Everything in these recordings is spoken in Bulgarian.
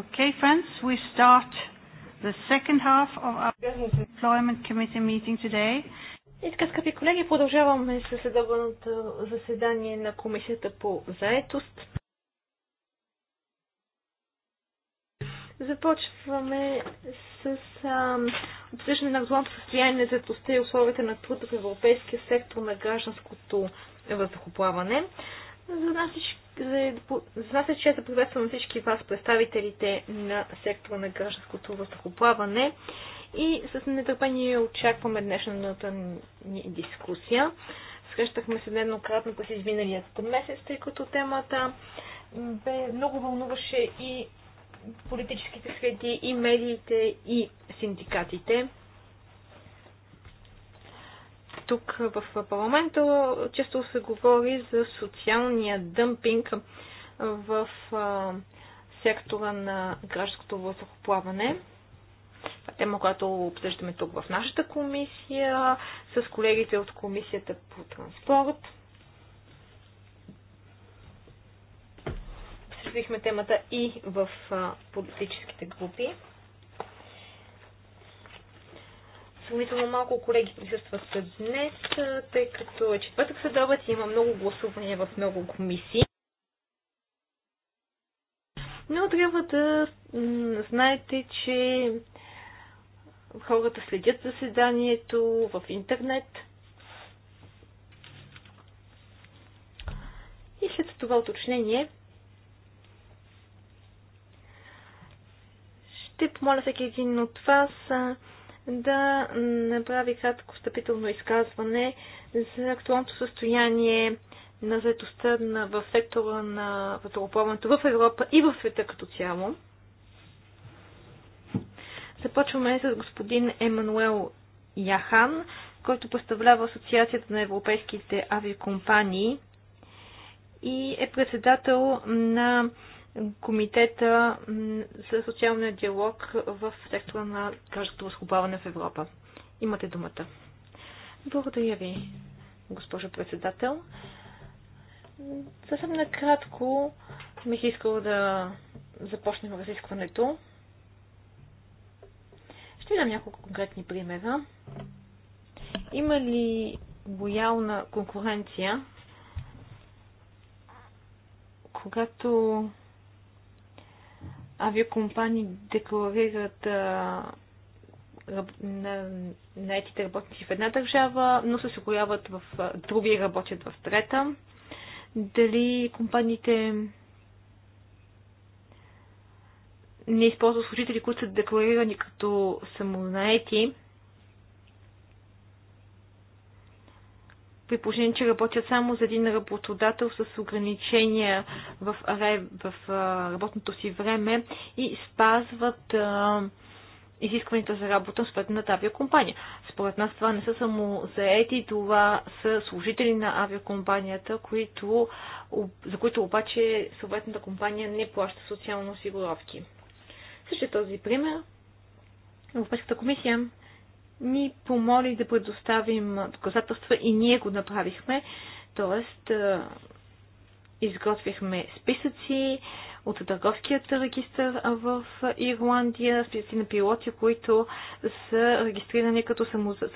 Okay, friends, we start the second half of our employment committee meeting today. И така, скъпи колеги, продължаваме с следобното заседание на Комисията по заетост. Започваме с обсъждане на глобното състояние на заетостта и условията на труд в европейския сектор на гражданското въздухоплаване. За нас всички Знася за нас е да приветствам всички вас, представителите на сектора на гражданското въздухоплаване и с нетърпение очакваме днешната ни дискусия. Срещахме се нееднократно през изминалият месец, тъй като темата бе много вълнуваше и политическите среди, и медиите, и синдикатите. Тук в парламента често се говори за социалния дъмпинг в сектора на гражданското въздухоплаване. Е тема, която обсъждаме тук в нашата комисия, с колегите от комисията по транспорт. Обсъждахме темата и в политическите групи. допълнително малко колеги присъстват днес, тъй като е четвъртък следобед и има много гласувания в много комисии. Но трябва да знаете, че хората следят заседанието в интернет. И след това уточнение ще помоля всеки един от вас да направи кратко встъпително изказване за актуалното състояние на заедостта на, в сектора на въздухоплаването в Европа и в света като цяло. Започваме с господин Емануел Яхан, който представлява Асоциацията на европейските авиакомпании и е председател на Комитета за социалния диалог в сектора на гражданското възхобаване в Европа. Имате думата. Благодаря ви, госпожо председател. Съвсем накратко бих искала да започнем разискването. Ще дам няколко конкретни примера. Има ли лоялна конкуренция, когато авиокомпании декларират наетите работници в една държава, но се осигуряват в други и работят в трета. Дали компаниите не използват служители, които са декларирани като самонаети, при положение, че работят само за един работодател с ограничения в, в работното си време и спазват изискванията за работа в съответната авиакомпания. Според нас това не са само заети, това са служители на авиакомпанията, които, за които обаче съответната компания не плаща социално осигуровки. Същия този пример Европейската комисия ни помоли да предоставим доказателства и ние го направихме. Тоест, изготвихме списъци от търговският регистр в Ирландия, списъци на пилоти, които са регистрирани като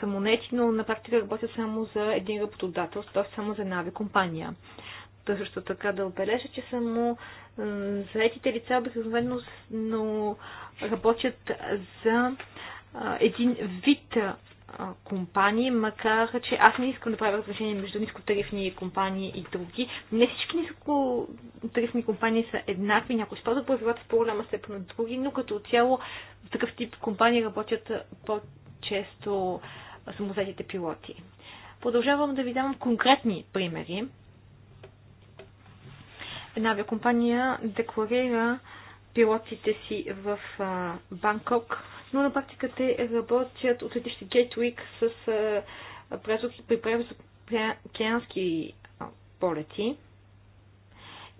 самонети, но на практика работят само за един работодател, т.е. само за една компания. Та също така да отбележа, че само заетите лица обикновено но работят за един вид компании, макар че аз не искам да правя разрешение между нискотарифни компании и други. Не всички нискотарифни компании са еднакви, някои използват правилата в по-голяма степен от други, но като цяло в такъв тип компании работят по-често самозетите пилоти. Продължавам да ви давам конкретни примери. Една авиакомпания декларира пилотите си в Банкок но на практика те работят от летище Гейтвик с при океански полети.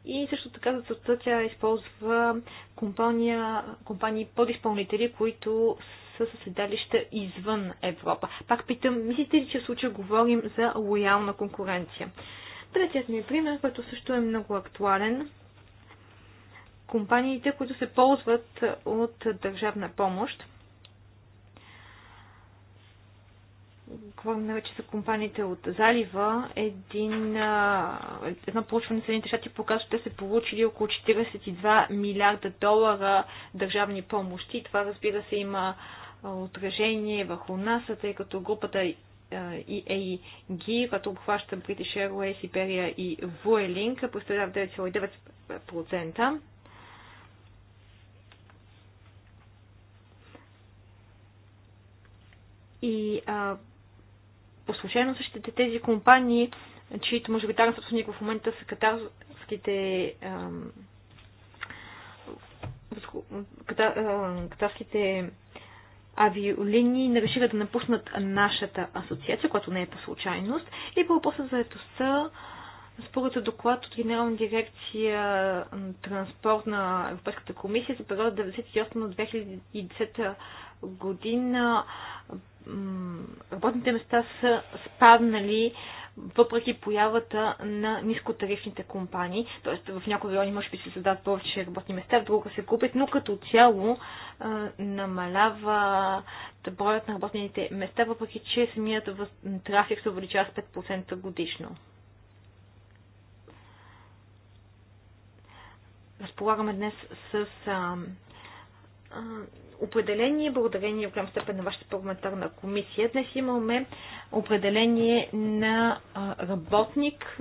И също така за целта тя използва компания, компании подизпълнители, които са със седалища извън Европа. Пак питам, мислите ли, че в случая говорим за лоялна конкуренция? Третият ми пример, който също е много актуален, компаниите, които се ползват от държавна помощ. говорим вече за компаниите от залива, един, едно получване на Съединените щати показва, че те са получили около 42 милиарда долара държавни помощи. Това, разбира се, има отражение върху нас, тъй като групата EAG, която обхваща British Airways, Iberia и Vueling, представлява 9,9%. И а, послушено същите тези компании, чието мажоритарен собственик в момента са катарските катарските авиолинии не решиха да напуснат нашата асоциация, която не е по случайност. И по въпроса за етостта, според доклад от Генерална дирекция транспорт на Европейската комисия за периода 1998 на 2010 година работните места са спаднали въпреки появата на нискотарифните компании. Т.е. в някои райони може би се създадат повече работни места, в друга се купят, но като цяло а, намалява броят на работните места, въпреки че самият трафик се увеличава с 5% годишно. Разполагаме днес с а, определение, благодарение в голям степен на вашата парламентарна комисия. Днес имаме определение на работник,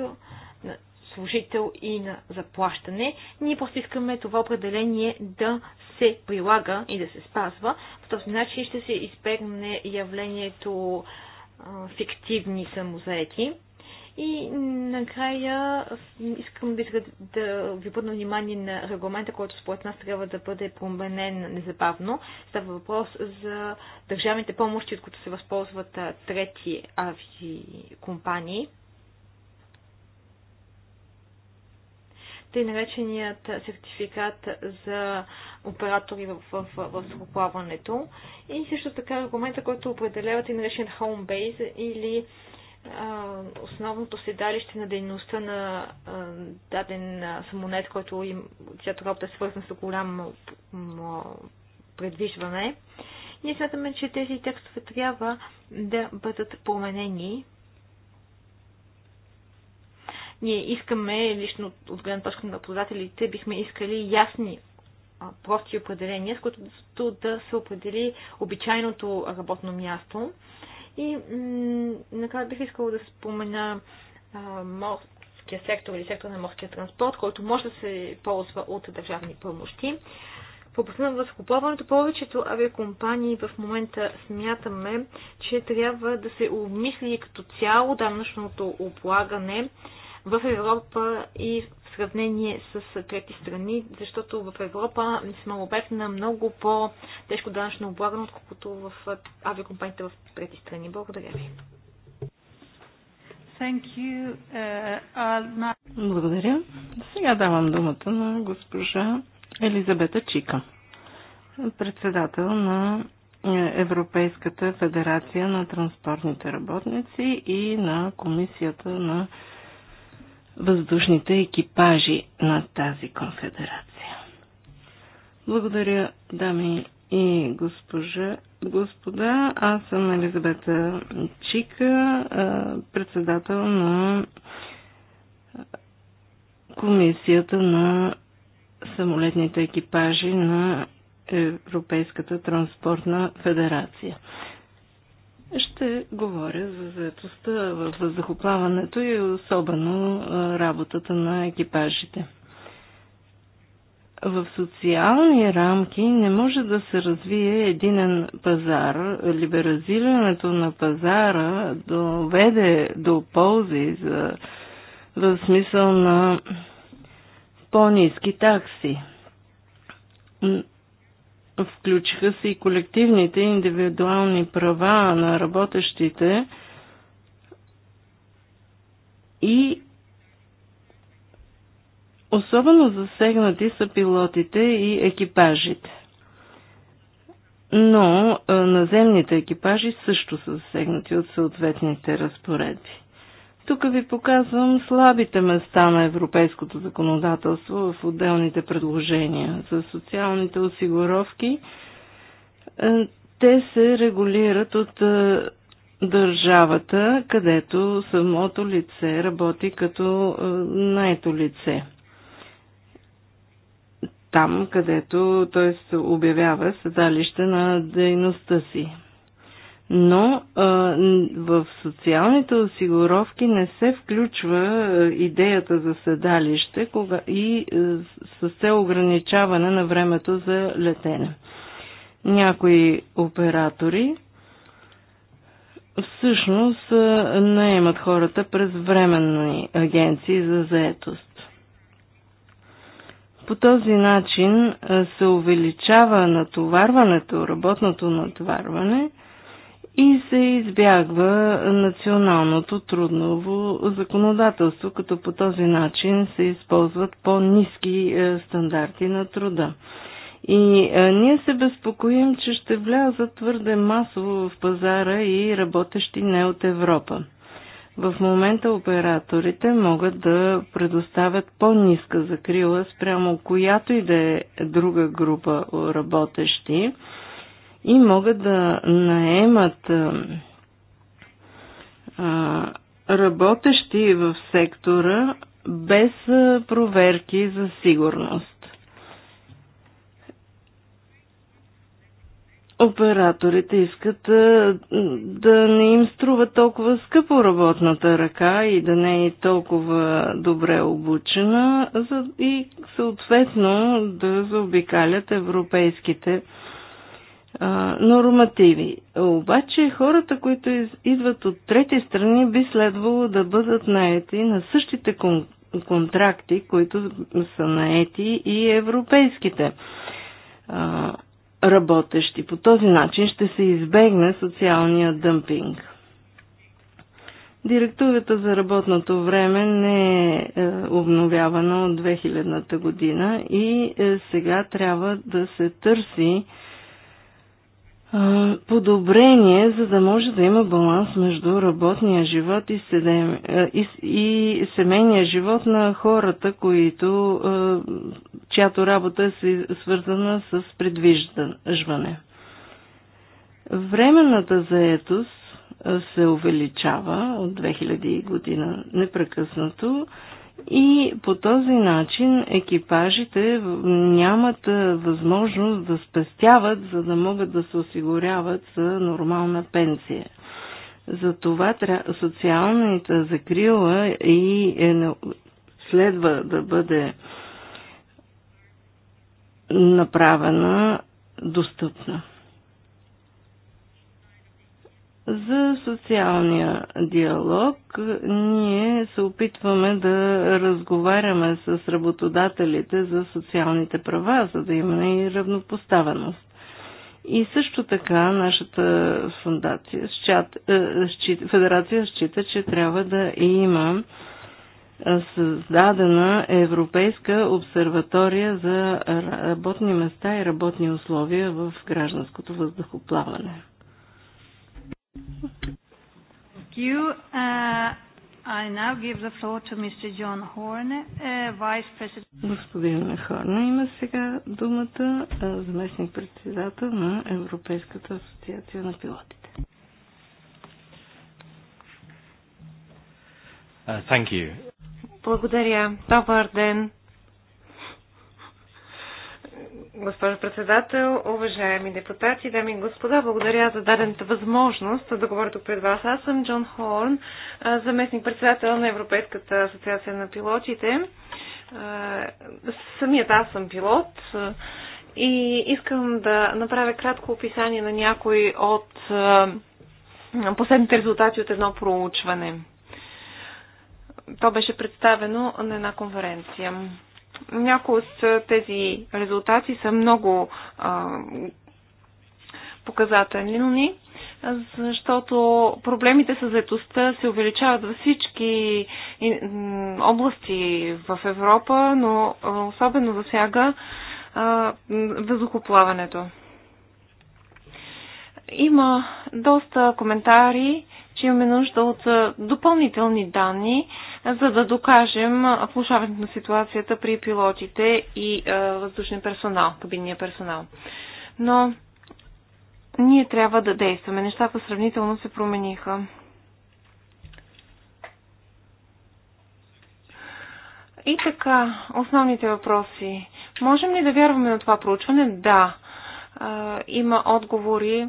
на служител и на заплащане. Ние просто искаме това определение да се прилага и да се спазва. По този начин ще се избегне явлението фиктивни самозаети. И накрая искам да, да ви бъдна внимание на регламента, който според нас трябва да бъде променен незабавно. Става въпрос за държавните помощи, от които се възползват трети авиакомпании. тъй нареченият сертификат за оператори в, в, в сухоплаването и също така аргумента, който определява тъй нареченият home base или основното седалище на дейността на даден самонет, който им, чиято работа е свързана с голямо предвижване. Ние смятаме, че тези текстове трябва да бъдат променени. Ние искаме, лично от гледна точка на продателите, бихме искали ясни прости определения, с които да се определи обичайното работно място и накрая бих искала да спомена а, морския сектор или сектор на морския транспорт, който може да се ползва от държавни помощи. В областта на възкупаването повечето авиакомпании в момента смятаме, че трябва да се обмисли като цяло данъчното облагане, в Европа и в сравнение с трети страни, защото в Европа сме обект на много по-тежко данъчно облагане, отколкото в авиокомпаниите в трети страни. Благодаря ви. Thank you. Uh, Благодаря. Сега давам думата на госпожа Елизабета Чика, председател на е, Европейската федерация на транспортните работници и на Комисията на въздушните екипажи на тази конфедерация. Благодаря, дами и госпожа, господа. Аз съм Елизабета Чика, председател на комисията на самолетните екипажи на Европейската транспортна федерация. Ще говоря за заетостта в въздухоплаването и особено работата на екипажите. В социални рамки не може да се развие единен пазар. Либерализирането на пазара доведе до ползи за, в смисъл на по-низки такси Включиха се и колективните индивидуални права на работещите и особено засегнати са пилотите и екипажите. Но наземните екипажи също са засегнати от съответните разпоредби. Тук ви показвам слабите места на европейското законодателство в отделните предложения. За социалните осигуровки е, те се регулират от е, държавата, където самото лице работи като е, наето лице. Там, където той се обявява седалище на дейността си но а, в социалните осигуровки не се включва идеята за седалище кога, и с цел ограничаване на времето за летене. Някои оператори всъщност наемат хората през временни агенции за заетост. По този начин се увеличава натоварването, работното натоварване – и се избягва националното трудново законодателство, като по този начин се използват по-низки е, стандарти на труда. И е, ние се безпокоим, че ще влязат твърде масово в пазара и работещи не от Европа. В момента операторите могат да предоставят по-ниска закрила спрямо която и да е друга група работещи, и могат да наемат работещи в сектора без проверки за сигурност. Операторите искат да не им струва толкова скъпо работната ръка и да не е толкова добре обучена и съответно да заобикалят европейските а, нормативи. Обаче хората, които из, идват от трети страни, би следвало да бъдат наети на същите кон, контракти, които са наети и европейските а, работещи. По този начин ще се избегне социалния дъмпинг. Директивата за работното време не е, е обновявана от 2000-та година и е, сега трябва да се търси подобрение, за да може да има баланс между работния живот и, седем, и, и семейния живот на хората, които, чиято работа е свързана с предвиждане. Временната заетост се увеличава от 2000 година непрекъснато и по този начин екипажите нямат възможност да спестяват, за да могат да се осигуряват за нормална пенсия. Затова социалната закрила и е, следва да бъде направена достъпна. За социалния диалог ние се опитваме да разговаряме с работодателите за социалните права, за да имаме и равнопоставеност. И също така нашата фундация, е, федерация счита, че трябва да има е, създадена Европейска обсерватория за работни места и работни условия в гражданското въздухоплаване. Thank you. Uh, I now give the floor to Mr. John Horne, uh, Vice President. Господин Хорне има сега думата заместник председател на Европейската асоциация на пилотите. Uh, thank you. Благодаря. Добър ден. Госпожо председател, уважаеми депутати, дами и господа, благодаря за дадената възможност да говоря тук пред вас. Аз съм Джон Хорн, заместник председател на Европейската асоциация на пилотите. Самият аз съм пилот и искам да направя кратко описание на някои от последните резултати от едно проучване. То беше представено на една конференция. Някои от тези резултати са много а, показателни, защото проблемите с заедостта се увеличават във всички области в Европа, но особено засяга въздухоплаването. Има доста коментари, че имаме нужда от допълнителни данни, за да докажем влушаването на ситуацията при пилотите и е, въздушен персонал, кабинния персонал. Но ние трябва да действаме. Нещата сравнително се промениха. И така, основните въпроси. Можем ли да вярваме на това проучване? Да. Е, има отговори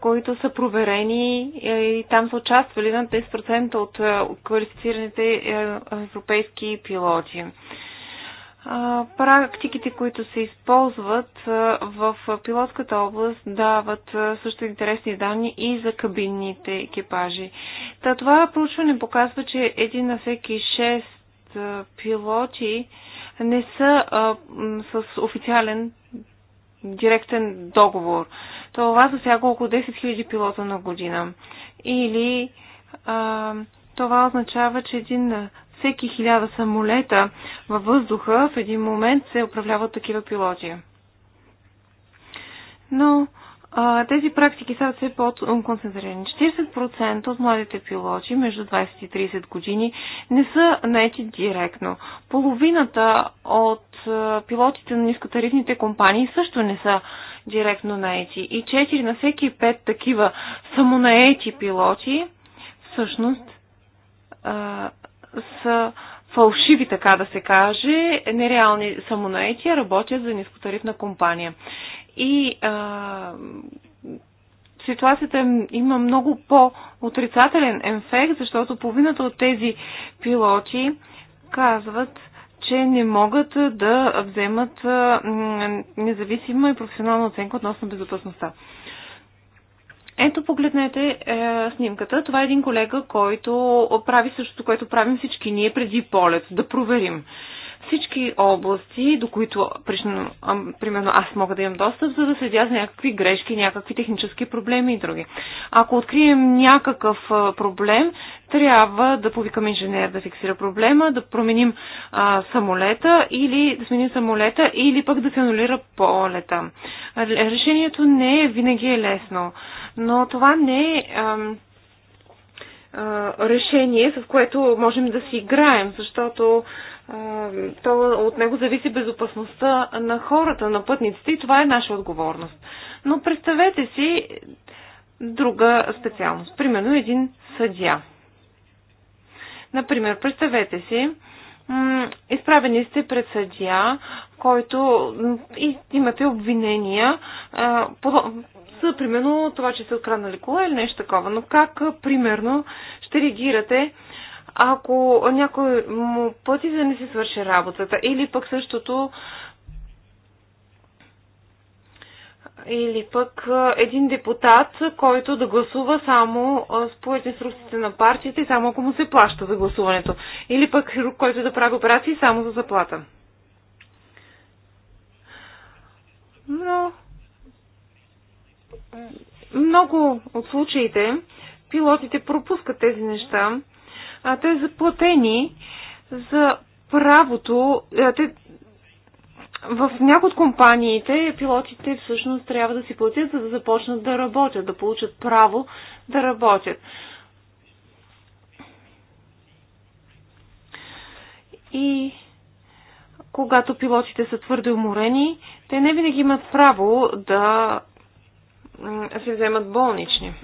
които са проверени и там са участвали на 10% от квалифицираните е, европейски пилоти. Практиките, които се използват в пилотската област, дават също интересни данни и за кабинните екипажи. Та това проучване показва, че един на всеки 6 пилоти не са а, с официален директен договор. Това засяга около 10 000 пилота на година. Или а, това означава, че един, всеки хиляда самолета във въздуха в един момент се управляват такива пилоти. Но а, тези практики са все по-концентрирани. 40% от младите пилоти между 20 и 30 години не са наети директно. Половината от а, пилотите на нискотарифните компании също не са директно наети. И 4 на всеки 5 такива самонаети пилоти всъщност а, са фалшиви, така да се каже, нереални самонаети, работят за нискотарифна компания. И а, ситуацията има много по-отрицателен ефект, защото половината от тези пилоти казват, че не могат да вземат независима и професионална оценка относно безопасността. Ето погледнете е, снимката. Това е един колега, който прави същото, което правим всички ние преди полет, да проверим всички области, до които, примерно, аз мога да имам достъп, за да следя за някакви грешки, някакви технически проблеми и други. Ако открием някакъв проблем, трябва да повикам инженер да фиксира проблема, да променим а, самолета или да сменим самолета или пък да се анулира полета. Решението не е винаги е лесно, но това не е. А, решение, с което можем да си играем, защото то от него зависи безопасността на хората, на пътниците и това е наша отговорност. Но представете си друга специалност. Примерно един съдя. Например, представете си, изправени сте пред съдия, който и имате обвинения за, примерно, това, че са откраднали кола или нещо такова. Но как, примерно, ще реагирате ако някой му плати да не си свърши работата. Или пък същото или пък един депутат, който да гласува само според инструкциите на партията и само ако му се плаща за гласуването. Или пък хирург, който да прави операции само за заплата. Но много от случаите пилотите пропускат тези неща а те са платени за правото. А, те, в някои от компаниите пилотите всъщност трябва да си платят, за да започнат да работят, да получат право да работят. И когато пилотите са твърде уморени, те не винаги имат право да се вземат болнични.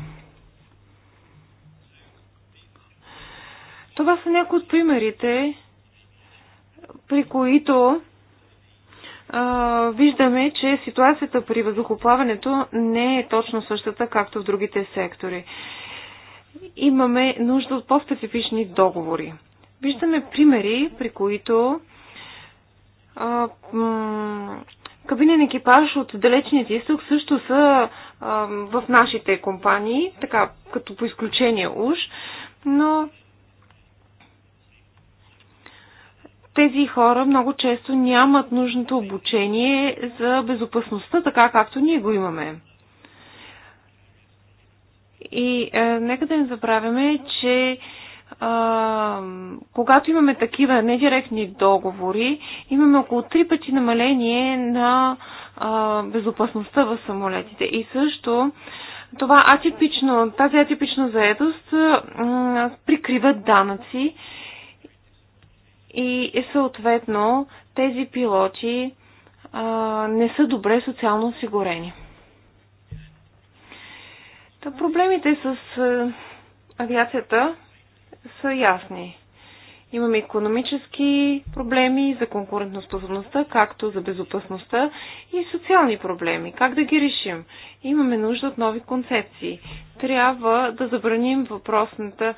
Това са някои от примерите, при които а, виждаме, че ситуацията при въздухоплаването не е точно същата, както в другите сектори. Имаме нужда от по-специфични договори. Виждаме примери, при които а, кабинен екипаж от далечният изток също са а, в нашите компании, така като по изключение уж, но тези хора много често нямат нужното обучение за безопасността, така както ние го имаме. И е, нека да не забравяме, че е, когато имаме такива недиректни договори, имаме около три пъти намаление на е, безопасността в самолетите. И също това атипично, тази атипична заедост прикриват данъци и съответно тези пилоти а, не са добре социално осигурени. Та проблемите с а, авиацията са ясни. Имаме економически проблеми за конкурентоспособността, както за безопасността и социални проблеми. Как да ги решим? Имаме нужда от нови концепции. Трябва да забраним въпросната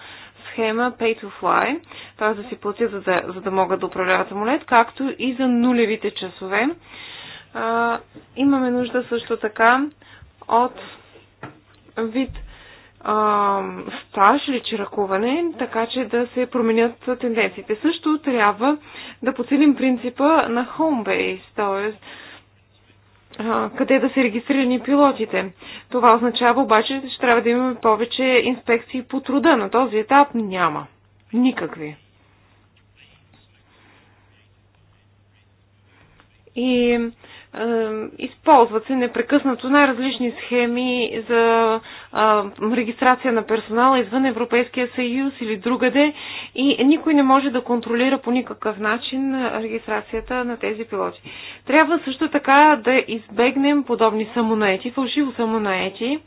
схема Pay to Fly, т.е. да си платя, за да, за да могат да управляват самолет, както и за нулевите часове. А, имаме нужда също така от вид а, стаж или чиракуване, така че да се променят тенденциите. Също трябва да подсилим принципа на home base, т.е къде да са регистрирани пилотите. Това означава обаче, че трябва да имаме повече инспекции по труда. На този етап няма. Никакви. И е, използват се непрекъснато най-различни схеми за регистрация на персонала извън Европейския съюз или другаде и никой не може да контролира по никакъв начин регистрацията на тези пилоти. Трябва също така да избегнем подобни самонаети, фалшиво самонаети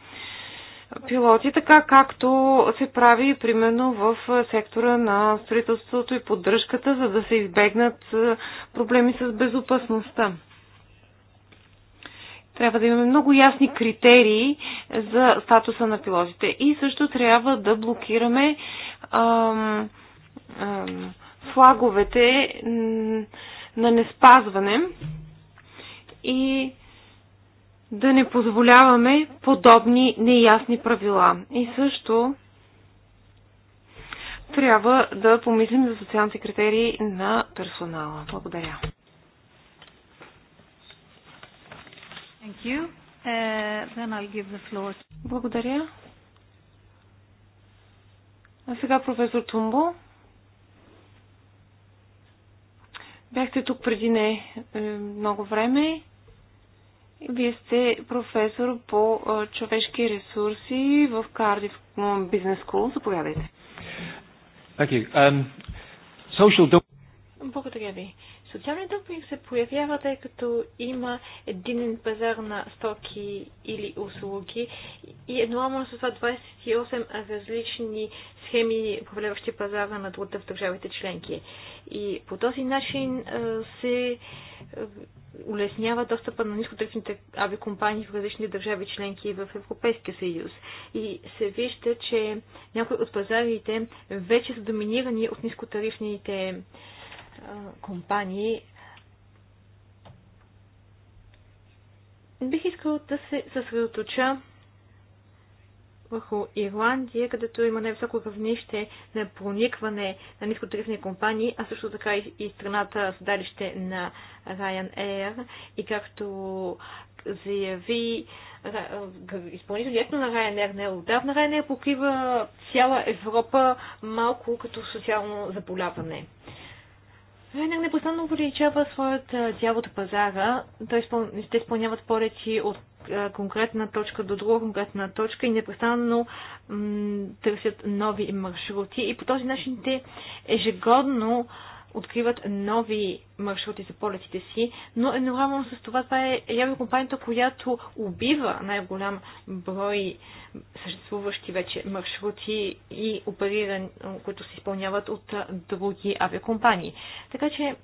пилоти, така както се прави примерно в сектора на строителството и поддръжката, за да се избегнат проблеми с безопасността. Трябва да имаме много ясни критерии за статуса на пилотите. И също трябва да блокираме ам, ам, флаговете на неспазване и да не позволяваме подобни неясни правила. И също трябва да помислим за социалните критерии на персонала. Благодаря. Thank you. Uh, then I'll give the floor. Благодаря. А сега професор Тумбо. Бяхте тук преди не е, много време. Вие сте професор по е, човешки ресурси в Кардив Бизнес Кул. Заповядайте. Um, social... Благодаря ви. Социалният дъмпинг се появява, тъй като има единен пазар на стоки или услуги и едновременно с това 28 различни схеми, управляващи пазара на труда в държавите членки. И по този начин се улеснява достъпа на нискотарифните авиокомпании в различни държави членки в Европейския съюз. И се вижда, че някои от пазарите вече са доминирани от нискотарифните авиакомпании компании. Бих искал да се съсредоточа върху Ирландия, където има най-високо равнище на проникване на нискотарифни компании, а също така и страната седалище на Ryanair. И както заяви изпълнител директно на Ryanair не е отдавна, Ryanair покрива цяла Европа малко като социално заболяване. Ренер непостанно увеличава своят дял от пазара. Той спъл, Те изпълняват полети от конкретна точка до друга конкретна точка и непрестанно търсят нови маршрути. И по този начин те ежегодно откриват нови маршрути за полетите си, но едновременно с това това е авиокомпанията, която убива най-голям брой съществуващи вече маршрути и опериран, които се изпълняват от други авиокомпании. Така че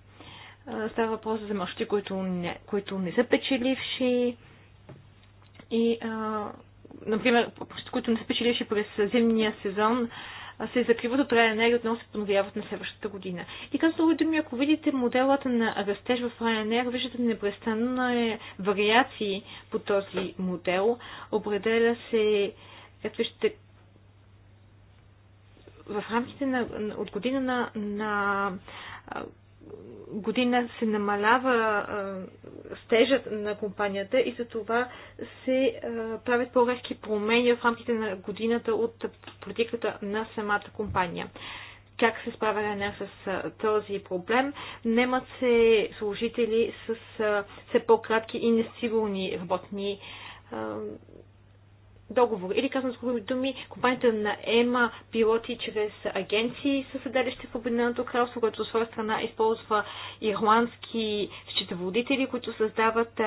става въпрос за маршрути, които не, които не са печеливши и, а, например, които не са печеливши през зимния сезон, се закриват от Ryanair енергия, отново се подновяват на следващата година. И като други думи, ако видите моделата на растеж в енергия, виждате непрестанно е вариации по този модел. Определя се, както виждате, в рамките на, от година на, на година се намалява стежът на компанията и за това се правят по-резки промени в рамките на годината от политиката на самата компания. Как се справя не с този проблем? Немат се служители с все по-кратки и несигурни работни договор. Или казвам с други думи, компанията на ема пилоти чрез агенции със седалище в Обединеното кралство, което от своя страна използва ирландски счетоводители, които създават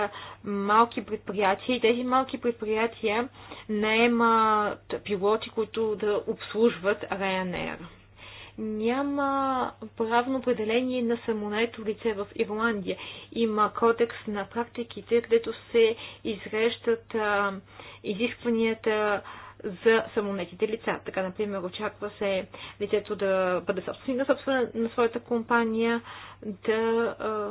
малки предприятия. И тези малки предприятия наемат пилоти, които да обслужват Ryanair няма правно определение на самонето лице в Ирландия. Има кодекс на практиките, където се изрещат а, изискванията за самонетите лица. Така, например, очаква се лицето да бъде собственик на, собствена, на своята компания, да а,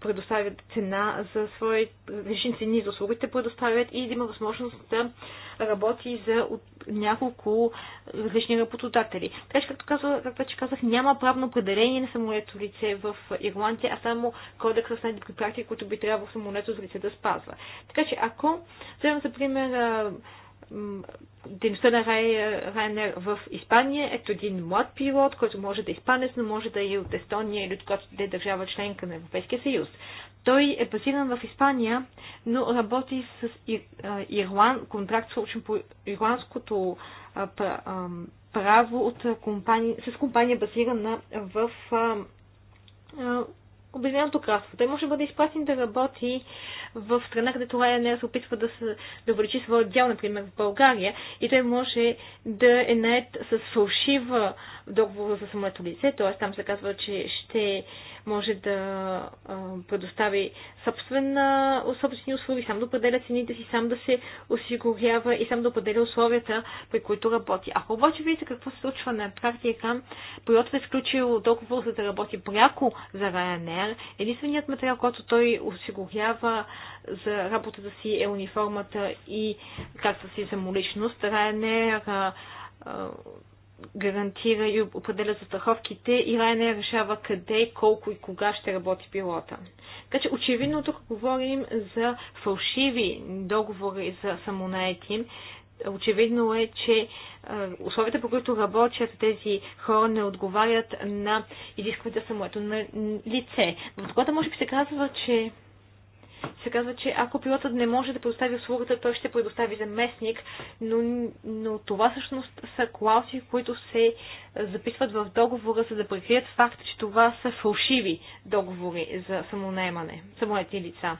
предоставят цена за своите, лични цени за услугите предоставят и да има възможност да работи за от няколко различни работодатели. Така че, както, казва, както вече казах, няма правно определение на самолето лице в Ирландия, а само Кодексът с най практики, които би трябвало самолето за лице да спазва. Така че, ако вземем за пример дейността на Ryanair в Испания. Ето един млад пилот, който може да е испанец, но може да е и от Естония или от която да е държава членка на Европейския съюз. Той е базиран в Испания, но работи с Ирланд, контракт случен по ирландското право от компания, с компания базирана в Обединеното кралство. Той може да бъде изпратен да работи в страна, където Ryanair се опитва да, се, да увеличи своя дял, например в България, и той може да е наед с фалшива договор за самото лице, т.е. там се казва, че ще може да предостави собствена, собствени услуги, сам да определя цените си, сам да се осигурява и сам да определя условията, при които работи. Ако обаче видите какво се случва на практика, Приотът е сключил договор за да работи пряко за Ryanair. Единственият материал, който той осигурява за работата си е униформата и както си самоличност. Ryanair гарантира и определя застраховките и Ryanair решава къде, колко и кога ще работи пилота. Така че очевидно тук говорим за фалшиви договори за самонаети. Очевидно е, че е, условията, по които работят тези хора, не отговарят на изискването самото на лице. В когато може би се казва, че се казва, че ако пилотът не може да предостави услугата, той ще предостави заместник, но, но това всъщност са клауси, които се записват в договора, за да прикрият факта, че това са фалшиви договори за самонаемане, самоети лица.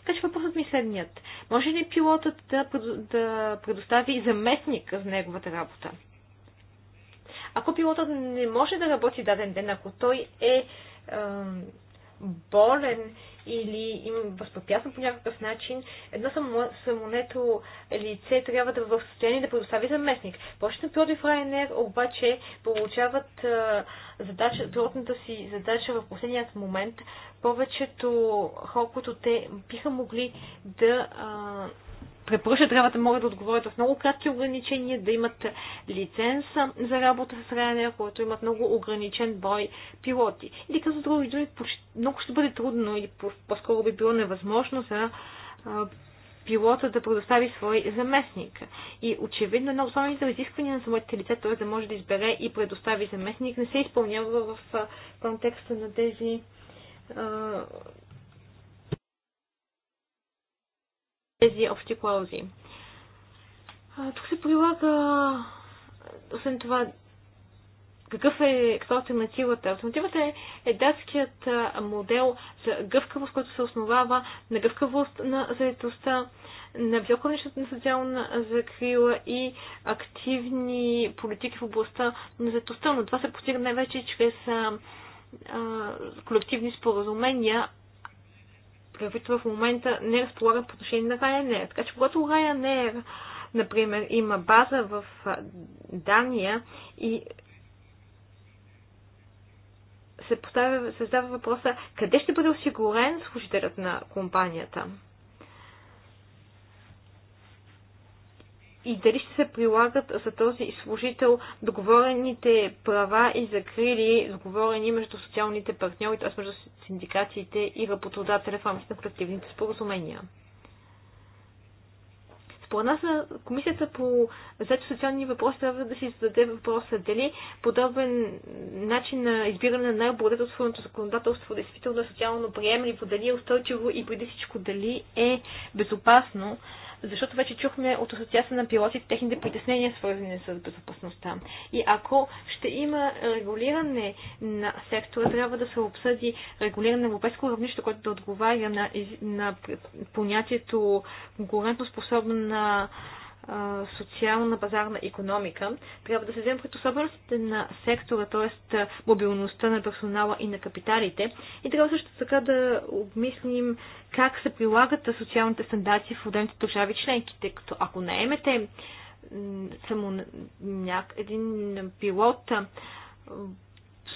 Така че въпросът ми е следният. Може ли пилотът да, да предостави заместник за неговата работа? Ако пилотът не може да работи даден ден, ако той е, е болен или им възпрепятства по някакъв начин, едно само, самонето лице трябва да е в състояние да предостави заместник. Повечето пилоти в Ryanair обаче получават а, задача, пилотната си задача в последният момент. Повечето хора, които те биха могли да а, препоръча трябва да могат да отговорят в много кратки ограничения, да имат лиценз за работа с Ryanair, който имат много ограничен брой пилоти. Или като други думи, много ще бъде трудно или по-скоро би било невъзможно за пилота да предостави свой заместник. И очевидно едно основните изисквания на самото лице, т.е. да може да избере и предостави заместник, не се изпълнява в контекста на тези тези общи клаузи. Тук се прилага, освен това, какъв е, каква е альтернативата? Альтернативата е, е датският модел за гъвкавост, който се основава на гъвкавост на заедостта, на високо на социална закрила и активни политики в областта на заедостта, но това се постига най-вече чрез а, а, колективни споразумения, правителство в момента не разполагат по отношение на Ryanair. Така че когато Ryanair, например, има база в Дания и се поставя, създава въпроса къде ще бъде осигурен служителят на компанията. и дали ще се прилагат за този служител договорените права и закрили, договорени между социалните партньори, т.е. между синдикациите и работодателя в рамките на колективните споразумения. Според нас комисията по заето социални въпроси трябва да си зададе въпроса дали подобен начин на избиране на най-обладетелственото законодателство действително е социално приемливо, дали е устойчиво и преди всичко дали е безопасно защото вече чухме от асоциация на пилотите техните притеснения, свързани с безопасността. И ако ще има регулиране на сектора, трябва да се обсъди регулиране на европейско равнище, което да отговаря на, на понятието конкурентоспособна социална пазарна економика, трябва да се вземе пред особеностите на сектора, т.е. мобилността на персонала и на капиталите. И трябва също така да обмислим как се прилагат социалните стандарти в отделните държави членки, тъй като ако наемете само един пилот,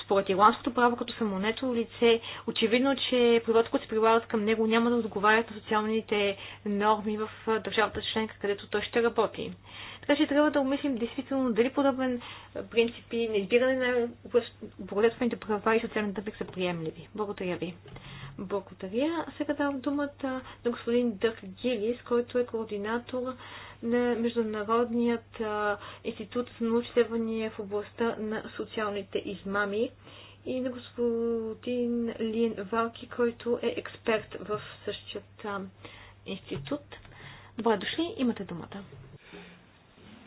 според ирландското право, като самонето лице, очевидно, че правилата, които се прилагат към него, няма да отговарят на социалните норми в държавата членка, където той ще работи. Така че трябва да умислим действително дали подобен е, и на избиране на благодетелствените права и социален век са приемливи. Благодаря ви. Благодаря. Сега давам думата на господин Дъх Гилис, който е координатор на Международният институт за научни в областта на социалните измами и на господин Лин Валки, който е експерт в същият институт. Добре дошли, имате думата.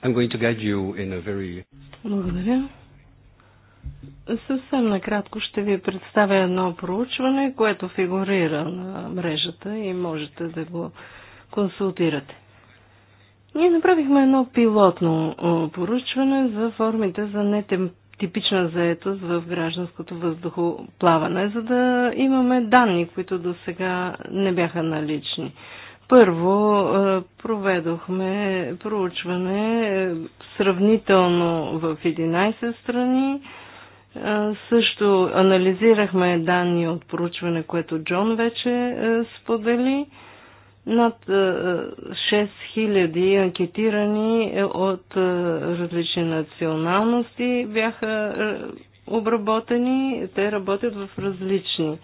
I'm going to guide you in a very... Благодаря. Съвсем накратко ще ви представя едно проучване, което фигурира на мрежата и можете да го консултирате. Ние направихме едно пилотно поручване за формите за нетипична заетост в гражданското въздухоплаване, за да имаме данни, които до сега не бяха налични. Първо е, проведохме проучване е, сравнително в 11 страни. Е, също анализирахме данни от проучване, което Джон вече сподели. Над 6000 анкетирани от различни националности бяха обработени. Те работят в различни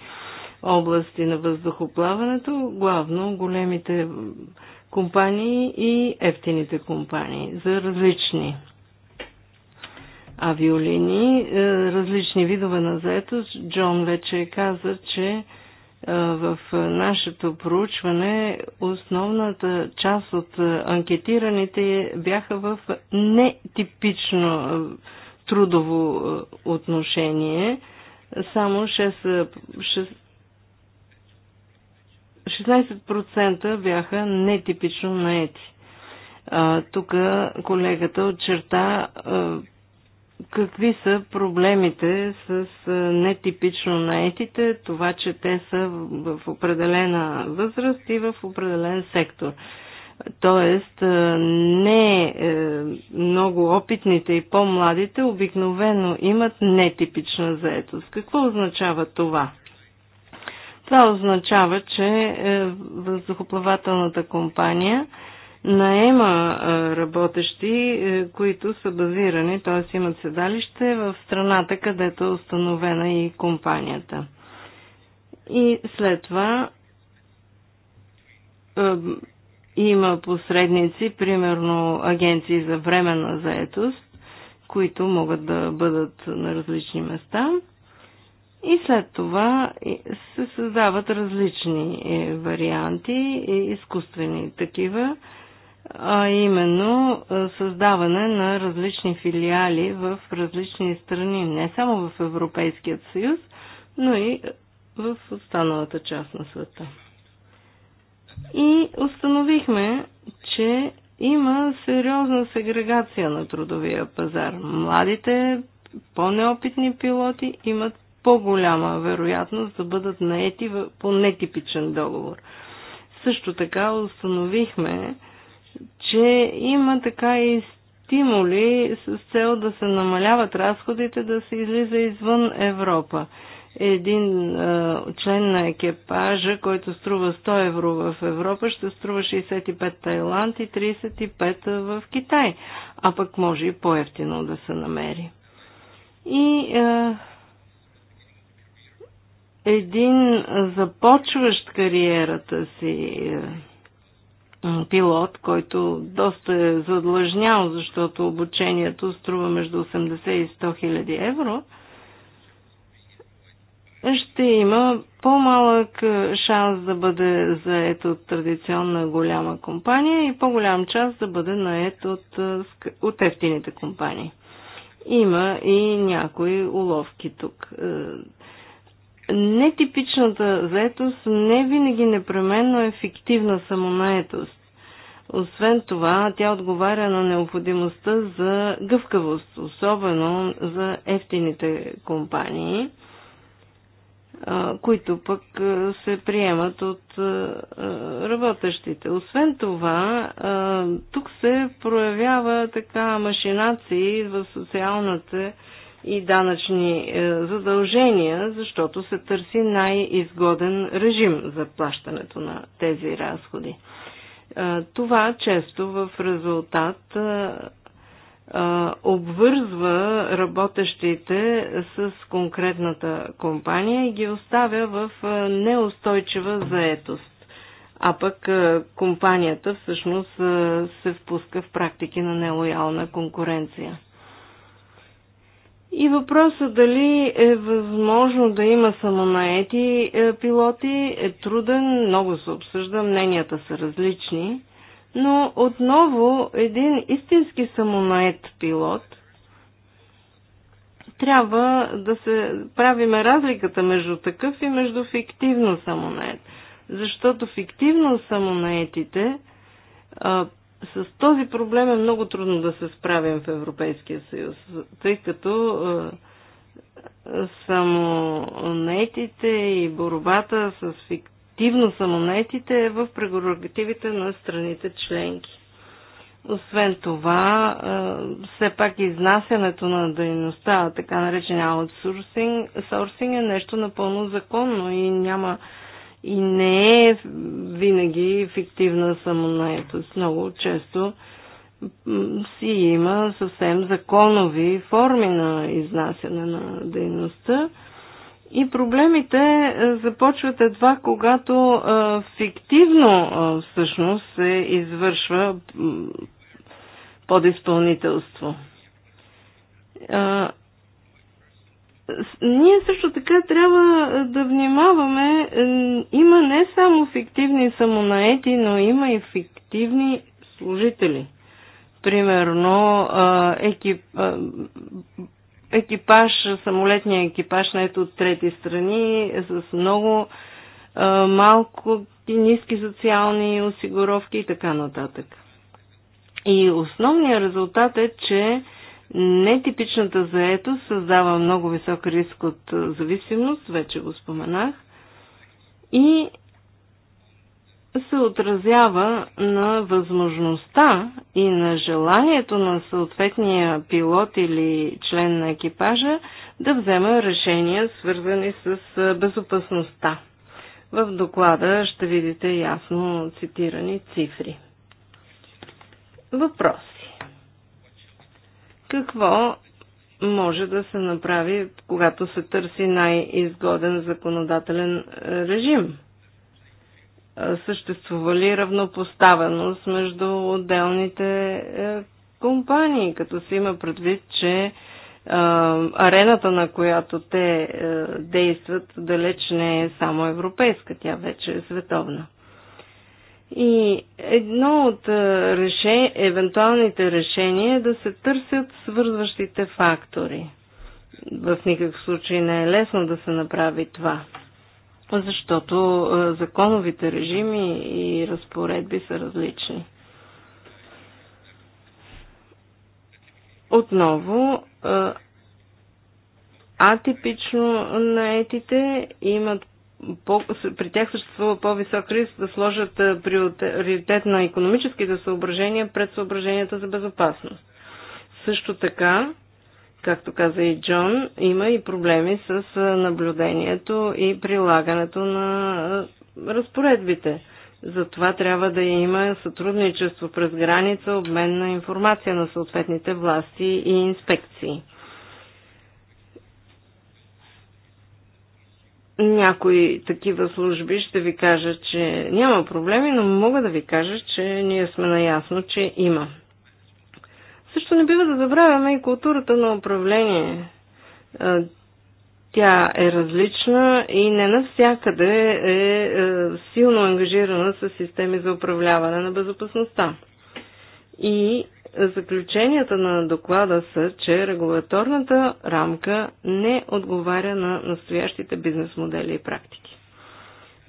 области на въздухоплаването, главно големите компании и ефтините компании за различни Авиолини, е, различни видове на заетост. Джон вече каза, че е, в нашето проучване основната част от е, анкетираните бяха в нетипично трудово отношение. Само 6%, 16% бяха нетипично наети. Тук колегата отчерта какви са проблемите с нетипично наетите, това, че те са в определена възраст и в определен сектор. Тоест, не е, много опитните и по-младите обикновено имат нетипична заетост. Какво означава това? Това означава, че е, въздухоплавателната компания наема е, работещи, е, които са базирани, т.е. имат седалище в страната, където е установена и компанията. И след това има посредници, примерно агенции за временна заетост, които могат да бъдат на различни места – и след това се създават различни е, варианти, е, изкуствени такива, а именно е, създаване на различни филиали в различни страни, не само в Европейският съюз, но и в останалата част на света. И установихме, че има сериозна сегрегация на трудовия пазар. Младите, по-неопитни пилоти имат по-голяма вероятност да бъдат наети по нетипичен договор. Също така установихме, че има така и стимули с цел да се намаляват разходите, да се излиза извън Европа. Един е, член на екипажа, който струва 100 евро в Европа, ще струва 65 Тайланд и 35 в Китай, а пък може и по-ефтино да се намери. И е, един започващ кариерата си е, пилот, който доста е задлъжнял, защото обучението струва между 80 и 100 хиляди евро, ще има по-малък е, шанс да бъде заед от традиционна голяма компания и по-голям част да бъде наед от, е, от ефтините компании. Има и някои уловки тук нетипичната заетост не винаги непременно е фиктивна самонаетост. Освен това, тя отговаря на необходимостта за гъвкавост, особено за ефтините компании, които пък се приемат от работещите. Освен това, тук се проявява така машинации в социалната и данъчни е, задължения, защото се търси най-изгоден режим за плащането на тези разходи. Е, това често в резултат е, обвързва работещите с конкретната компания и ги оставя в неустойчива заетост. А пък компанията всъщност се впуска в практики на нелоялна конкуренция. И въпросът дали е възможно да има самонаети е, пилоти е труден, много се обсъжда, мненията са различни, но отново един истински самонает пилот трябва да се правиме разликата между такъв и между фиктивно самонает. Защото фиктивно самонаетите с този проблем е много трудно да се справим в Европейския съюз, тъй като е, самонетите и борбата с фиктивно самонетите е в прерогативите на страните членки. Освен това, е, все пак изнасянето на дейността, така наречения аутсорсинг, е нещо напълно законно и няма и не е винаги фиктивна самонаетост. Много често си има съвсем законови форми на изнасяне на дейността. И проблемите е, започват едва когато е, фиктивно е, всъщност се извършва подизпълнителство ние също така трябва е, да внимаваме. Е, има не само фиктивни самонаети, но има и фиктивни служители. Примерно е, екип, екипаж, самолетния екипаж на ето от трети страни с много малко и ниски социални осигуровки и така нататък. И основният резултат е, че Нетипичната заетост създава много висок риск от зависимост, вече го споменах, и се отразява на възможността и на желанието на съответния пилот или член на екипажа да взема решения, свързани с безопасността. В доклада ще видите ясно цитирани цифри. Въпрос какво може да се направи, когато се търси най-изгоден законодателен е, режим? Е, съществува ли равнопоставеност между отделните е, компании, като се има предвид, че арената, на която те действат, далеч не е само европейска, тя вече е световна. И едно от е, реше, евентуалните решения е да се търсят свързващите фактори. В никакъв случай не е лесно да се направи това, защото е, законовите режими и разпоредби са различни. Отново, е, атипично наетите имат по, при тях съществува по-висок риск да сложат приоритет на економическите съображения пред съображенията за безопасност. Също така, както каза и Джон, има и проблеми с наблюдението и прилагането на разпоредбите. Затова трябва да има сътрудничество през граница, обмен на информация на съответните власти и инспекции. някои такива служби ще ви кажа, че няма проблеми, но мога да ви кажа, че ние сме наясно, че има. Също не бива да забравяме и културата на управление. Тя е различна и не навсякъде е, е силно ангажирана с системи за управляване на безопасността. И Заключенията на доклада са, че регулаторната рамка не отговаря на настоящите бизнес модели и практики.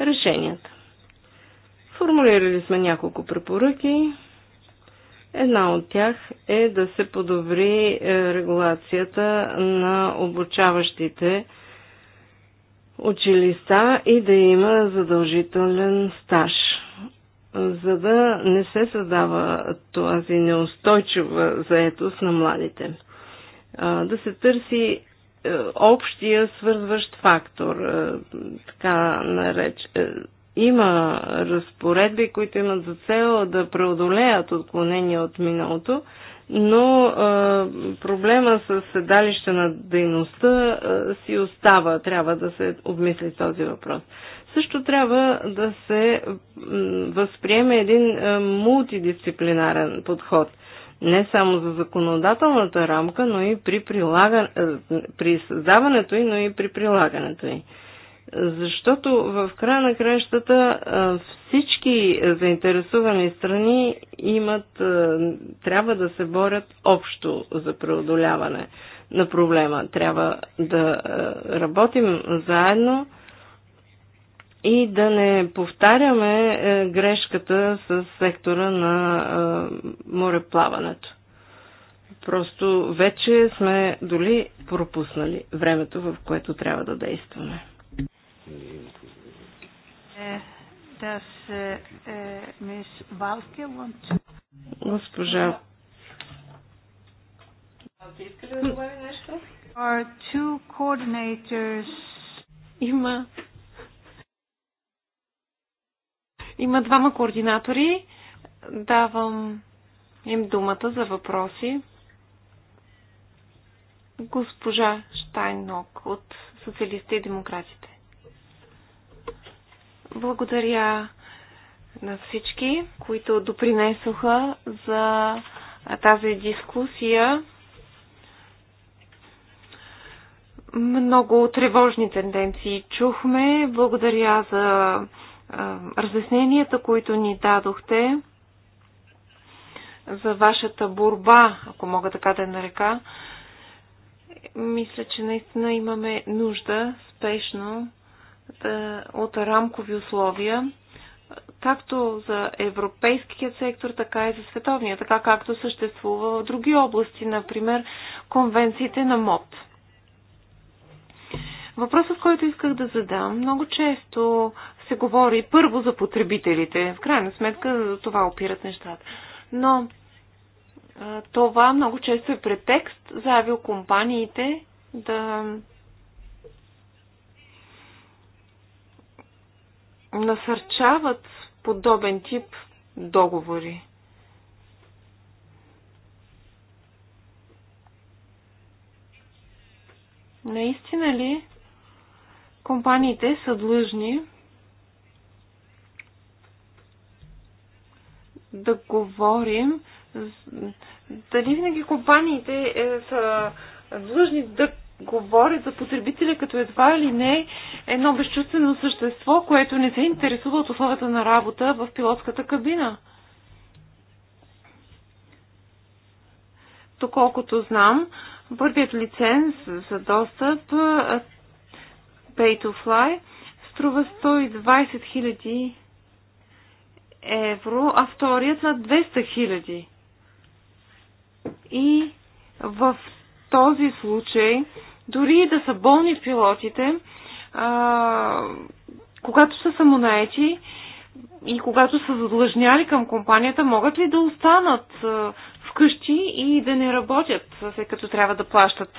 Решенията. Формулирали сме няколко препоръки. Една от тях е да се подобри е, регулацията на обучаващите училища и да има задължителен стаж за да не се създава тази неустойчива заетост на младите. Да се търси е, общия свързващ фактор, е, така нареч. Е, има разпоредби, които имат за цел да преодолеят отклонения от миналото, но проблема с седалище на дейността си остава. Трябва да се обмисли този въпрос също трябва да се възприеме един е, мултидисциплинарен подход. Не само за законодателната рамка, но и при, прилага... Е, при създаването й, но и при прилагането й. Защото в края на кращата е, всички заинтересувани страни имат, трябва да се борят общо за преодоляване на проблема. Трябва да работим заедно и да не повтаряме е, грешката с сектора на е, мореплаването. Просто вече сме доли пропуснали времето, в което трябва да действаме. Е, Госпожа. да нещо? Има Има двама координатори. Давам им думата за въпроси. Госпожа Штайнок от Социалистите и Демократите. Благодаря на всички, които допринесоха за тази дискусия. Много тревожни тенденции чухме. Благодаря за разясненията, които ни дадохте за вашата борба, ако мога така да нарека, мисля, че наистина имаме нужда спешно да, от рамкови условия, както за европейския сектор, така и за световния, така както съществува в други области, например конвенциите на МОД. Въпросът, който исках да задам, много често се говори първо за потребителите. В крайна сметка за това опират нещата. Но това много често е претекст за авиокомпаниите да насърчават подобен тип договори. Наистина ли компаниите са длъжни да говорим дали винаги компаниите е, са длъжни да говорят за потребителя като едва или не едно безчувствено същество, което не се интересува от условията на работа в пилотската кабина. Доколкото знам, първият лиценз за достъп е, Pay to Fly струва 120 000 евро, а вторият на 200 хиляди. И в този случай, дори да са болни пилотите, а, когато са самонаети и когато са задлъжняли към компанията, могат ли да останат вкъщи и да не работят, след като трябва да плащат?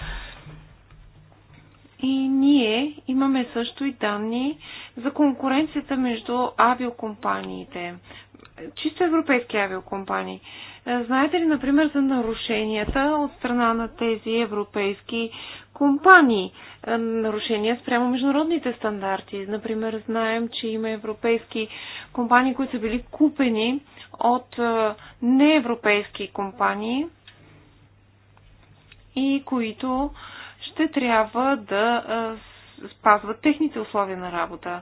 И ние имаме също и данни за конкуренцията между авиокомпаниите. Чисто европейски авиокомпании. Знаете ли, например, за нарушенията от страна на тези европейски компании? Нарушения спрямо международните стандарти. Например, знаем, че има европейски компании, които са били купени от неевропейски компании и които ще трябва да спазват техните условия на работа.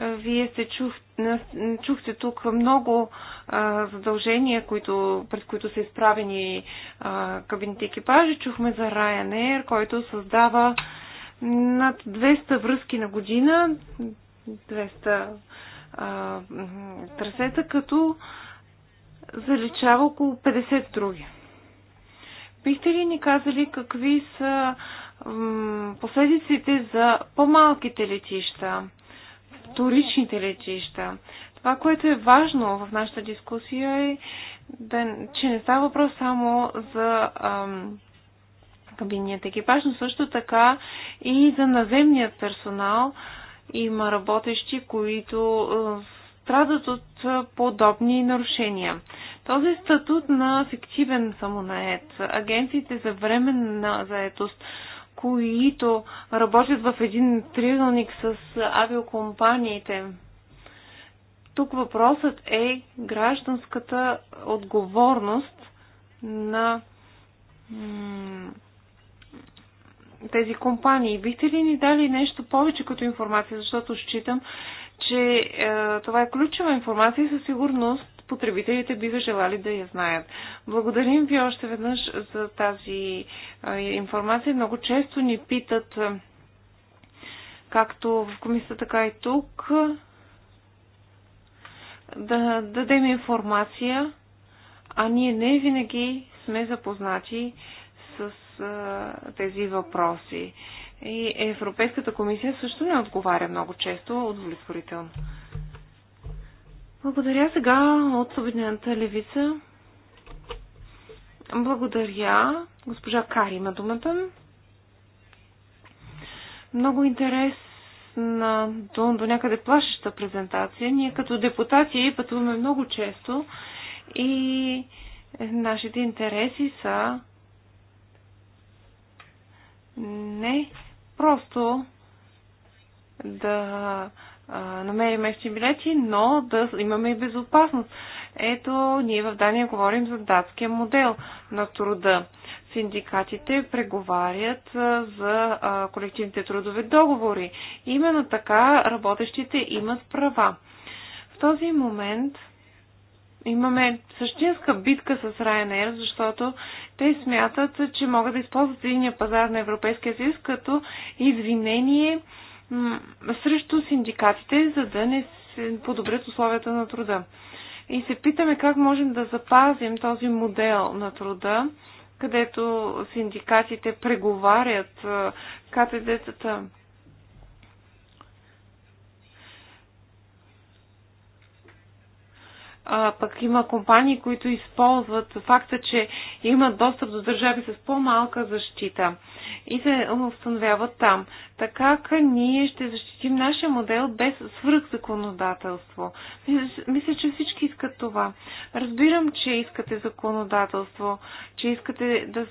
Вие се чух, чухте тук много а, задължения, които, пред които са изправени кабините екипажи. Чухме за Ryanair, който създава над 200 връзки на година, 200 а, трасета, като заличава около 50 други. Бихте ли ни казали какви са последиците за по-малките летища, вторичните летища. Това, което е важно в нашата дискусия е, да, че не става въпрос само за ам, кабинният екипаж, но също така и за наземният персонал има работещи, които страдат от подобни нарушения. Този статут на фиктивен самонает, агенциите за временна заетост, които работят в един триъгълник с авиокомпаниите. Тук въпросът е гражданската отговорност на тези компании. Бихте ли ни дали нещо повече като информация, защото считам, че е, това е ключова информация и със сигурност потребителите биха желали да я знаят. Благодарим ви още веднъж за тази информация. Много често ни питат, както в комисията, така и тук, да дадем информация, а ние не винаги сме запознати с тези въпроси. И Европейската комисия също не отговаря много често удовлетворително. Благодаря сега от Обединената левица. Благодаря. Госпожа Кари има думата. Много интересна, до, до някъде плашеща презентация. Ние като депутати пътуваме много често и нашите интереси са не просто да намерим ефти билети, но да имаме и безопасност. Ето, ние в Дания говорим за датския модел на труда. Синдикатите преговарят за колективните трудове договори. Именно така работещите имат права. В този момент имаме същинска битка с Ryanair, защото те смятат, че могат да използват единия пазар на Европейския съюз като извинение срещу синдикатите, за да не се подобрят условията на труда. И се питаме как можем да запазим този модел на труда, където синдикатите преговарят катедетата а, пък има компании, които използват факта, че имат достъп до държави с по-малка защита и се установяват там. Така ние ще защитим нашия модел без свръхзаконодателство. Мисля, че всички искат това. Разбирам, че искате законодателство, че искате да,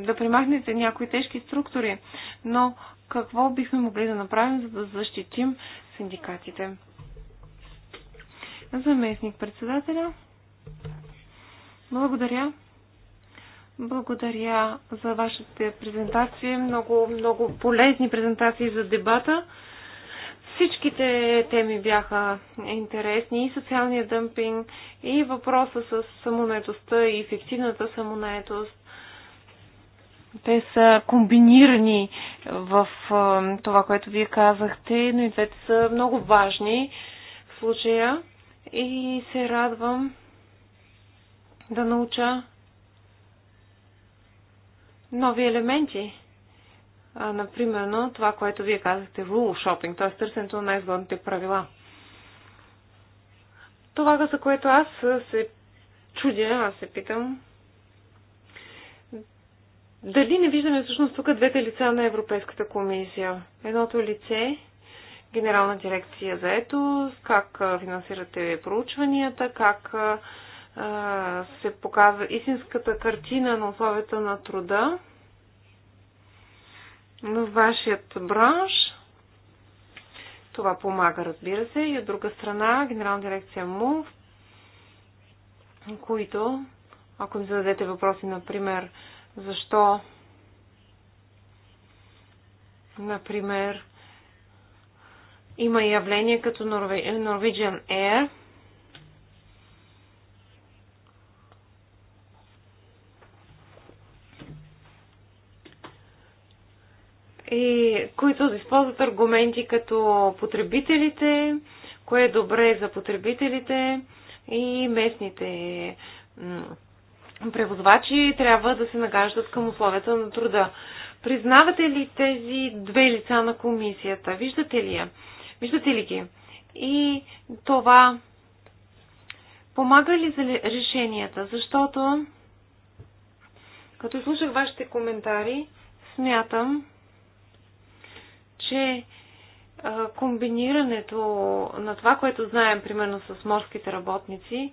да примахнете някои тежки структури, но какво бихме могли да направим, за да защитим синдикатите? заместник председателя. Благодаря. Благодаря за вашите презентации. Много, много полезни презентации за дебата. Всичките теми бяха интересни и социалния дъмпинг, и въпроса с самонаетостта и ефективната самонаетост. Те са комбинирани в това, което вие казахте, но и двете са много важни в случая и се радвам да науча нови елементи. А, например, това, което вие казахте, rule shopping, т.е. търсенето на най-изгодните правила. Това, за което аз се чудя, аз се питам, дали не виждаме всъщност тук двете лица на Европейската комисия? Едното лице Генерална дирекция за ето, как финансирате проучванията, как се показва истинската картина на условията на труда в вашият бранш. Това помага, разбира се. И от друга страна, Генерална дирекция МУВ, които, ако ми зададете въпроси, например, защо, например, има явление като Norwegian Air. И които използват аргументи като потребителите, кое е добре за потребителите и местните превозвачи трябва да се нагаждат към условията на труда. Признавате ли тези две лица на комисията? Виждате ли я? Виждате ли ги? И това помага ли за решенията? Защото, като слушах вашите коментари, смятам, че комбинирането на това, което знаем, примерно с морските работници,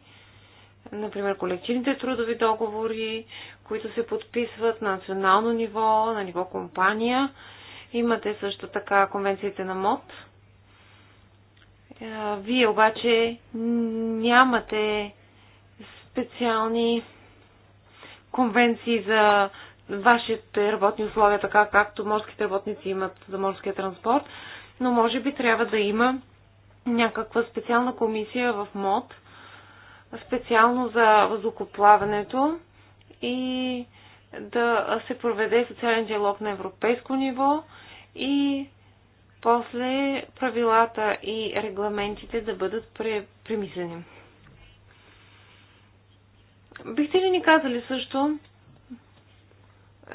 например колективните трудови договори, които се подписват на национално ниво, на ниво компания, имате също така конвенциите на МОД, вие обаче нямате специални конвенции за вашите работни условия, така както морските работници имат за морския транспорт, но може би трябва да има някаква специална комисия в МОД, специално за въздухоплаването и да се проведе социален диалог на европейско ниво и после правилата и регламентите да бъдат премислени. Бихте ли ни казали също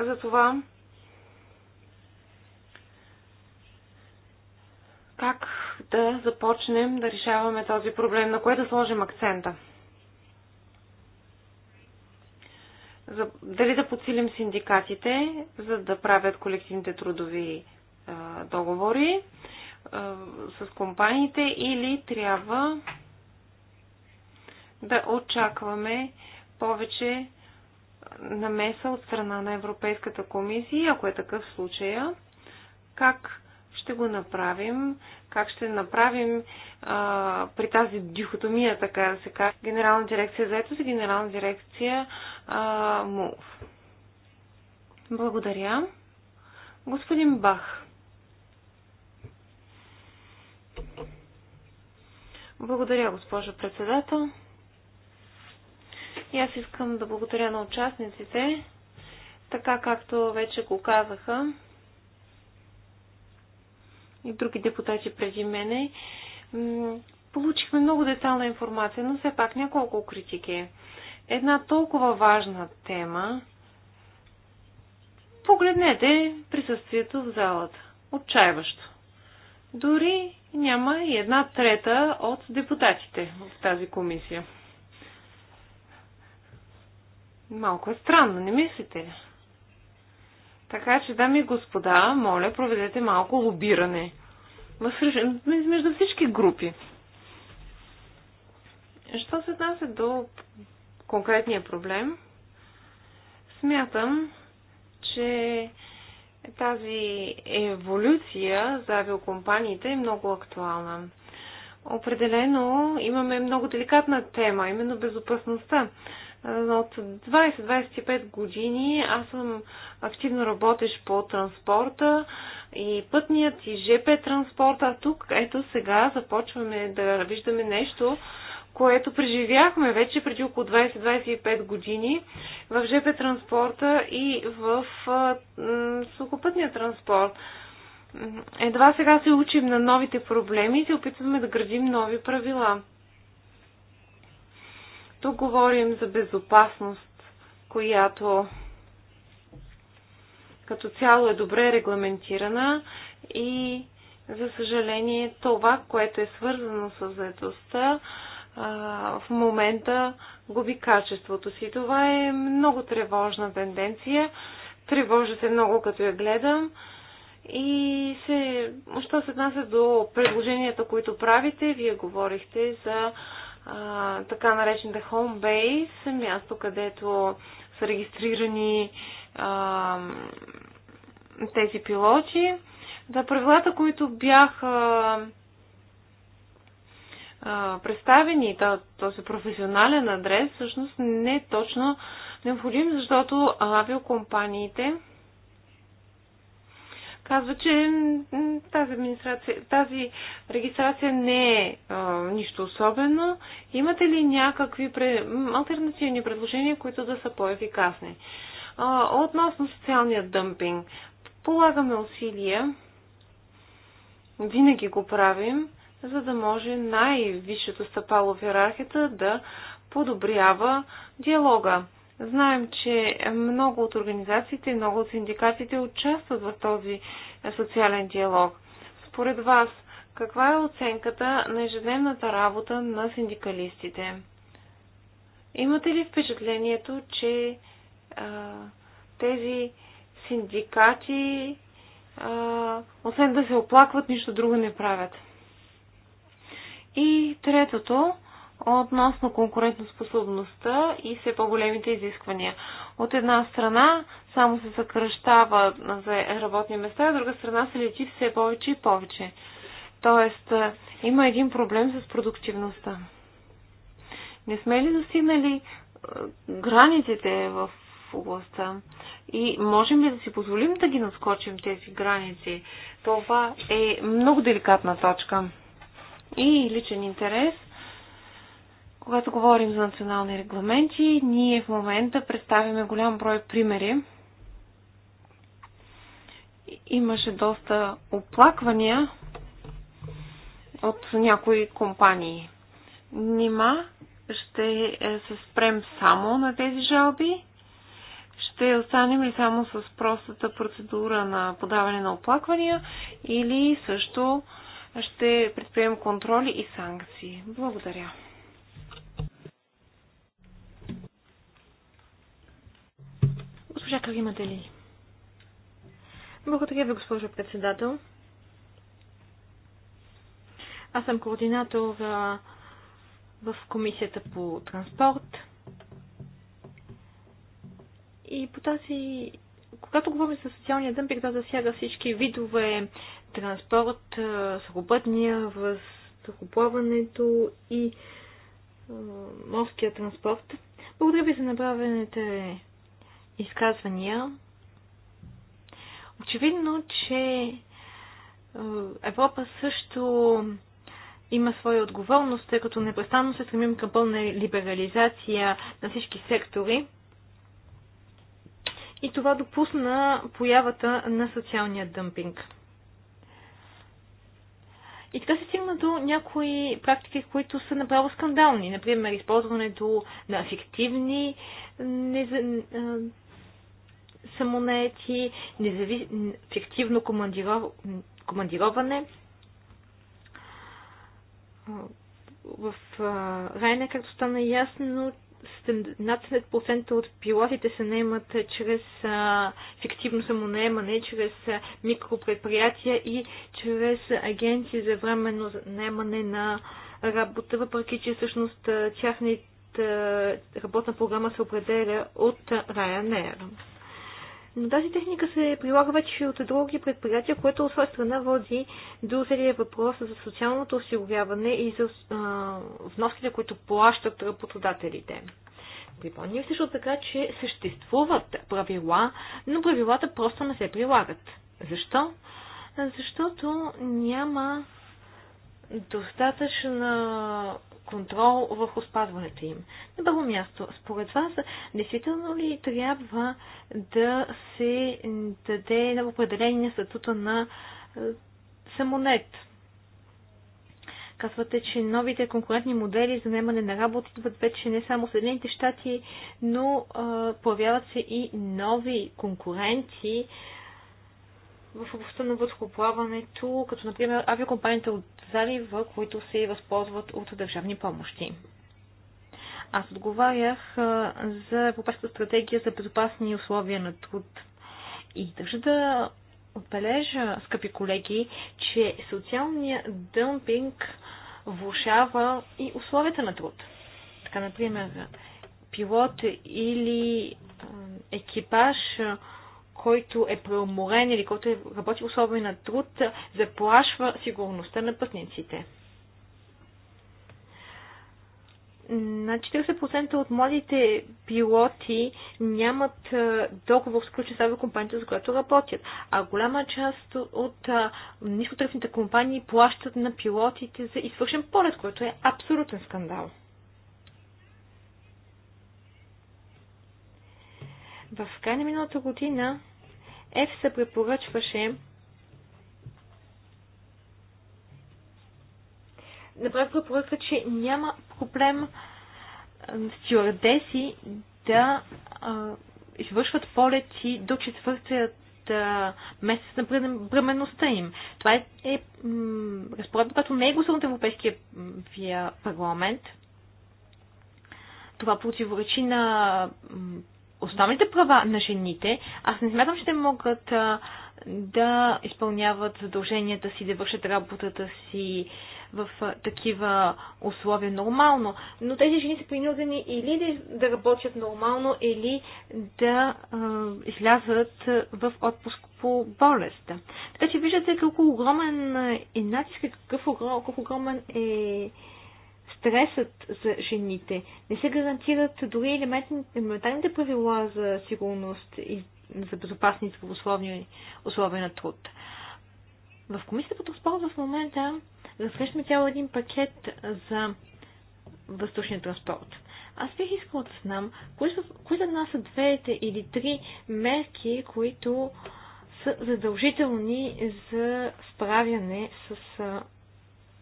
за това как да започнем да решаваме този проблем, на кое да сложим акцента? За, дали да подсилим синдикатите, за да правят колективните трудови договори е, с компаниите или трябва да очакваме повече намеса от страна на Европейската комисия, ако е такъв случая, как ще го направим, как ще направим а, е, при тази дихотомия, така да се каже, генерална дирекция за етос и генерална дирекция а, е, МУВ. Благодаря. Господин Бах. Благодаря, госпожо председател. И аз искам да благодаря на участниците, така както вече го казаха и други депутати преди мене. Получихме много детална информация, но все пак няколко критики. Една толкова важна тема. Погледнете присъствието в залата. Отчаиващо. Дори няма и една трета от депутатите в тази комисия. Малко е странно, не мислите ли? Така че, дами и господа, моля, проведете малко лобиране. Между всички групи. Що се отнася до конкретния проблем, смятам, че тази еволюция за авиокомпаниите е много актуална. Определено имаме много деликатна тема, именно безопасността. От 20-25 години аз съм активно работещ по транспорта и пътният и ЖП транспорта. А тук, ето сега, започваме да виждаме нещо, което преживяхме вече преди около 20-25 години в ЖП транспорта и в сухопътния транспорт. Едва сега се учим на новите проблеми и се опитваме да градим нови правила. Тук говорим за безопасност, която като цяло е добре регламентирана и за съжаление това, което е свързано с заедостта, в момента губи качеството си. Това е много тревожна тенденция. Тревожа се много, като я гледам. И се, що се отнася до предложенията, които правите, вие говорихте за а, така наречените home base, място, където са регистрирани а, тези пилоти. Да, правилата, които бяха представени, този професионален адрес всъщност не е точно необходим, защото авиокомпаниите казва, че тази, администрация, тази регистрация не е а, нищо особено. Имате ли някакви пре, альтернативни предложения, които да са по-ефикасни? относно социалния дъмпинг, полагаме усилия, винаги го правим, за да може най-висшето стъпало в иерархията да подобрява диалога. Знаем, че много от организациите, много от синдикатите участват в този социален диалог. Според вас, каква е оценката на ежедневната работа на синдикалистите? Имате ли впечатлението, че а, тези синдикати, а, освен да се оплакват, нищо друго не правят? И третото, относно конкурентоспособността и все по-големите изисквания. От една страна само се съкръщава за работни места, а от друга страна се лети все повече и повече. Тоест, има един проблем с продуктивността. Не сме ли достигнали границите в областта и можем ли да си позволим да ги наскочим тези граници? Това е много деликатна точка и личен интерес. Когато говорим за национални регламенти, ние в момента представяме голям брой примери. Имаше доста оплаквания от някои компании. Нима ще е, се спрем само на тези жалби? Ще останем ли само с простата процедура на подаване на оплаквания или също ще предприемем контроли и санкции. Благодаря. Госпожа Калима Дели. Благодаря ви, госпожо председател. Аз съм координатор в Комисията по транспорт. И по тази... Когато говорим за социалния дъмпинг, да засяга всички видове транспорт, сухопътния, въздухоплаването и морския транспорт. Благодаря ви за направените изказвания. Очевидно, че Европа също има своя отговорност, тъй като непрестанно се стремим към пълна либерализация на всички сектори. И това допусна появата на социалния дъмпинг. И така се стигна до някои практики, които са направо скандални. Например, използването на фиктивни неза... самонети, незави... фиктивно командиров... командироване. В Райна, както стана ясно, над 70% от пилотите се наемат чрез а, фиктивно самонаемане, чрез а, микропредприятия и чрез агенции за временно наемане на работа, въпреки че всъщност тяхната работна програма се определя от Ryanair. Но тази техника се прилага вече от други предприятия, което от своя страна води до целия въпрос за социалното осигуряване и за а, вноските, които плащат работодателите. Припомним също така, че съществуват правила, но правилата просто не се прилагат. Защо? Защото няма достатъчна контрол върху спазването им. На първо място, според вас, действително ли трябва да се даде на определение статута на е, самонет? Казвате, че новите конкурентни модели за наемане на работа идват вече не само Съединените щати, но а, е, появяват се и нови конкуренти, в областта на въздухоплаването, като например авиокомпаниите от залива, които се възползват от държавни помощи. Аз отговарях за Европейската стратегия за безопасни условия на труд. И държа да отбележа, скъпи колеги, че социалният дъмпинг влушава и условията на труд. Така, например, пилот или екипаж който е преуморен или който е работи на труд, заплашва сигурността на пътниците. На 40% от младите пилоти нямат договор с ключен с компанията, за която работят. А голяма част от нискотръфните компании плащат на пилотите за извършен полет, което е абсолютен скандал. В края на миналата година ЕФСА препоръчваше направи препоръка, че няма проблем стюардеси да а, извършват полети до четвъртият месец на бременността им. Това е, е разпоредба, която не е гласувана от Европейския парламент. Това противоречи на основните права на жените, аз не смятам, че те могат да изпълняват задълженията си, да вършат работата си в такива условия нормално. Но тези жени са принудени или да, работят нормално, или да а, излязат в отпуск по болест. Така че виждате колко огромен е натиск, какъв, огром, колко огромен е стресът за жените, не се гарантират дори елементарните правила за сигурност и за безопасни здравословни условия на труд. В Комисията по транспорт в момента разсрещаме цял един пакет за въздушния транспорт. Аз бих искала да знам, кои, за нас са двете или три мерки, които са задължителни за справяне с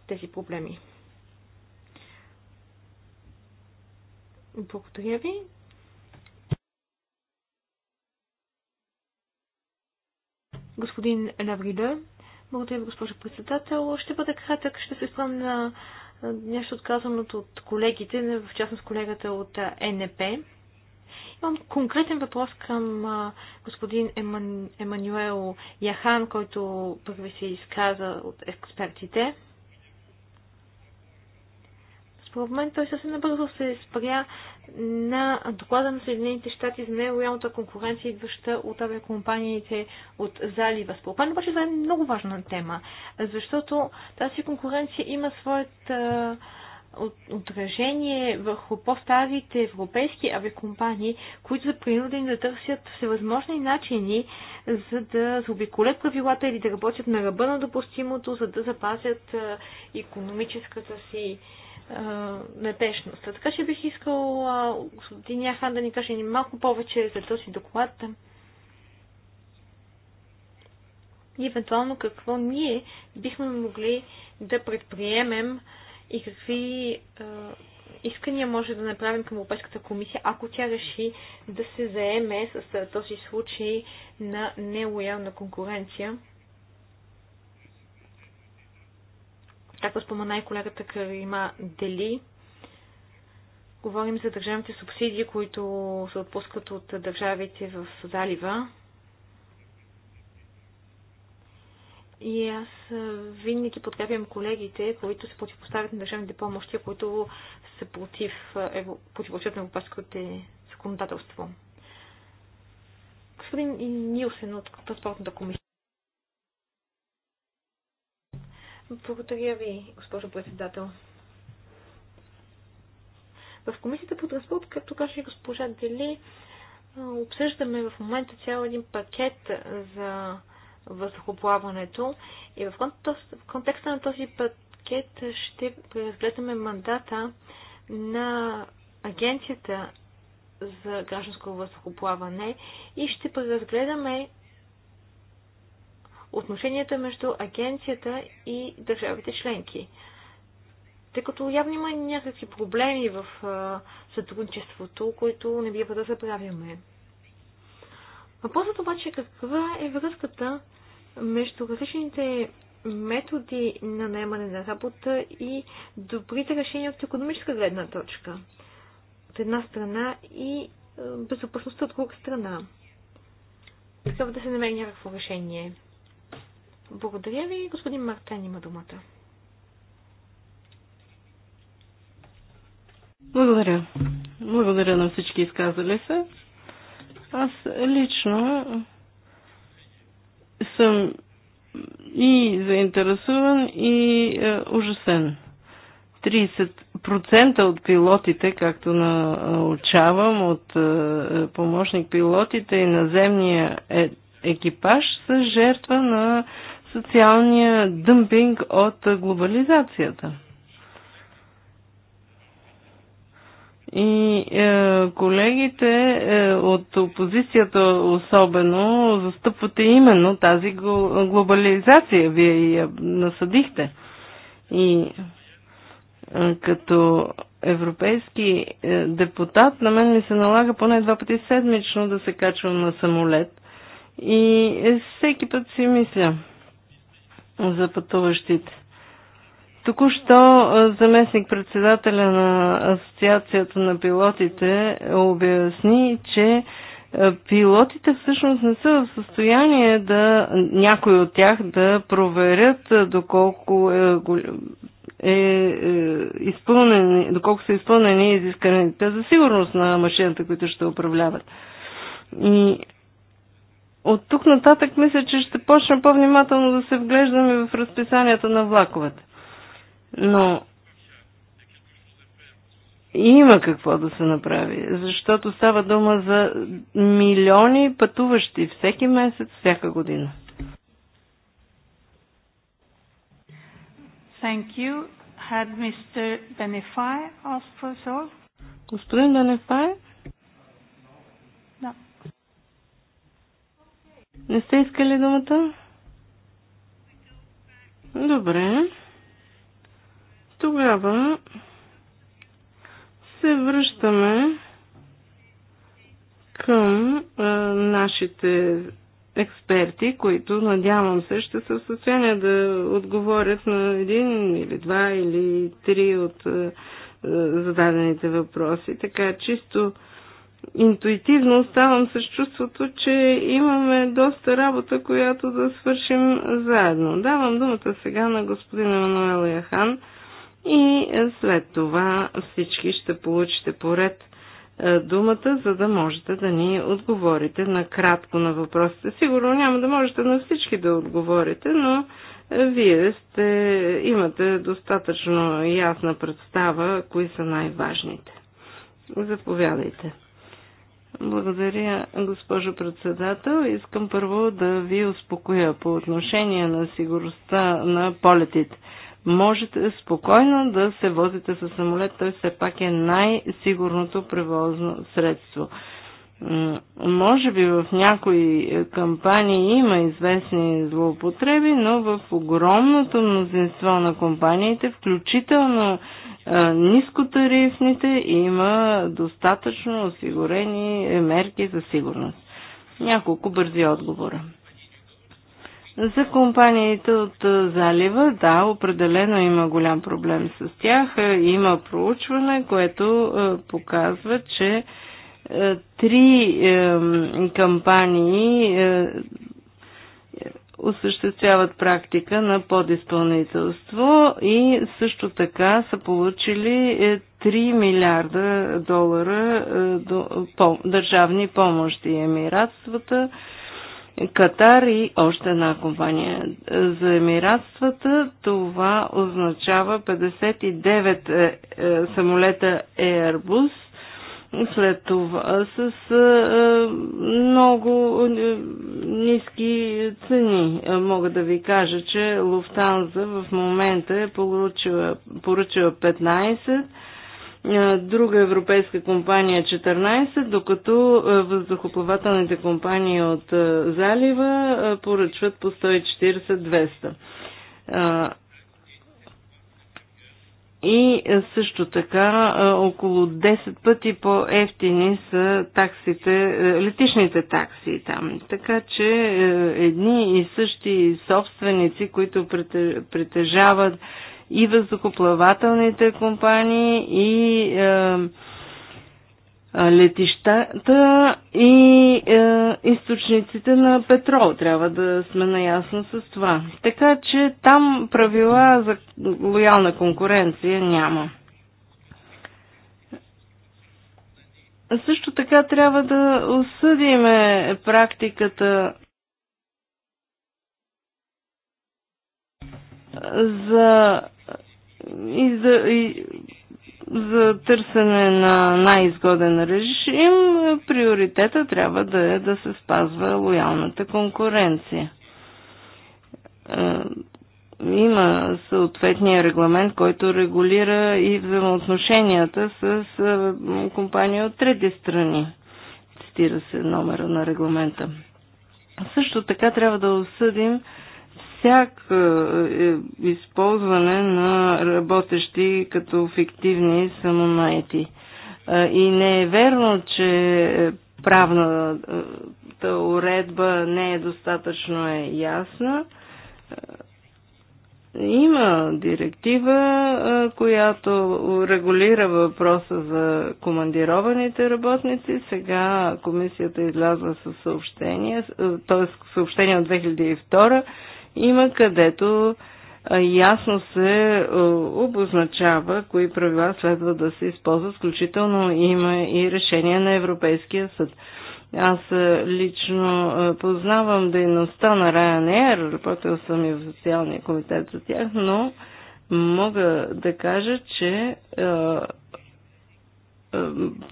тези проблеми. Благодаря ви. Господин Лаврида, благодаря ви, госпожо председател. Ще бъда кратък, ще се спрам на нещо отказаното от колегите, в частност колегата от НП. Имам конкретен въпрос към господин Еман... Емануел Яхан, който първи се изказа от експертите. Според мен той съвсем набързо се спря на доклада на Съединените щати за нелоялната конкуренция, идваща от авиакомпаниите от залива. Според мен обаче това е много важна тема, защото тази конкуренция има своята отражение върху по-старите европейски авиакомпании, които са принудени да търсят всевъзможни начини, за да заобиколят правилата или да работят на ръба на допустимото, за да запазят економическата си надежност. Така че бих искал господин Яхан да ни каже малко повече за този доклад и евентуално какво ние бихме могли да предприемем и какви а, искания може да направим към Европейската комисия, ако тя реши да се заеме с този случай на нелоялна конкуренция. Както спомена и колегата Карима Дели, говорим за държавните субсидии, които се отпускат от държавите в залива. И аз винаги подкрепям колегите, които се противопоставят на държавните помощи, които са против, противопоставят на европейското законодателство. Господин Нилсен от Транспортната комисия. Благодаря ви, госпожо председател. В Комисията по транспорт, както каже госпожа Дели, обсъждаме в момента цял един пакет за въздухоплаването и в контекста на този пакет ще преразгледаме мандата на Агенцията за гражданско въздухоплаване и ще преразгледаме отношенията между агенцията и държавите членки. Тъй като явно има някакви проблеми в сътрудничеството, които не бива да забравяме. Въпросът обаче е каква е връзката между различните методи на наемане на работа и добрите решения от економическа гледна точка. От една страна и безопасността от друга страна. Трябва да се намери някакво решение. Благодаря ви. Господин Мартен има думата. Благодаря. Благодаря на всички изказали се. Аз лично съм и заинтересуван, и е, ужасен. 30% от пилотите, както научавам от е, помощник пилотите и наземния е, екипаж, са жертва на е, социалния дъмпинг от глобализацията. И е, колегите е, от опозицията особено застъпвате именно тази глобализация. Вие я насъдихте. И е, като европейски е, депутат на мен ми се налага поне два пъти седмично да се качвам на самолет. И е, всеки път си мисля – за пътуващите. Току-що заместник-председателя на Асоциацията на пилотите обясни, че пилотите всъщност не са в състояние да, някой от тях да проверят доколко е, е, е изпълнени, доколко са изпълнени изисканите за сигурност на машината, които ще управляват. И от тук нататък мисля, че ще почнем по-внимателно да се вглеждаме в разписанията на влаковете. Но има какво да се направи, защото става дума за милиони пътуващи всеки месец, всяка година. Thank you. Had Mr. Benefai asked for Господин Бенефай? Не сте искали думата? Добре. Тогава се връщаме към е, нашите експерти, които надявам се ще са в състояние да отговорят на един или два или три от е, зададените въпроси. Така чисто е, интуитивно оставам с чувството, че имаме доста работа, която да свършим заедно. Давам думата сега на господин Емануел Яхан и след това всички ще получите поред е, думата, за да можете да ни отговорите накратко на въпросите. Сигурно няма да можете на всички да отговорите, но е, вие сте, имате достатъчно ясна представа, кои са най-важните. Заповядайте. Благодаря, госпожо председател. Искам първо да ви успокоя по отношение на сигурността на полетите. Можете спокойно да се возите с самолет, той все пак е най-сигурното превозно средство. Може би в някои е, кампании има известни злоупотреби, но в огромното мнозинство на компаниите, включително е, нискотарифните, има достатъчно осигурени мерки за сигурност. Няколко бързи отговора. За компаниите от е, залива, да, определено има голям проблем с тях. Има проучване, което показва, че три е, кампании е, осъществяват практика на подизпълнителство и също така са получили 3 е, милиарда долара е, до, по, държавни помощи емиратствата, Катар и още една компания. За емиратствата това означава 59 е, самолета Airbus, след това с много ниски цени. Мога да ви кажа, че Луфтанза в момента е поръчила, поръчила 15 друга европейска компания 14, докато въздухоплавателните компании от залива поръчват по 140-200. И е, също така е, около 10 пъти по-ефтини са таксите, е, летишните такси там. Така че едни и същи собственици, които притежават и въздухоплавателните компании, и летищата и е, източниците на петрол. Трябва да сме наясно с това. Така че там правила за лоялна конкуренция няма. Също така трябва да осъдиме практиката за и за и за търсене на най-изгоден режим, приоритета трябва да е да се спазва лоялната конкуренция. Е, има съответния регламент, който регулира и взаимоотношенията с е, компания от трети страни. Цитира се номера на регламента. Също така трябва да осъдим всяка е, е, използване на работещи като фиктивни самонаети. Е, и не е верно, че правната уредба не е достатъчно е ясна. Има директива, която регулира въпроса за командированите работници. Сега комисията излязва със съобщение, т.е. съобщение от 2002 има, където ясно се обозначава кои правила следва да се използват, включително има и решение на Европейския съд. Аз лично познавам дейността на Ryanair, работил съм и в социалния комитет за тях, но мога да кажа, че е,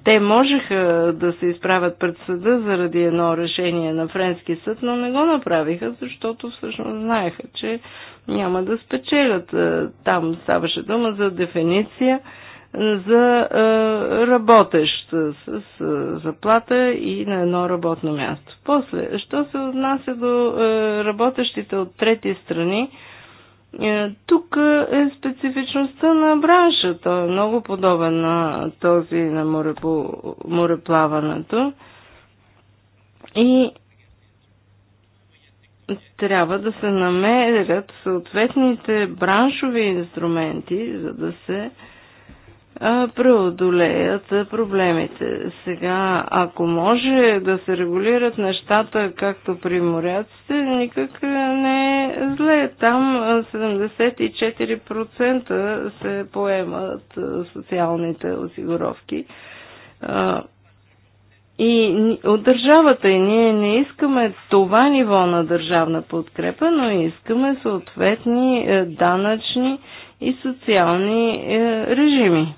те можеха да се изправят пред съда заради едно решение на френски съд, но не го направиха, защото всъщност знаеха, че няма да спечелят. Е, там ставаше дума за дефиниция за е, работещ с заплата и на едно работно място. После, що се отнася до работещите от трети страни, е, тук е специфичността на бранша. Той е много подобен на този на морепо, мореплаването. И трябва да се намерят съответните браншови инструменти, за да се а, преодолеят проблемите. Сега, ако може да се регулират нещата, както при моряците, никак не е зле. Там 74% се поемат социалните осигуровки. И от държавата и ние не искаме това ниво на държавна подкрепа, но искаме съответни е, данъчни и социални е, режими.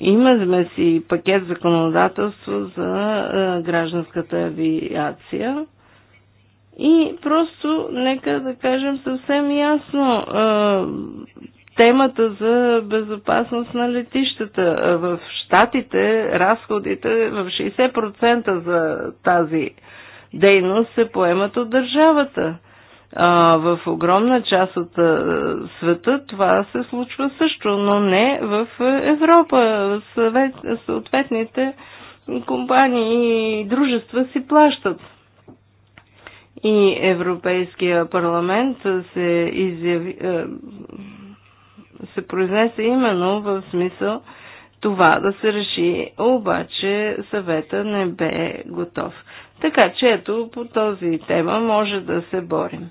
Имаме си пакет законодателство за гражданската авиация. И просто, нека да кажем съвсем ясно, темата за безопасност на летищата. В Штатите разходите в 60% за тази дейност се поемат от държавата в огромна част от света това се случва също, но не в Европа. Съответните компании и дружества си плащат. И Европейския парламент се, изяви, се произнесе именно в смисъл това да се реши, обаче съвета не бе готов. Така че ето по този тема може да се борим.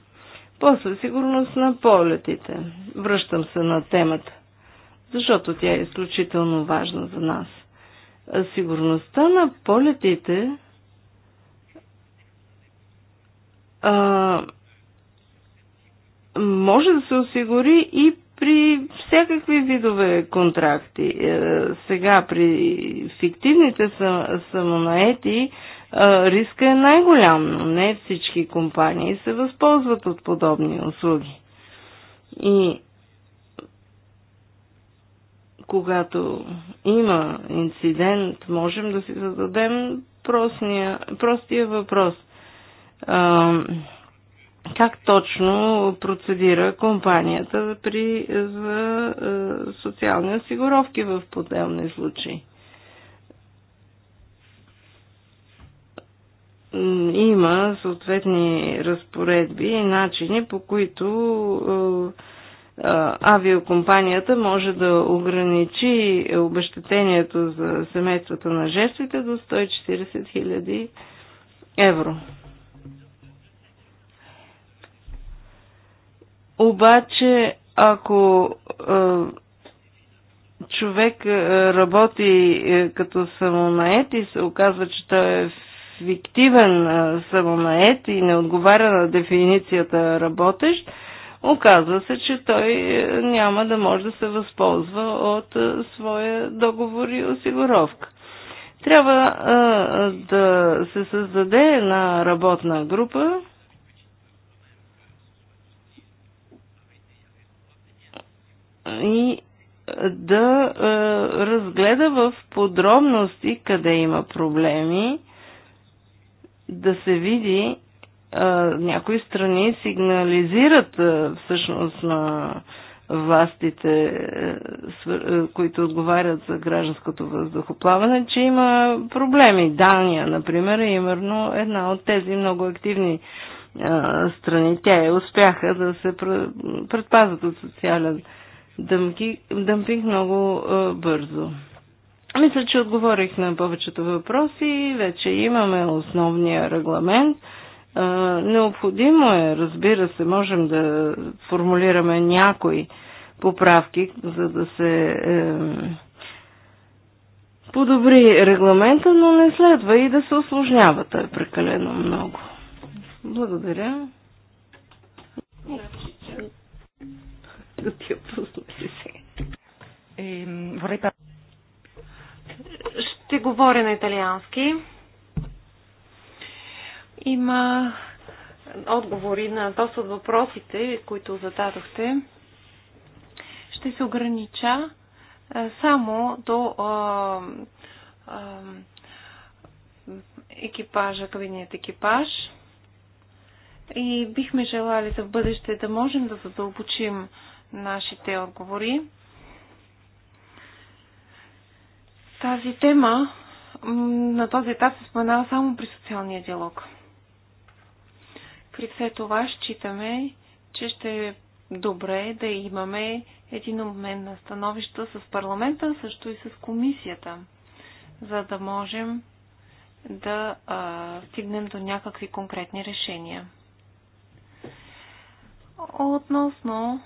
После сигурност на полетите. Връщам се на темата, защото тя е изключително важна за нас. Сигурността на полетите а, може да се осигури и при всякакви видове контракти. Е, сега при фиктивните самонаети риска е най-голям, но не всички компании се възползват от подобни услуги. И когато има инцидент, можем да си зададем простния, простия въпрос. А, как точно процедира компанията при, за а, социални осигуровки в подделни случаи? има съответни разпоредби и начини, по които е, е, авиокомпанията може да ограничи обещетението за семействата на жертвите до 140 000 евро. Обаче, ако е, човек работи като самонает и се оказва, че той е в фиктивен самонает и не отговаря на дефиницията работещ, оказва се, че той е, няма да може да се възползва от е, своя договор и осигуровка. Трябва а, да се създаде една работна група, и да разгледа в подробности къде има проблеми да се види, някои страни сигнализират всъщност на властите, е, е, които отговарят за гражданското въздухоплаване, че има проблеми. Дания, например, е именно една от тези много активни е, страни. Те успяха да се предпазят от социален дъмпинг много бързо. Мисля, че отговорих на повечето въпроси. Вече имаме основния регламент. Необходимо е, разбира се, можем да формулираме някои поправки, за да се е, подобри регламента, но не следва и да се осложнява. Той е прекалено много. Благодаря. Да ти я пусна си. Ще говоря на италиански. Има отговори на доста от въпросите, които зададохте. Ще се огранича само до а, а, екипажа, кабинет екипаж. И бихме желали за бъдеще да можем да задълбочим нашите отговори. Тази тема на този етап се споменава само при социалния диалог. При все това считаме, че ще е добре да имаме един обмен на становища с парламента, също и с комисията, за да можем да а, стигнем до някакви конкретни решения. Относно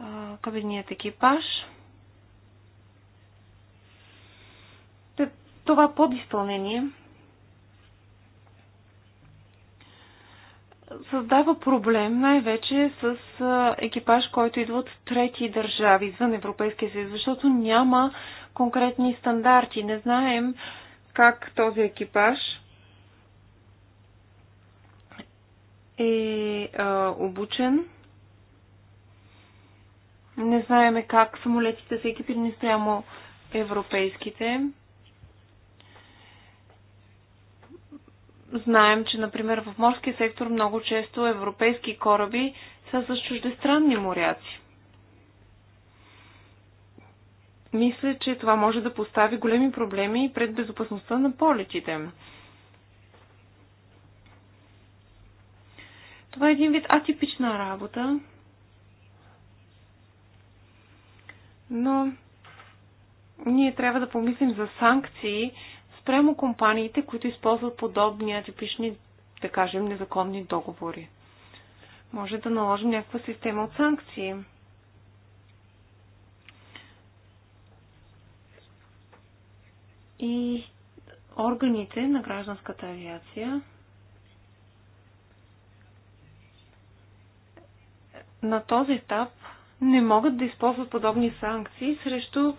а, кабинният екипаж, това подизпълнение създава проблем най-вече с екипаж, който идва от трети държави извън Европейския съюз, защото няма конкретни стандарти. Не знаем как този екипаж е обучен. Не знаеме как самолетите са екипирани спрямо европейските. Знаем, че, например, в морския сектор много често европейски кораби са с чуждестранни моряци. Мисля, че това може да постави големи проблеми пред безопасността на полетите. Това е един вид атипична работа, но ние трябва да помислим за санкции, спрямо компаниите, които използват подобни атипични, да кажем, незаконни договори. Може да наложим някаква система от санкции. И органите на гражданската авиация на този етап не могат да използват подобни санкции срещу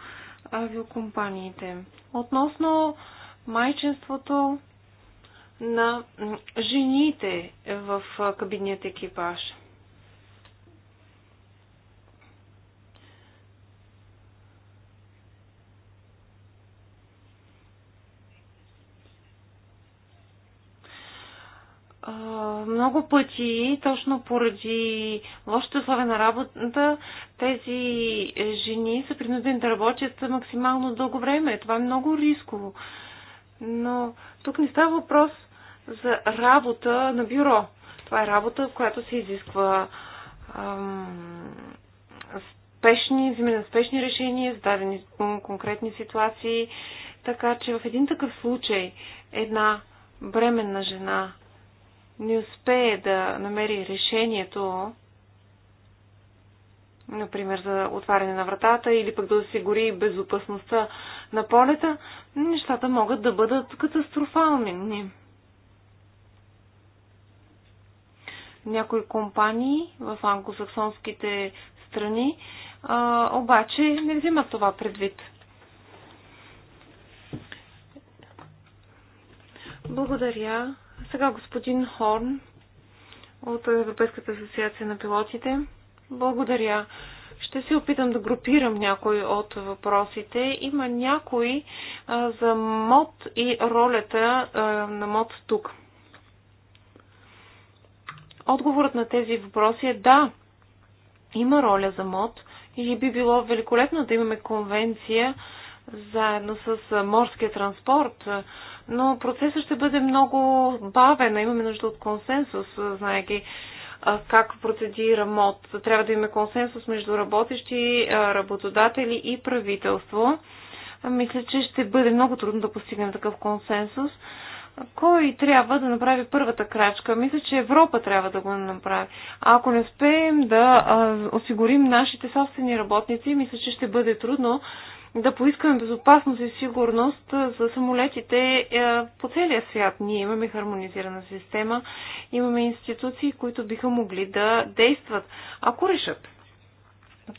авиокомпаниите. Относно майчинството на жените в кабинният екипаж. много пъти, точно поради лошите условия на работа, тези жени са принудени да работят максимално дълго време. Това е много рисково. Но тук не става въпрос за работа на бюро. Това е работа, в която се изисква ам, спешни, взимане спешни решения, зададени конкретни ситуации. Така че в един такъв случай една бременна жена не успее да намери решението например, за отваряне на вратата или пък да осигури безопасността на полета, нещата могат да бъдат катастрофални. Някои компании в англосаксонските страни а, обаче не взимат това предвид. Благодаря. Сега господин Хорн от Европейската асоциация на пилотите. Благодаря. Ще се опитам да групирам някои от въпросите. Има някои а, за МОД и ролята а, на МОД тук. Отговорът на тези въпроси е да, има роля за МОД и би било великолепно да имаме конвенция заедно с морския транспорт, но процесът ще бъде много бавен, имаме нужда от консенсус, знаеки как процедира МОД. Трябва да има консенсус между работещи, работодатели и правителство. Мисля, че ще бъде много трудно да постигнем такъв консенсус. Кой трябва да направи първата крачка? Мисля, че Европа трябва да го направи. А ако не успеем да осигурим нашите собствени работници, мисля, че ще бъде трудно да поискаме безопасност и сигурност за самолетите по целия свят. Ние имаме хармонизирана система, имаме институции, които биха могли да действат, ако решат.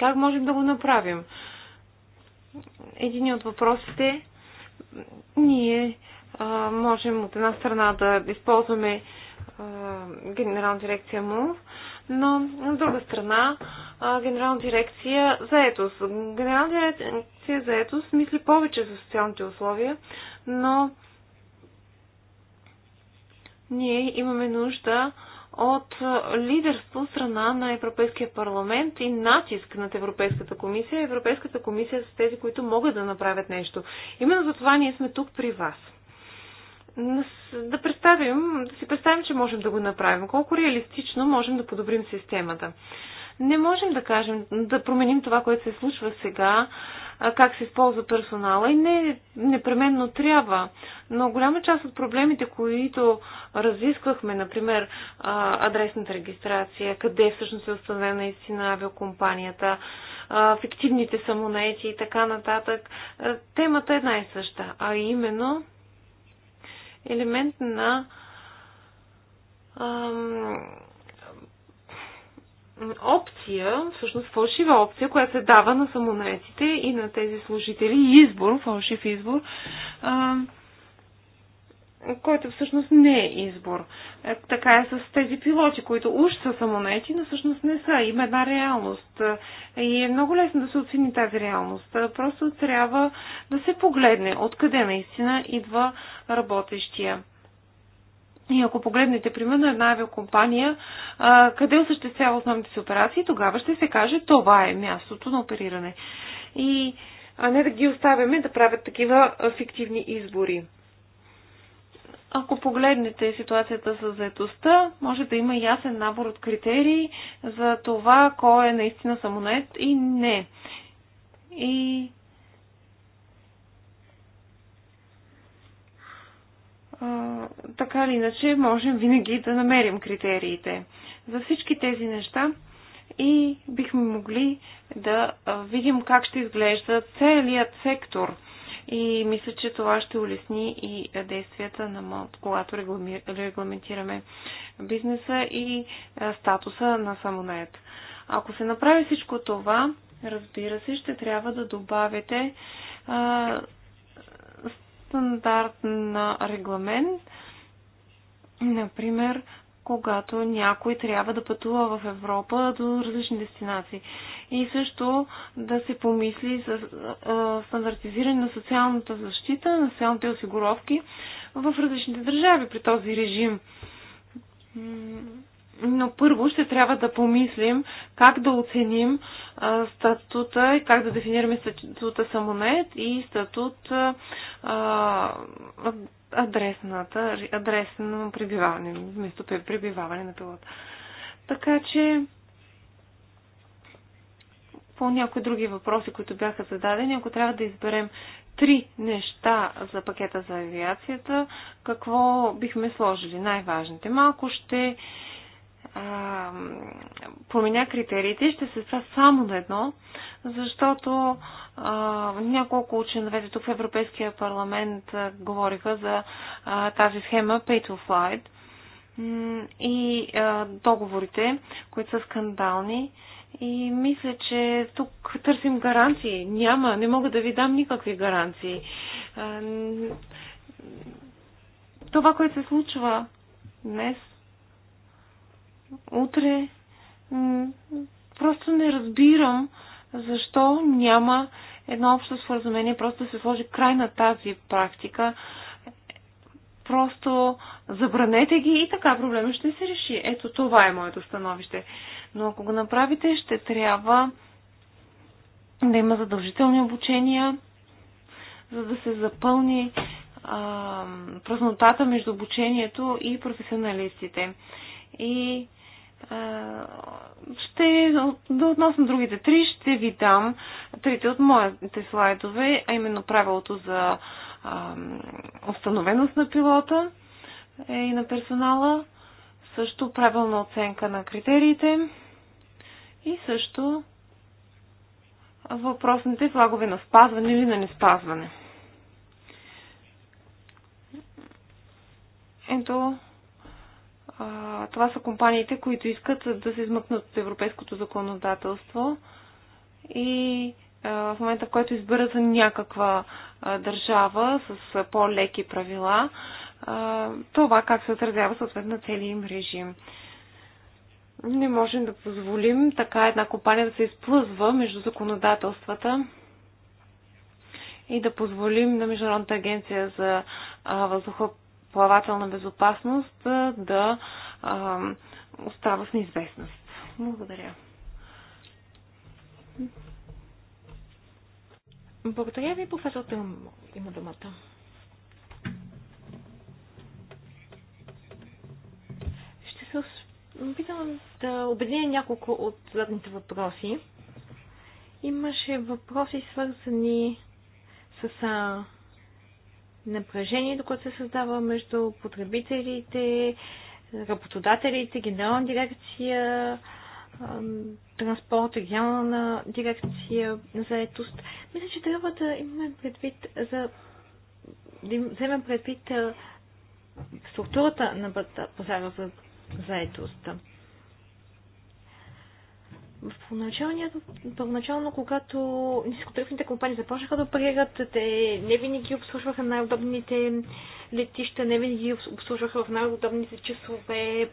Как можем да го направим? Един от въпросите ние а, можем от една страна да използваме а, генерална дирекция му, но, от друга страна, Генерална дирекция заетост. Генерална дирекция заетост мисли повече за социалните условия, но ние имаме нужда от лидерство страна на Европейския парламент и натиск над Европейската комисия. Европейската комисия са тези, които могат да направят нещо. Именно за това ние сме тук при вас да представим, да си представим, че можем да го направим. Колко реалистично можем да подобрим системата. Не можем да кажем, да променим това, което се случва сега, как се използва персонала и не непременно трябва. Но голяма част от проблемите, които разисквахме, например адресната регистрация, къде всъщност е установена истина авиокомпанията, фиктивните самонети и така нататък, темата е една и съща, а именно елемент на ам, опция, всъщност фалшива опция, която се дава на самонаетите и на тези служители, избор, фалшив избор, ам, който всъщност не е избор. Е, така е с тези пилоти, които уж са самонети, но всъщност не са. Има една реалност. Е, и е много лесно да се оцени тази реалност. Е, просто трябва да се погледне откъде наистина идва работещия. И ако погледнете, примерно, една авиокомпания, къде осъществява основните си операции, тогава ще се каже, това е мястото на опериране. И а не да ги оставяме да правят такива фиктивни избори. Ако погледнете ситуацията с заетостта, може да има ясен набор от критерии за това кой е наистина самонет и не. И така или иначе можем винаги да намерим критериите за всички тези неща и бихме могли да видим как ще изглежда целият сектор – и мисля, че това ще улесни и действията на МОД, когато регламентираме бизнеса и статуса на самонает. Ако се направи всичко това, разбира се, ще трябва да добавите а, стандарт на регламент, например, когато някой трябва да пътува в Европа до различни дестинации. И също да се помисли за стандартизиране на социалната защита, на социалните осигуровки в различните държави при този режим. Но първо ще трябва да помислим как да оценим статута и как да дефинираме статута самонет и статут адресната, адресно пребиваване, вместо пребиваване на пилота. Така че по някои други въпроси, които бяха зададени, ако трябва да изберем три неща за пакета за авиацията, какво бихме сложили? Най-важните. Малко ще променя критериите, ще се спра само на едно, защото а, няколко ученовете тук в Европейския парламент а, говориха за а, тази схема Pay to Flight и а, договорите, които са скандални. И мисля, че тук търсим гаранции. Няма, не мога да ви дам никакви гаранции. А, това, което се случва днес, утре. Просто не разбирам защо няма едно общо споразумение, просто да се сложи край на тази практика. Просто забранете ги и така проблема ще се реши. Ето това е моето становище. Но ако го направите, ще трябва да има задължителни обучения, за да се запълни а, празнотата между обучението и професионалистите. И ще, да относно другите три, ще ви дам трите от моите слайдове, а именно правилото за а, установеност на пилота е, и на персонала, също правилна оценка на критериите и също въпросните флагове на спазване или на неспазване. Ето това са компаниите, които искат да се измъкнат от европейското законодателство и в момента, в който изберат някаква държава с по-леки правила, това как се отразява съответно на им режим. Не можем да позволим така една компания да се изплъзва между законодателствата и да позволим на Международната агенция за въздуха плавателна безопасност да а, остава в неизвестност. Благодаря. Благодаря ви, професор Има думата. Ще се опитам да обединя няколко от задните въпроси. Имаше въпроси свързани с напрежението, което се създава между потребителите, работодателите, генерална дирекция, транспорт, регионална дирекция на заетост. Мисля, че трябва да имаме предвид за да вземем предвид структурата на пазара за заетост. В първоначално, когато нискотарифните компании започнаха да оперират, те не винаги обслужваха най-удобните летища, не винаги обслужваха в най-удобните часове,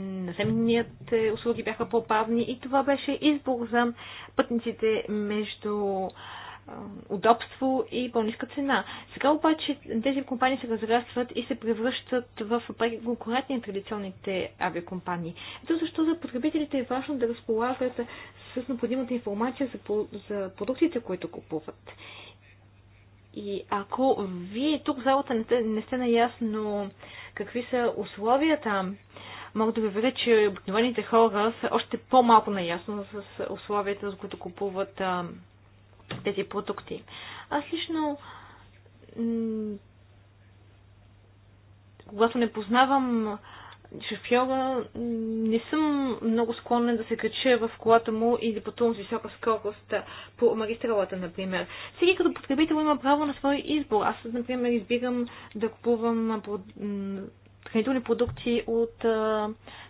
наземният е, услуги бяха по-бавни и това беше избор за пътниците между удобство и по-ниска цена. Сега обаче тези компании се разрастват и се превръщат в конкурентни на традиционните авиакомпании. Ето защо за потребителите е важно да разполагат с необходимата информация за, за продуктите, които купуват. И ако вие тук в залата не сте, не сте наясно какви са условията, мога да ви уверя, че обикновените хора са още по-малко наясно с условията, за които купуват а, тези продукти. Аз лично когато не познавам шофьора, не съм много склонен да се кача в колата му и да пътувам с висока скорост по магистралата, например. Всеки като потребител има право на свой избор. Аз, например, избирам да купувам хранителни продукти от а,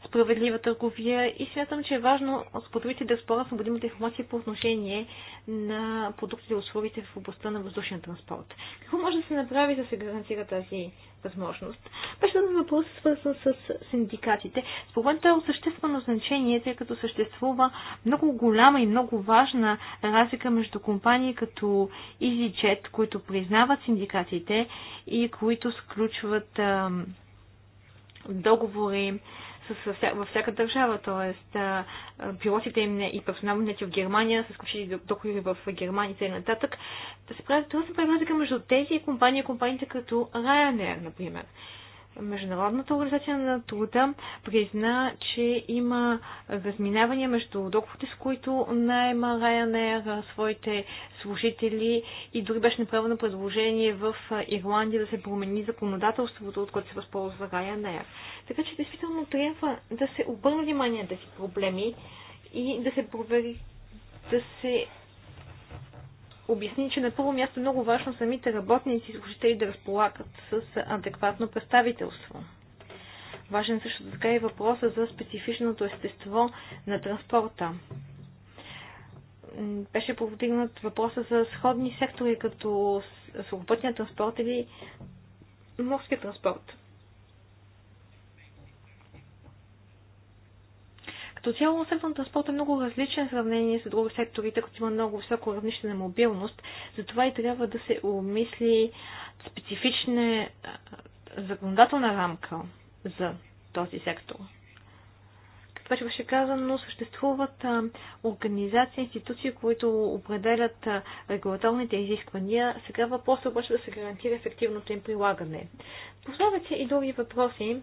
справедлива търговия и смятам, че е важно с потребителите да спорят свободимата информация по отношение на продуктите и услугите в областта на въздушния транспорт. Какво може да се направи за да се гарантира тази възможност? Беше да въпрос свързан с синдикатите. Според мен е от съществено значение, тъй като съществува много голяма и много важна разлика между компании като EasyJet, които признават синдикатите и които сключват а, договори с, с, във всяка държава, т.е. пилотите им не и персонално нети в Германия, с ключи доходи в Германия и нататък. Да се прави, това се прави разлика между тези компании и компаниите като Ryanair, например. Международната организация на труда призна, че има разминавания между доходите, с които найема Ryanair своите служители и дори беше направено предложение в Ирландия да се промени законодателството, от което се възползва Ryanair. Така че действително трябва да се обърне внимание на тези проблеми и да се провери да се обясни, че на първо място е много важно самите работници и служители да разполагат с адекватно представителство. Важен също така и е въпроса за специфичното естество на транспорта. Беше повдигнат въпроса за сходни сектори, като свободния транспорт или морския транспорт. Като цяло, сектор транспорт е много различен в сравнение с други секторите, като има много високо равнище на мобилност. Затова и трябва да се обмисли специфична законодателна рамка за този сектор. Като вече беше казано, съществуват организации, институции, които определят регулаторните изисквания. Сега въпросът обаче е да се гарантира ефективното им прилагане. Поставят се и други въпроси,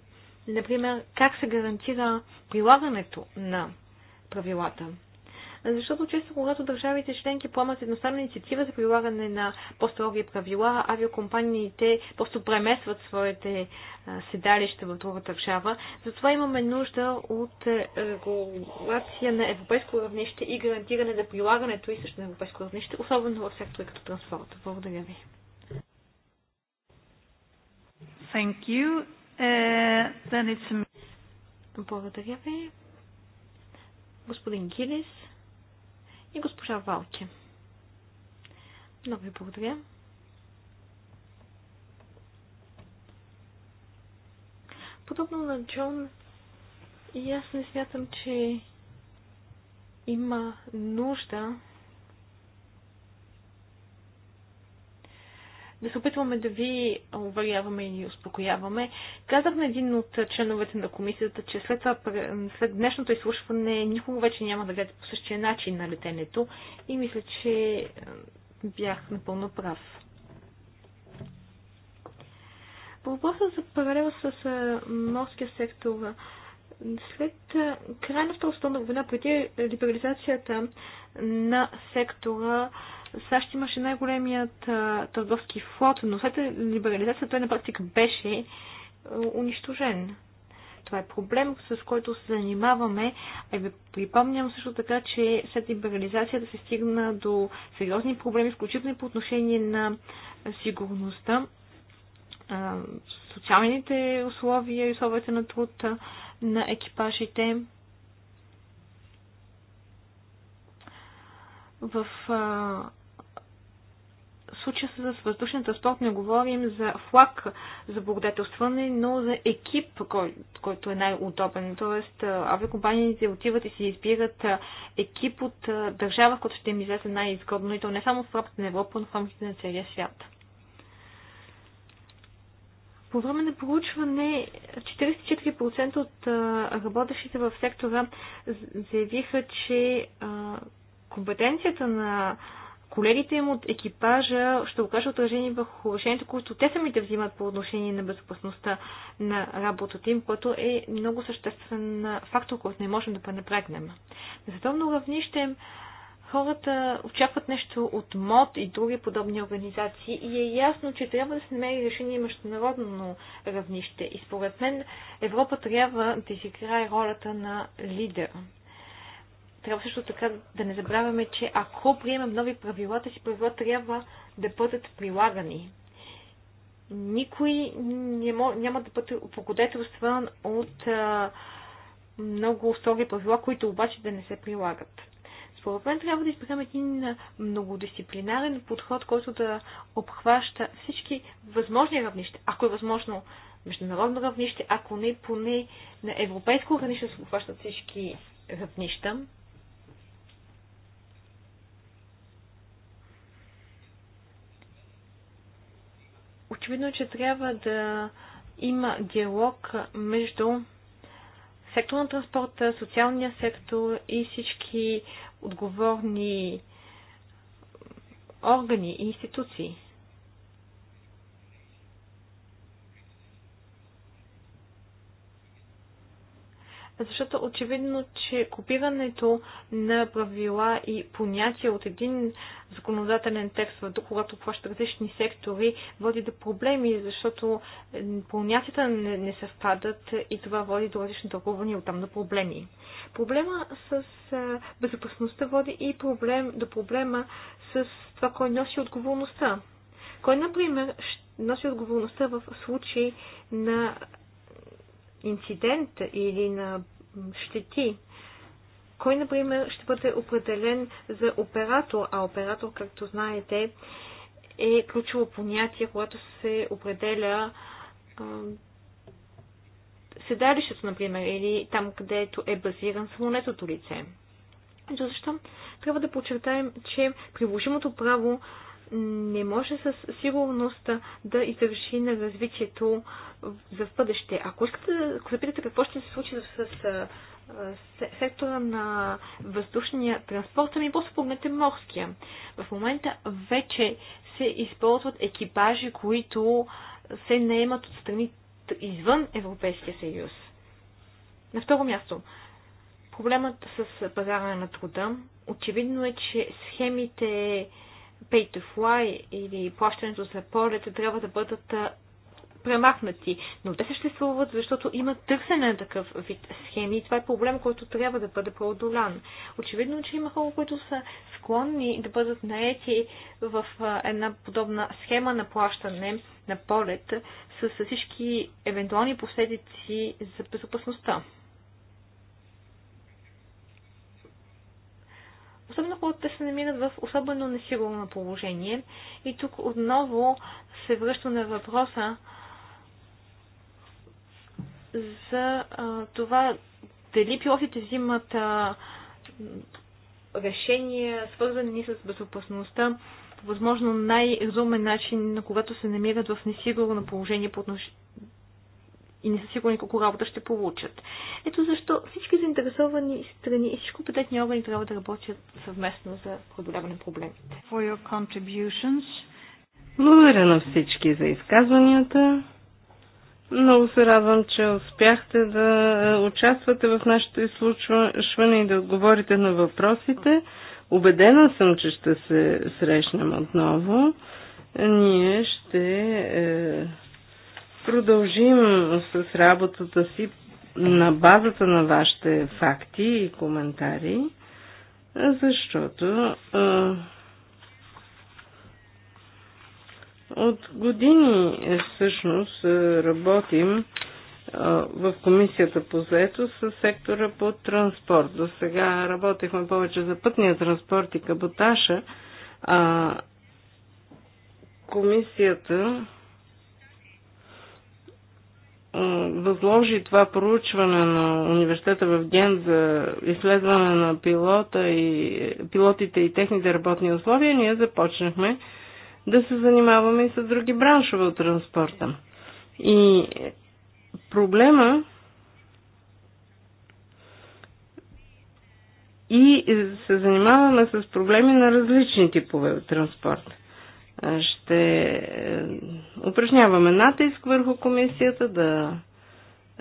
например, как се гарантира прилагането на правилата. Защото често, когато държавите членки поемат едностранна инициатива за прилагане на по-строги правила, авиокомпаниите просто преместват своите седалища в друга държава. Затова имаме нужда от е, регулация на европейско равнище и гарантиране на прилагането и също на европейско равнище, особено в сектори като транспорта. Благодаря ви. Thank you. Е, не съм. Благодаря ви. Господин Гилис и госпожа Валки. Много ви благодаря. Подобно на Джон, и аз не смятам, че има нужда да се опитваме да ви уверяваме и успокояваме. Казах на един от членовете на комисията, че след, това, след днешното изслушване никога вече няма да гледа по същия начин на летенето и мисля, че бях напълно прав. По въпроса за паралел с морския сектор, след края на Втората световна война, преди либерализацията на сектора, САЩ имаше най-големият търговски флот, но след либерализацията той на практика беше унищожен. Това е проблем, с който се занимаваме. Ай, припомням също така, че след либерализацията се стигна до сериозни проблеми, включително и по отношение на сигурността, социалните условия и условията на труд на екипажите. В случая с въздушната транспорт не говорим за флаг за благодетелстване, но за екип, кой, който е най-удобен. Тоест, авиакомпаниите отиват и си избират екип от държава, в която ще им излезе най-изгодно. И то не само в рамките на Европа, но в рамките на целия свят. По време на проучване 44% от работещите в сектора заявиха, че компетенцията на колегите им от екипажа ще окажат отражение върху решението, което те самите взимат по отношение на безопасността на работата им, което е много съществен фактор, който не можем да пренебрегнем. На световно равнище хората очакват нещо от МОД и други подобни организации и е ясно, че трябва да се намери решение международно равнище. И според мен Европа трябва да изиграе ролята на лидер. Трябва също така да не забравяме, че ако приемем нови правила, тези правила трябва да бъдат прилагани. Никой няма да бъде облагодетелстван от много строги правила, които обаче да не се прилагат. Според мен трябва да изберем един многодисциплинарен подход, който да обхваща всички възможни равнища, ако е възможно международно равнище, ако не поне на европейско равнище се обхващат всички равнища. Очевидно, е, че трябва да има диалог между сектор на транспорта, социалния сектор и всички отговорни органи и институции. защото очевидно, че копирането на правила и понятия от един законодателен текст в друг, когато плащат различни сектори, води до проблеми, защото е, понятията не, не съвпадат и това води до различни тълкувани от там до проблеми. Проблема с е, безопасността води и проблем, до проблема с това, кой носи отговорността. Кой, например, носи отговорността в случай на инцидент или на щети. Кой, например, ще бъде определен за оператор, а оператор, както знаете, е ключово понятие, когато се определя седалището, например, или там, където е базиран самонетото лице. защо трябва да подчертаем, че приложимото право не може със сигурност да извърши на развитието за в бъдеще. Ако искате да запитате какво ще се случи с, с, с сектора на въздушния транспорт, ами просто погледнете морския. В момента вече се използват екипажи, които се наемат от страни извън Европейския съюз. На второ място, проблемът с пазара на труда. Очевидно е, че схемите pay to fly или плащането за полета трябва да бъдат премахнати. Но те съществуват, защото има търсене на такъв вид схеми и това е проблем, който трябва да бъде преодолян. Очевидно, че има хора, които са склонни да бъдат наети в една подобна схема на плащане на полет с всички евентуални последици за безопасността. особено когато те се намират в особено несигурно положение. И тук отново се връща на въпроса за а, това дали пилотите взимат а, решения, свързани с безопасността, по възможно най-разумен начин, когато се намират в несигурно положение по отношение и не са сигурни колко работа ще получат. Ето защо всички заинтересовани страни и всички компетентни органи трябва да работят съвместно за преодоляване на проблемите. Благодаря на всички за изказванията. Много се радвам, че успяхте да е, участвате в нашето изслушване и да отговорите на въпросите. Убедена съм, че ще се срещнем отново. Ние ще е, продължим с работата си на базата на вашите факти и коментари, защото а, от години е, всъщност работим в комисията по заето с сектора по транспорт. До сега работехме повече за пътния транспорт и каботаша, а комисията възложи това проучване на университета в Ген за изследване на пилота и, пилотите и техните работни условия, ние започнахме да се занимаваме и с други браншове от транспорта. И проблема и се занимаваме с проблеми на различни типове от транспорта ще е, упражняваме натиск върху комисията да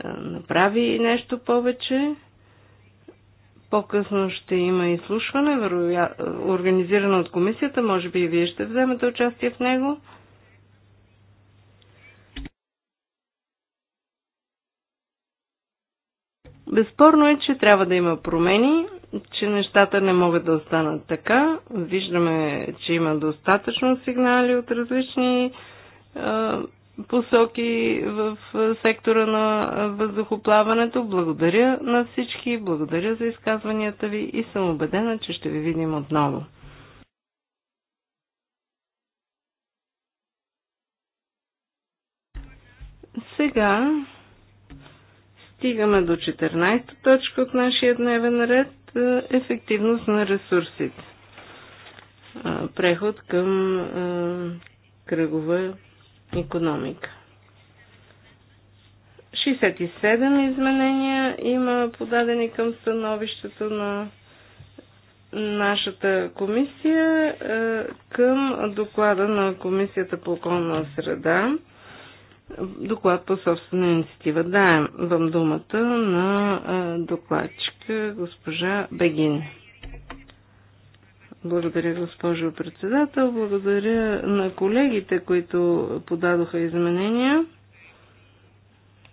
е, направи нещо повече. По-късно ще има изслушване, вероя... организирано от комисията. Може би и вие ще вземете участие в него. Безспорно е, че трябва да има промени че нещата не могат да останат така. Виждаме, че има достатъчно сигнали от различни посоки в сектора на въздухоплаването. Благодаря на всички, благодаря за изказванията ви и съм убедена, че ще ви видим отново. Сега стигаме до 14 точка от нашия дневен ред ефективност на ресурсите. Преход към кръгова економика. 67 изменения има подадени към становището на нашата комисия към доклада на Комисията по околна среда доклад по собствена инициатива. Даем вам думата на докладчика госпожа Бегин. Благодаря, госпожо председател. Благодаря на колегите, които подадоха изменения.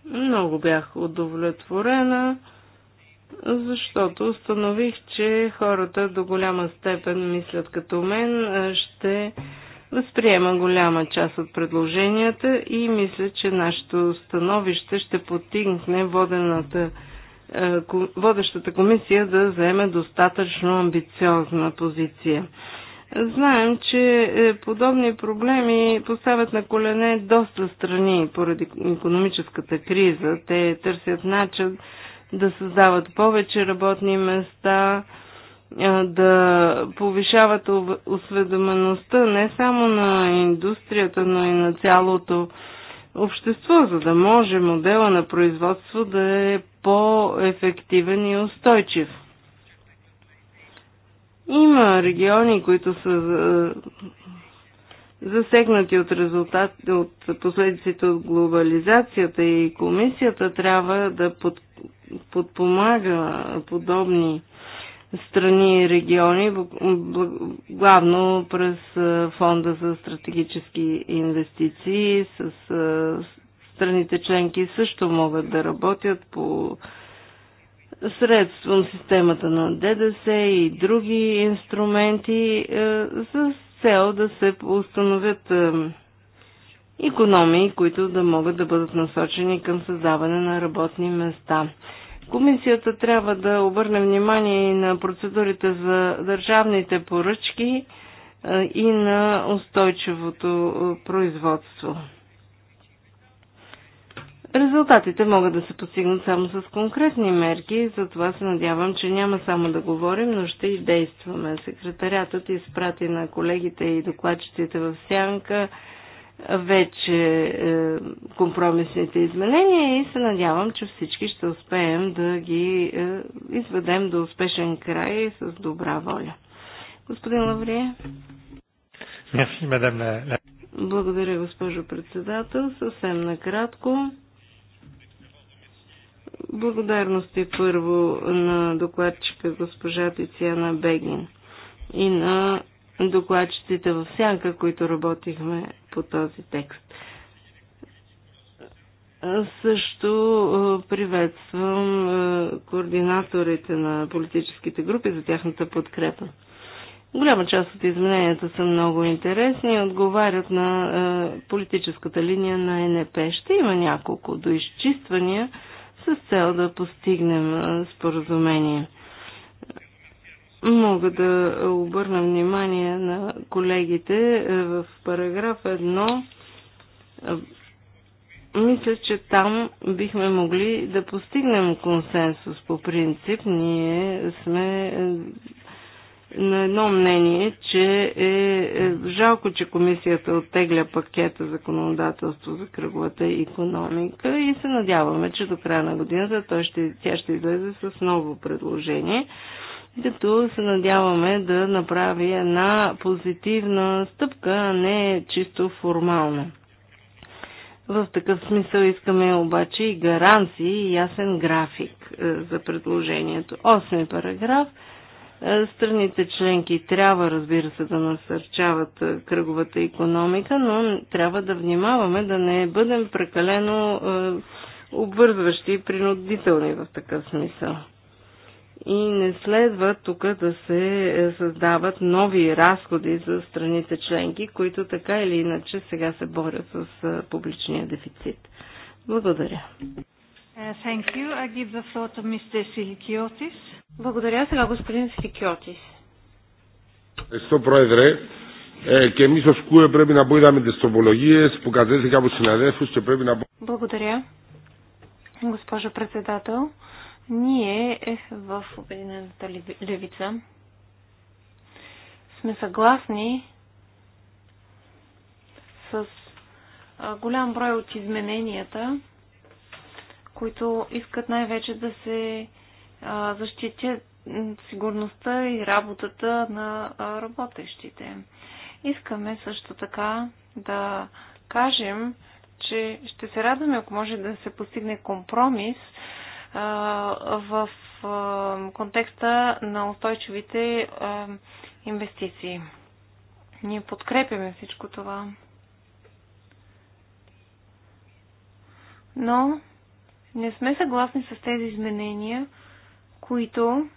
Много бях удовлетворена, защото установих, че хората до голяма степен мислят като мен. Ще възприема голяма част от предложенията и мисля, че нашето становище ще потигне водената, е, водещата комисия да заеме достатъчно амбициозна позиция. Знаем, че е, подобни проблеми поставят на колене доста страни поради економическата криза. Те търсят начин да създават повече работни места, да повишават осведомеността не само на индустрията, но и на цялото общество, за да може модела на производство да е по-ефективен и устойчив. Има региони, които са засегнати от резултат, от последиците от глобализацията и комисията трябва да подпомага подобни страни и региони, главно през Фонда за стратегически инвестиции с страните членки също могат да работят по средством системата на ДДС и други инструменти е, с цел да се установят економии, които да могат да бъдат насочени към създаване на работни места. Комисията трябва да обърне внимание и на процедурите за държавните поръчки е, и на устойчивото е, производство. Резултатите могат да се постигнат само с конкретни мерки, затова се надявам, че няма само да говорим, но ще и действаме. Секретарятът изпрати на колегите и докладчиците в сянка вече е, компромисните изменения и се надявам, че всички ще успеем да ги е, изведем до успешен край с добра воля. Господин Лаврие. Благодаря, госпожо председател. Съвсем накратко. Благодарности първо на докладчика госпожа Тициана Бегин и на докладчиците в сянка, които работихме по този текст. Също приветствам координаторите на политическите групи за тяхната подкрепа. Голяма част от измененията са много интересни и отговарят на политическата линия на НП. Ще има няколко доизчиствания с цел да постигнем споразумение. Мога да обърна внимание на колегите е, в параграф 1. Е, мисля, че там бихме могли да постигнем консенсус по принцип. Ние сме е, на едно мнение, че е жалко, че комисията оттегля пакета законодателство за кръглата економика и се надяваме, че до края на годината той ще, тя ще излезе с ново предложение като се надяваме да направи една позитивна стъпка, а не чисто формална. В такъв смисъл искаме обаче и гаранции и ясен график е, за предложението. Осми параграф. Е, страните членки трябва, разбира се, да насърчават е, кръговата економика, но трябва да внимаваме да не бъдем прекалено обвързващи и принудителни в такъв смисъл и не следва тук да се е, създават нови разходи за страните членки, които така или иначе сега се борят с е, публичния дефицит. Благодаря. Uh, thank you. I give the floor to Mr. Silikiotis. Благодаря. Сега господин Силикиотис. Ευχαριστώ, Πρόεδρε. Ε, και εμεί ω ΚΟΕ πρέπει να πω είδαμε τι που κατέθηκα από συναδέλφου και πρέπει να Благодаря. Госпожо председател, ние е, в Обединената левица сме съгласни с голям брой от измененията, които искат най-вече да се защитят сигурността и работата на работещите. Искаме също така да кажем, че ще се радваме, ако може да се постигне компромис в контекста на устойчивите инвестиции. Ние подкрепяме всичко това. Но не сме съгласни с тези изменения, които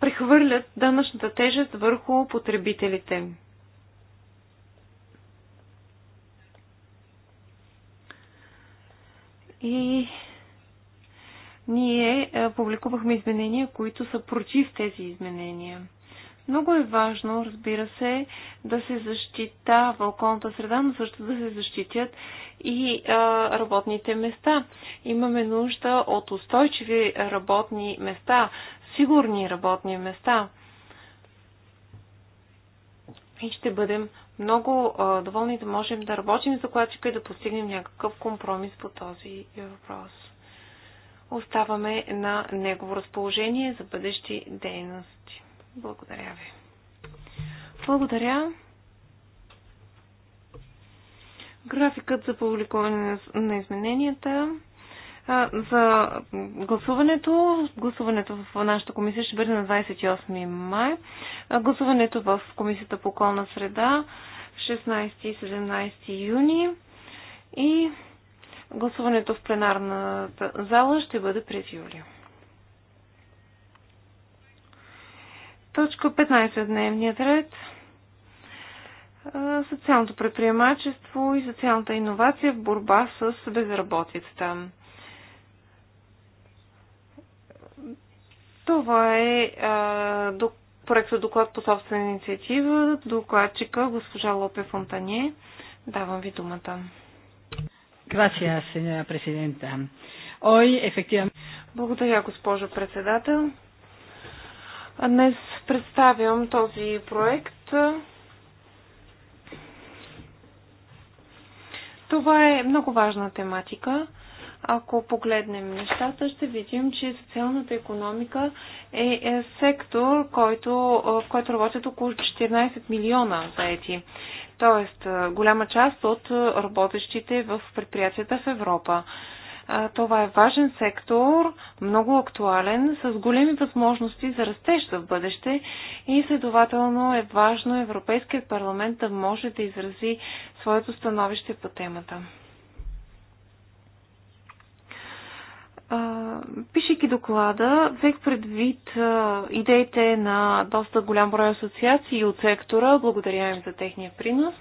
прехвърлят данъчната тежест върху потребителите. И ние е, публикувахме изменения, които са против тези изменения. Много е важно, разбира се, да се защитава околната среда, но също да се защитят и а, е, работните места. Имаме нужда от устойчиви работни места, сигурни работни места и ще бъдем много а, доволни да можем да работим с кладчика и да постигнем някакъв компромис по този е, въпрос. Оставаме на негово разположение за бъдещи дейности. Благодаря ви. Благодаря. Графикът за публикуване на измененията за гласуването. Гласуването в нашата комисия ще бъде на 28 май. Гласуването в комисията по околна среда 16 и 17 юни. И гласуването в пленарната зала ще бъде през юли. Точка 15 дневният ред. Социалното предприемачество и социалната иновация в борба с безработицата. Това е а, до, проектът доклад по собствена инициатива, докладчика госпожа Лопе Фонтане. Давам ви думата. Gracias, señora presidenta. Hoy, efectivamente... Благодаря, госпожо председател. Днес представям този проект. Това е много важна тематика. Ако погледнем нещата, ще видим, че социалната економика е, е сектор, който, е, в който работят около 14 милиона заети. Тоест, е, голяма част от работещите в предприятията в Европа. Това е важен сектор, много актуален, с големи възможности за растеж в бъдеще и следователно е важно Европейският парламент да може да изрази своето становище по темата. пишейки доклада, взех предвид идеите на доста голям брой асоциации от сектора. Благодаря им за техния принос.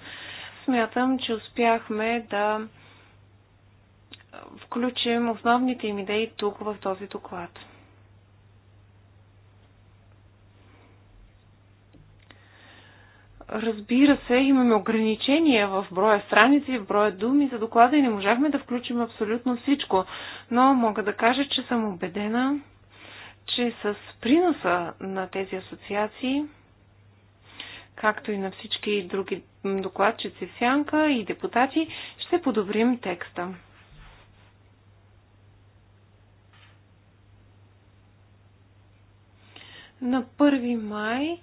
Смятам, че успяхме да включим основните им идеи тук в този доклад. разбира се, имаме ограничения в броя страници, в броя думи за доклада и не можахме да включим абсолютно всичко. Но мога да кажа, че съм убедена, че с приноса на тези асоциации, както и на всички други докладчици в сянка и депутати, ще подобрим текста. На 1 май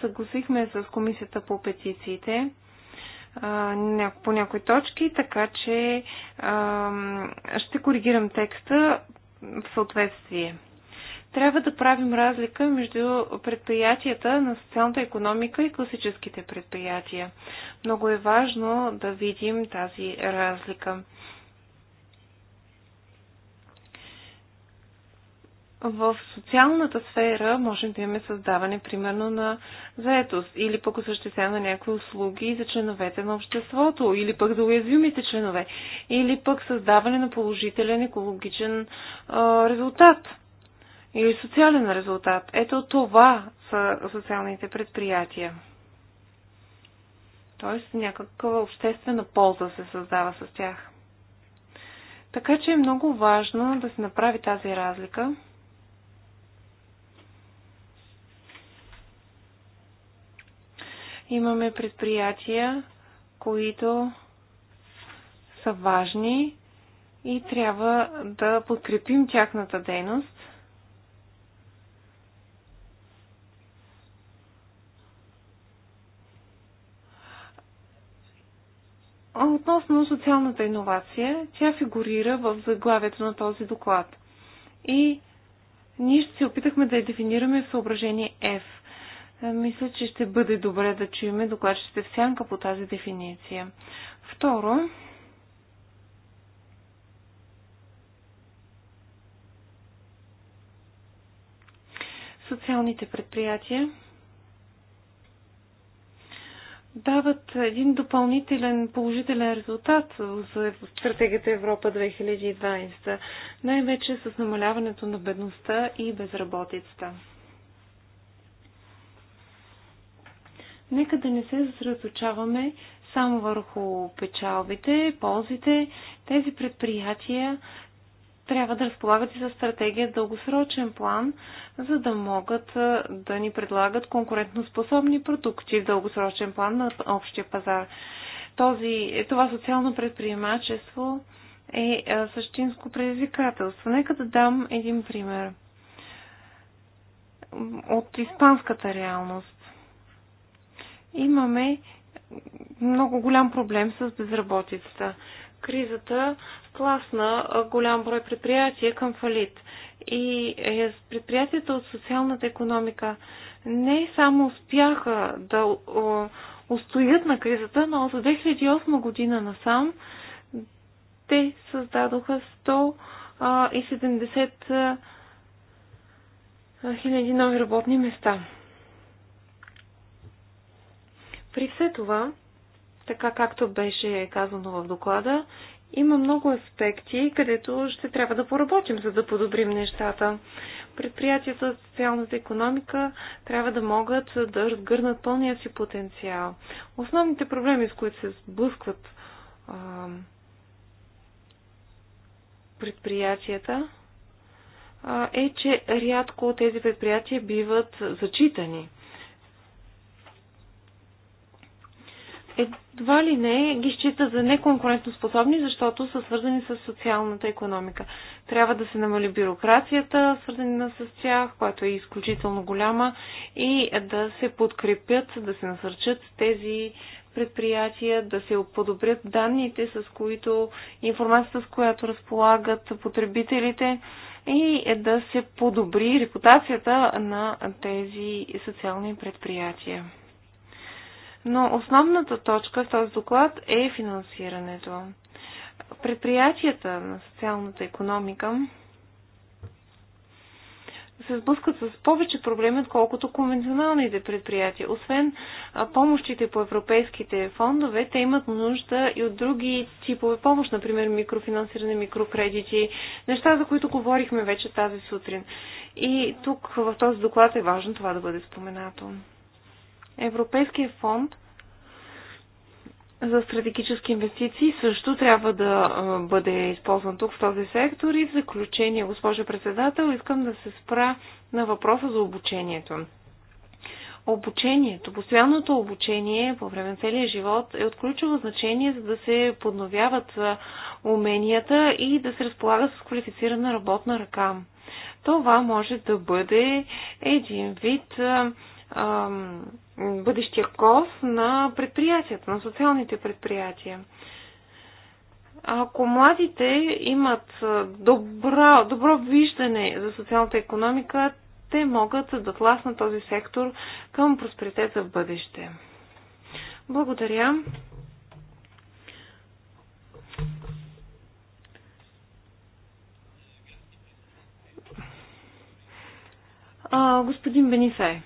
съгласихме с комисията по петициите по някои точки, така че ще коригирам текста в съответствие. Трябва да правим разлика между предприятията на социалната економика и класическите предприятия. Много е важно да видим тази разлика. в социалната сфера можем да имаме създаване, примерно, на заетост или пък осъществяване на някои услуги за членовете на обществото, или пък за уязвимите членове, или пък създаване на положителен екологичен а, резултат или социален резултат. Ето това са социалните предприятия. Тоест някаква обществена полза се създава с тях. Така че е много важно да се направи тази разлика. Имаме предприятия, които са важни и трябва да подкрепим тяхната дейност. Относно социалната иновация, тя фигурира в заглавието на този доклад. И ние ще се опитахме да я дефинираме в съображение F. Е, мисля, че ще бъде добре да чуем докладчите в сянка по тази дефиниция. Второ, социалните предприятия дават един допълнителен положителен резултат за стратегията Европа 2020, най-вече с намаляването на бедността и безработицата. Нека да не се съсредоточаваме само върху печалбите, ползите. Тези предприятия трябва да разполагат и за стратегия дългосрочен план, за да могат да ни предлагат конкурентоспособни продукти в дългосрочен план на общия пазар. Този, е, това социално предприемачество е същинско предизвикателство. Нека да дам един пример от испанската реалност имаме много голям проблем с безработицата. Кризата класна голям брой предприятия към фалит. И е, предприятията от социалната економика не само успяха да устоят на кризата, но от 2008 година насам те създадоха 170 хиляди нови работни места. При все това, така както беше казано в доклада, има много аспекти, където ще трябва да поработим, за да подобрим нещата. Предприятията за социалната економика трябва да могат да разгърнат пълния си потенциал. Основните проблеми, с които се сблъскват а, предприятията, а, е, че рядко тези предприятия биват зачитани. едва ли не ги счита за неконкурентоспособни, защото са свързани с социалната економика. Трябва да се намали бюрокрацията, свързана с тях, която е изключително голяма, и да се подкрепят, да се насърчат тези предприятия, да се подобрят данните, с които информацията, с която разполагат потребителите и да се подобри репутацията на тези социални предприятия. Но основната точка в този доклад е финансирането. Предприятията на социалната економика се сблъскат с повече проблеми, отколкото конвенционалните предприятия. Освен помощите по европейските фондове, те имат нужда и от други типове помощ, например микрофинансиране, микрокредити, неща, за които говорихме вече тази сутрин. И тук в този доклад е важно това да бъде споменато. Европейския фонд за стратегически инвестиции също трябва да бъде използван тук в този сектор. И в заключение, госпожа председател, искам да се спра на въпроса за обучението. Обучението, постоянното обучение по време на целия живот е от ключово значение, за да се подновяват уменията и да се разполага с квалифицирана работна ръка. Това може да бъде един вид ам, бъдещия кост на предприятията, на социалните предприятия. Ако младите имат добро, добро виждане за социалната економика, те могат да тласнат този сектор към просперитет за в бъдеще. Благодаря. А, господин Бенифей.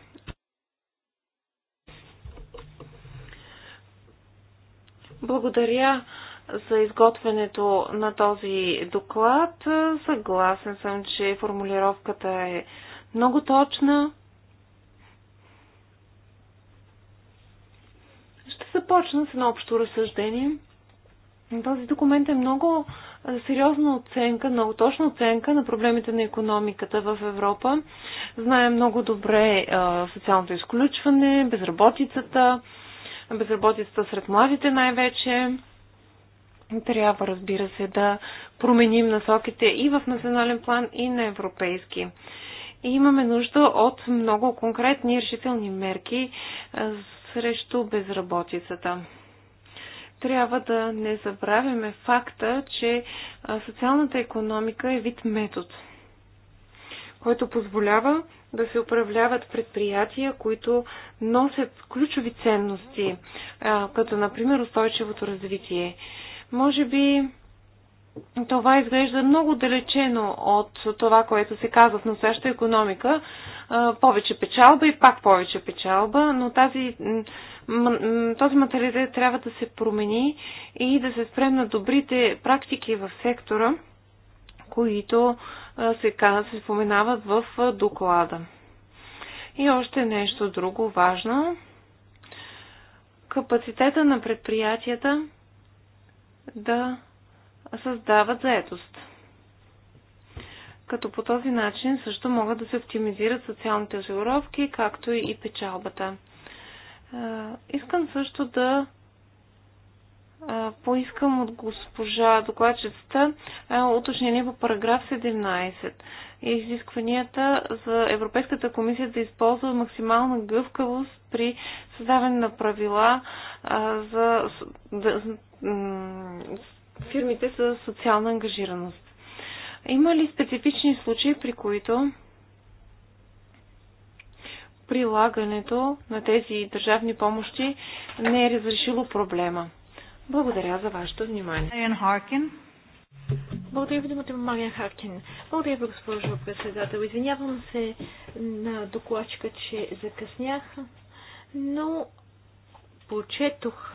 Благодаря за изготвянето на този доклад. Съгласен съм, че формулировката е много точна. Ще започна с едно общо разсъждение. Този документ е много сериозна оценка, много точна оценка на проблемите на економиката в Европа. Знаем много добре социалното изключване, безработицата, безработицата сред младите най-вече. Трябва, разбира се, да променим насоките и в национален план, и на европейски. И имаме нужда от много конкретни решителни мерки срещу безработицата. Трябва да не забравяме факта, че социалната економика е вид метод – който позволява да се управляват предприятия, които носят ключови ценности, като например устойчивото развитие. Може би това изглежда много далечено от това, което се казва в насяща економика. Повече печалба и пак повече печалба, но тази, този материалитет трябва да се промени и да се спрем на добрите практики в сектора, които се, казва, се споменават в доклада. И още нещо друго важно. Капацитета на предприятията да създават заетост. Като по този начин също могат да се оптимизират социалните осигуровки, както и печалбата. Искам също да поискам от госпожа докладчицата уточнение по параграф 17. Изискванията за Европейската комисия да използва максимална гъвкавост при създаване на правила за фирмите с социална ангажираност. Има ли специфични случаи, при които прилагането на тези държавни помощи не е разрешило проблема? Благодаря за вашето внимание. Мариан Харкин. Благодаря ви, думата Мариан Харкин. Благодаря ви, госпожо председател. Извинявам се на докладчика, че закъснях, но прочетох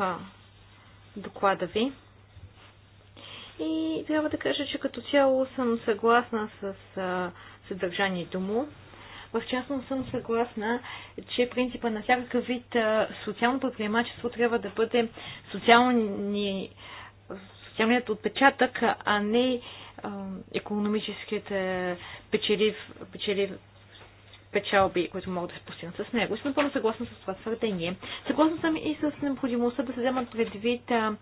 доклада ви. И трябва да кажа, че като цяло съм съгласна с съдържанието му. В частност съм съгласна, че принципа на всякакъв вид социално предприемачество трябва да бъде социални, социалният отпечатък, а не економическият печелив, печелив, печалби, които могат да се постигнат с него. И сме пълно съгласна с това твърдение. Съгласна съм и с необходимостта да се вземат предвид а,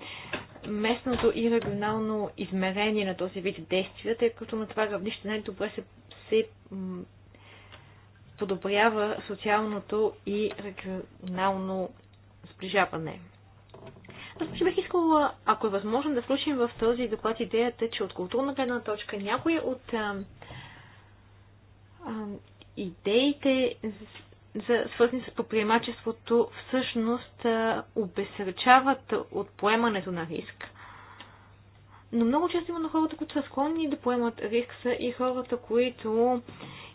местното и регионално измерение на този вид действия, тъй като на това равнище най-добре се, се подобрява социалното и регионално сближаване. Аз бих искала, ако е възможно, да включим в този доклад идеята, че от културна гледна точка някои от а, а, идеите за, свързани с предприемачеството всъщност а, обесърчават от поемането на риск. Но много често на хората, които са склонни да поемат риск, са и хората, които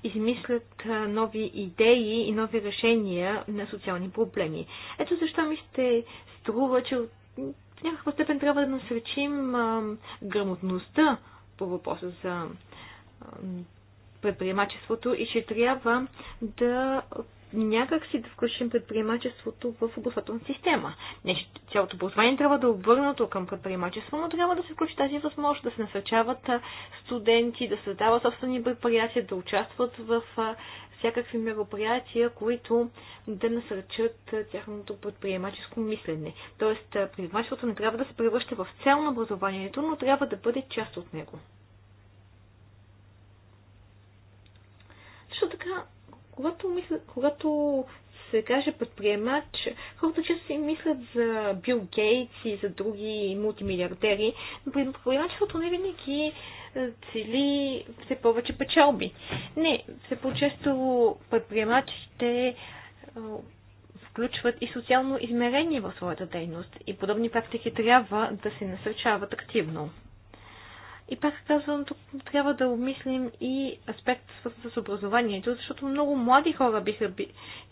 измислят нови идеи и нови решения на социални проблеми. Ето защо ми ще струва, че в някаква степен трябва да насречим грамотността по въпроса за предприемачеството и че трябва да някак си да включим предприемачеството в образователна система. Не, цялото образование трябва да е обърнато към предприемачество, но трябва да се включи тази възможност да се насърчават студенти, да създават собствени предприятия, да участват в всякакви мероприятия, които да насърчат тяхното предприемаческо мислене. Тоест, предприемачеството не трябва да се превръща в цел на образованието, но трябва да бъде част от него. Също така, когато, мисля, когато се каже предприемач, хората често си мислят за Бил Гейтс и за други мултимилиардери, но предприемачеството не нали, винаги е, цели все повече печалби. Не, все по-често предприемачите е, включват и социално измерение в своята дейност и подобни практики трябва да се насърчават активно. И пак казвам, тук трябва да обмислим и аспект с образованието, защото много млади хора биха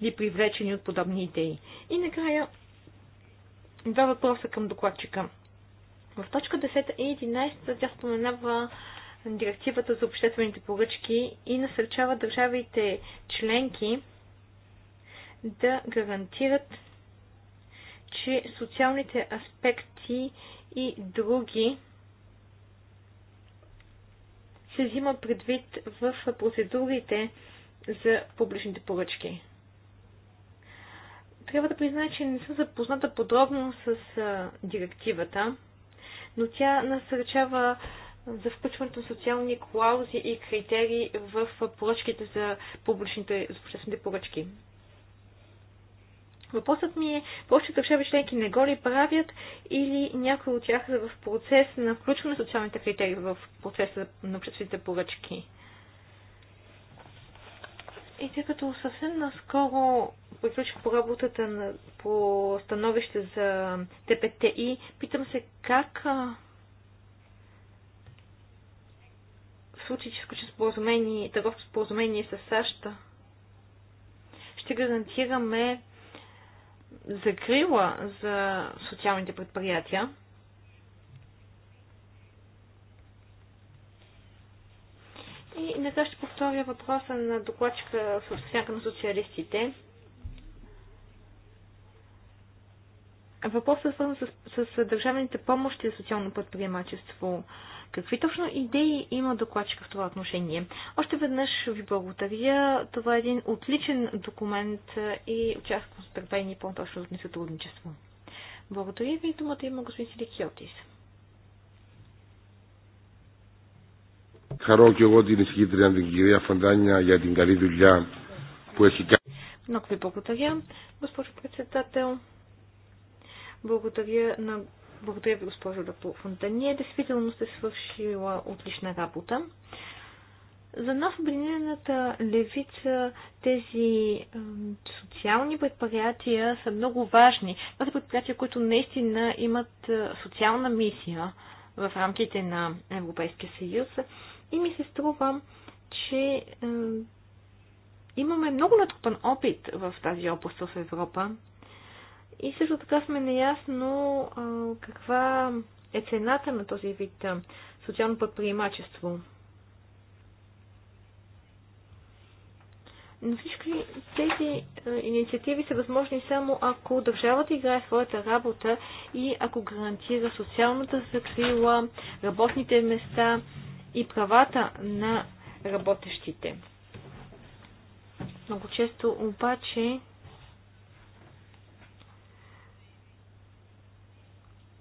били привлечени от подобни идеи. И накрая два въпроса към докладчика. В точка 10 и 11 тя споменава директивата за обществените поръчки и насърчава държавите членки да гарантират, че социалните аспекти и други се взима предвид в процедурите за публичните поръчки. Трябва да призная, че не съм запозната подробно с а, директивата, но тя насърчава за включването на социални клаузи и критерии в поръчките за публичните за обществените поръчки. Въпросът ми е, повечето държави членки не го ли правят или някои от тях са в процес на включване на социалните критерии в процеса на обществените поръчки? И тъй като съвсем наскоро приключих по работата на, по становище за ТПТИ, питам се как а, в случай, че сключим споразумение, търговско споразумение с САЩ, ще гарантираме закрила за социалните предприятия. И накрая ще повторя въпроса на докладчика в сянка на социалистите. Въпросът е свързан с, с, с държавните помощи за социално предприемачество. Какви точно идеи има докладчика в това отношение? Още веднъж ви благодаря. Това е един отличен документ и участвам с търпение по-точно от сътрудничество. Благодаря ви. Думата има господин Силикиотис. Χαρώ και εγώ την ισχύτρια την κυρία Φαντάνια για την καλή δουλειά που έχει κάνει. Много ви благодаря, госпожо председател. Благодаря на благодаря ви, госпожо ние Действително сте свършила отлична работа. За нас Обединената левица тези социални предприятия са много важни. Това са предприятия, които наистина имат социална мисия в рамките на Европейския съюз. И ми се струва, че имаме много натрупан опит в тази област в Европа и също така сме неясно а, каква е цената на този вид а, социално предприемачество. Но всички тези а, инициативи са възможни само ако държавата играе своята работа и ако гарантира социалната закрила, работните места и правата на работещите. Много често обаче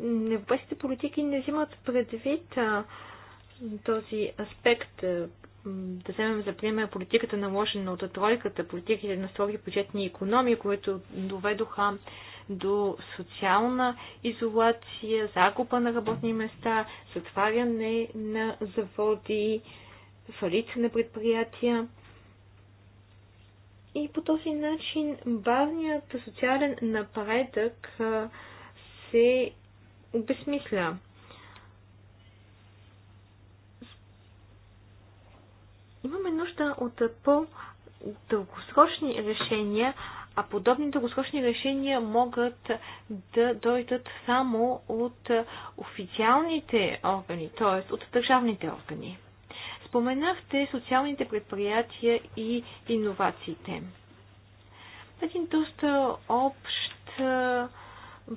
европейските политики не взимат предвид а, този аспект. Да вземем за пример политиката наложена от тройката, политиките на строги бюджетни економии, които доведоха до социална изолация, закупа на работни места, затваряне на заводи, фалици на предприятия. И по този начин бавният социален напредък се Обесмисля Имаме нужда от по-дългосрочни решения, а подобни дългосрочни решения могат да дойдат само от официалните органи, т.е. от държавните органи. Споменахте социалните предприятия и иновациите. Един доста общ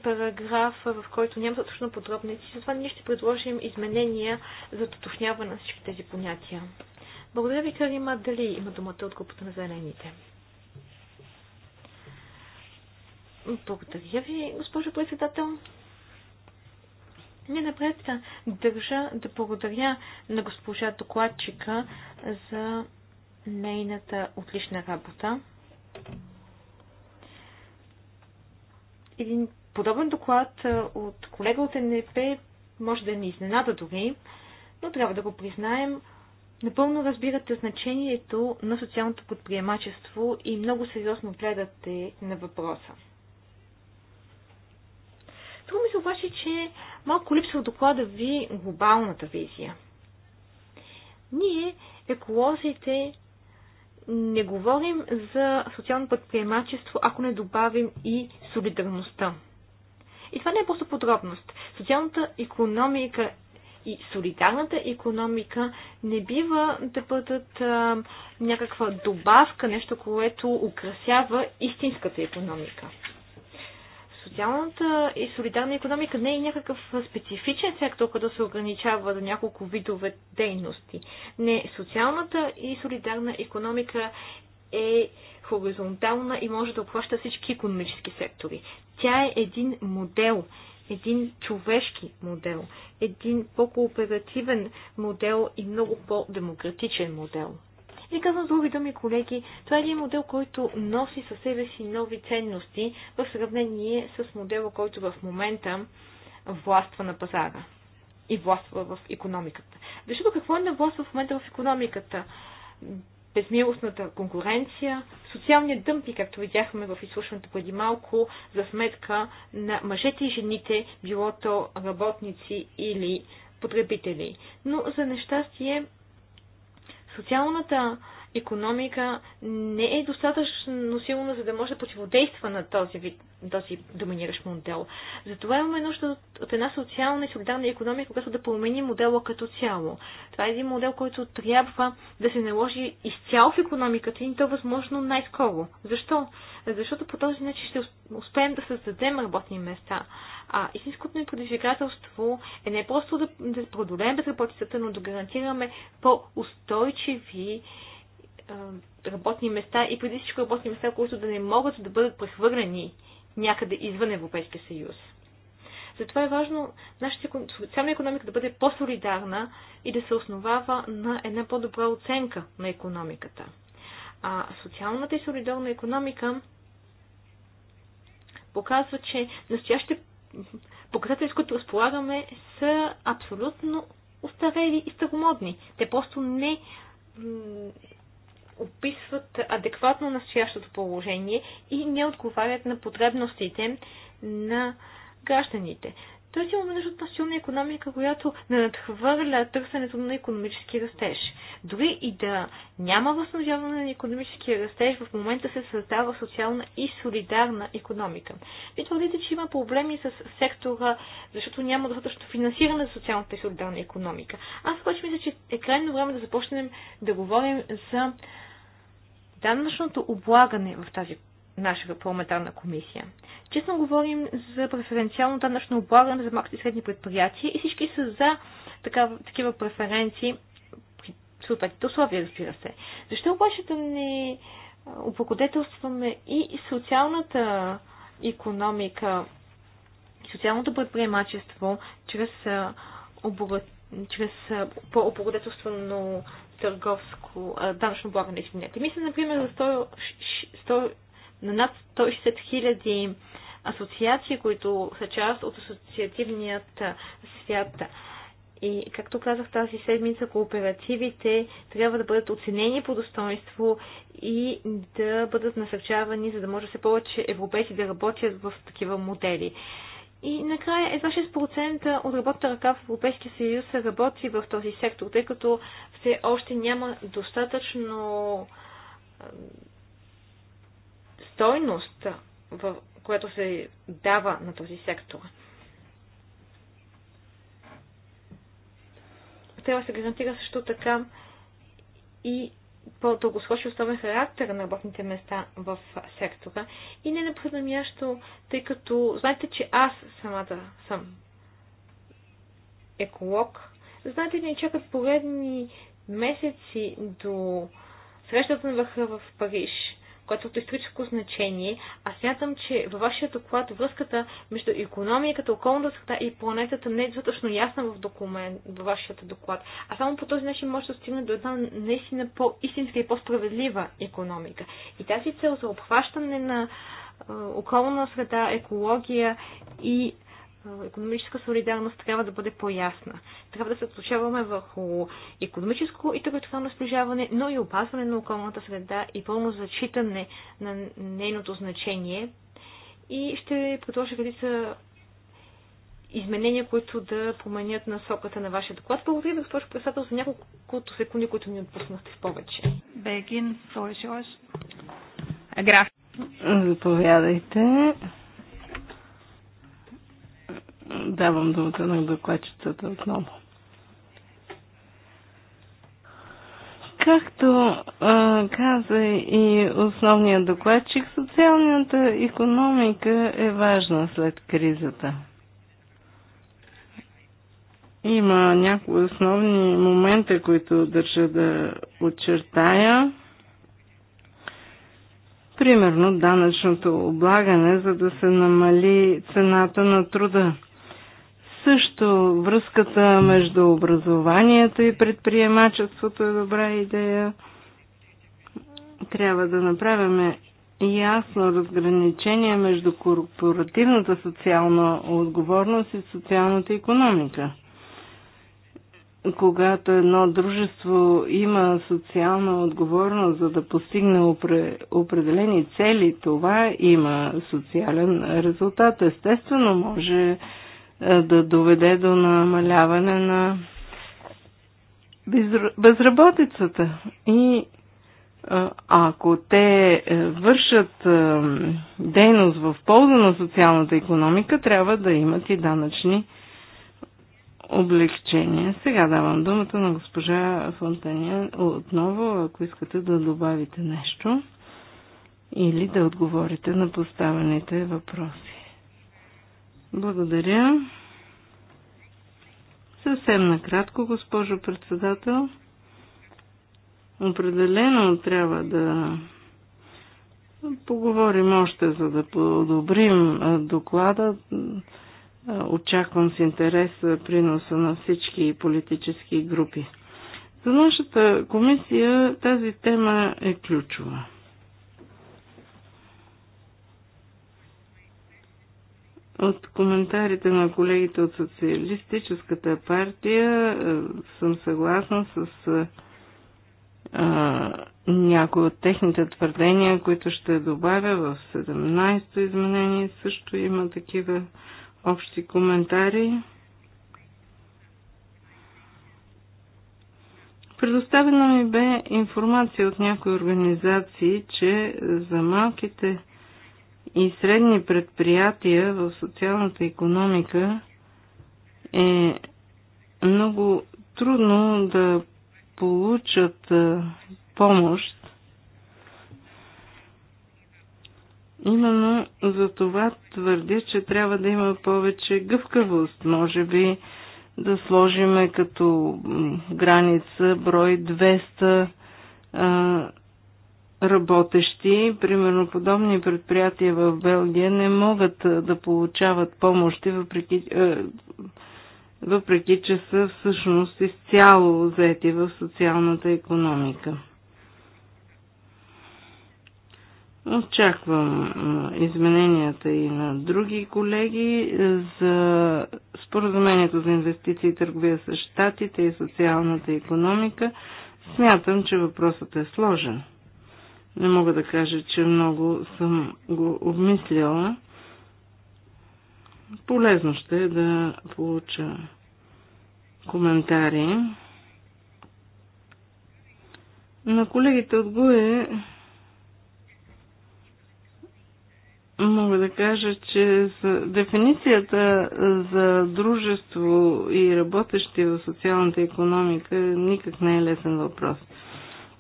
параграф, в който няма достатъчно подробности. Затова ние ще предложим изменения за доточняване на всички тези понятия. Благодаря ви, Карима. Дали има думата от групата на зелените? Благодаря ви, госпожо председател. Не напред държа да благодаря на госпожа докладчика за нейната отлична работа. Един подобен доклад е, от колега от НДП може да ни изненада дори, но трябва да го признаем. Напълно разбирате значението на социалното подприемачество и много сериозно гледате на въпроса. Друго ми се обаче, че малко липсва доклада ви глобалната визия. Ние, еколозите, не говорим за социално предприемачество, ако не добавим и солидарността. И това не е просто подробност. Социалната економика и солидарната економика не бива да бъдат а, някаква добавка, нещо, което украсява истинската економика. Социалната и солидарна економика не е някакъв специфичен сектор, който се ограничава до няколко видове дейности. Не, социалната и солидарна економика е хоризонтална и може да обхваща всички економически сектори. Тя е един модел, един човешки модел, един по-кооперативен модел и много по-демократичен модел. И казвам с други думи, колеги, това е един модел, който носи със себе си нови ценности в сравнение с модела, който в момента властва на пазара и властва в економиката. Защото какво е на власт в момента в економиката? безмилостната конкуренция, социалния дъмпи, както видяхме в изслушването преди малко, за сметка на мъжете и жените, било то работници или потребители. Но за нещастие социалната економика не е достатъчно силна, за да може да противодейства на този, вид, този доминиращ модел. Затова имаме нужда от, от една социална и солидарна економика, която да промени модела като цяло. Това е един модел, който трябва да се наложи изцяло в економиката и то възможно най-скоро. Защо? Защото по този начин ще успеем да създадем работни места. А истинското ни предизвикателство е не просто да, да продолеем безработицата, но да гарантираме по-устойчиви работни места и преди всичко работни места, които да не могат да бъдат прехвърлени някъде извън Европейския съюз. Затова е важно нашата социална економика да бъде по-солидарна и да се основава на една по-добра оценка на економиката. А социалната и солидарна економика показва, че настоящите показатели, с които разполагаме, са абсолютно устарели и старомодни. Те просто не описват адекватно настоящото положение и не отговарят на потребностите на гражданите. Той имаме нужда от пасионна економика, която не надхвърля търсенето на економически растеж. Дори и да няма възстановяване на економически растеж, в момента се създава социална и солидарна економика. Ви твърдите, че има проблеми с сектора, защото няма достатъчно финансиране за социалната и солидарна економика. Аз обаче мисля, че е крайно време да започнем да говорим за данъчното облагане в тази нашата парламентарна комисия. Честно говорим за преференциално данъчно облагане за малките и средни предприятия и всички са за такава, такива преференции при съответните условия, разбира се. Защо обаче да не облагодетелстваме и социалната економика, и социалното предприемачество чрез, оборот, чрез по-облагодетелствено търговско, а, данъчно облагане, извинете. Мисля, например, за 100, 100, на над 160 хиляди асоциации, които са част от асоциативният свят. И, както казах тази седмица, кооперативите трябва да бъдат оценени по достоинство и да бъдат насърчавани, за да може все повече европейци да работят в такива модели. И накрая едва 6% от работната ръка в Европейския съюз се работи в този сектор, тъй като все още няма достатъчно стойност, в която се дава на този сектор. Трябва да се гарантира също така и по-дългосрочен основен характер на работните места в сектора. И не на място, тъй като знаете, че аз самата съм еколог. Знаете, ни чакат поредни месеци до срещата на върха в Париж което е историческо значение, а смятам, че във вашия доклад връзката между економиката, околната среда и планетата не е достатъчно ясна в документ, във вашия доклад. А само по този начин може да стигне до една наистина по-истинска и по-справедлива економика. И тази цел за обхващане на околна среда, екология и економическа солидарност трябва да бъде по-ясна. Трябва да се отлучаваме върху економическо и териториално сближаване, но и опазване на околната среда и пълно зачитане на нейното значение. И ще предложа редица изменения, които да променят насоката на вашия доклад. Благодаря ви, госпожо председател, за няколкото секунди, които ми отпуснахте в повече. Бегин, Сойшош. Граф. Заповядайте. Давам думата на докладчицата отново. Както а, каза и основният докладчик, социалната економика е важна след кризата. Има някои основни момента, които държа да очертая. Примерно данъчното облагане, за да се намали цената на труда. Също връзката между образованието и предприемачеството е добра идея. Трябва да направим ясно разграничение между корпоративната социална отговорност и социалната економика. Когато едно дружество има социална отговорност за да постигне определени цели, това има социален резултат. Естествено, може е, да доведе до намаляване на безработицата. И е, ако те е, вършат дейност в полза на социалната економика, трябва да имат и данъчни облегчения. Сега давам думата на госпожа Фонтания отново, ако искате да добавите нещо или да отговорите на поставените въпроси. Благодаря. Съвсем накратко, госпожо председател. Определено трябва да поговорим още, за да подобрим доклада. Очаквам с интерес приноса на всички политически групи. За нашата комисия тази тема е ключова. От коментарите на колегите от Социалистическата партия е, съм съгласна с е, някои от техните твърдения, които ще добавя в 17-то изменение, също има такива общи коментари. Предоставена ми бе информация от някои организации, че за малките и средни предприятия в социалната економика е много трудно да получат помощ. Именно за това твърдя, че трябва да има повече гъвкавост. Може би да сложиме като граница брой 200 работещи, примерно подобни предприятия в Белгия, не могат да получават помощи, въпреки, е, въпреки че са всъщност изцяло взети в социалната економика. Очаквам измененията и на други колеги за споразумението за инвестиции и търговия с щатите и социалната економика. Смятам, че въпросът е сложен. Не мога да кажа, че много съм го обмисляла. Полезно ще е да получа коментари. На колегите от ГУЕ мога да кажа, че за дефиницията за дружество и работещи в социалната економика никак не е лесен въпрос.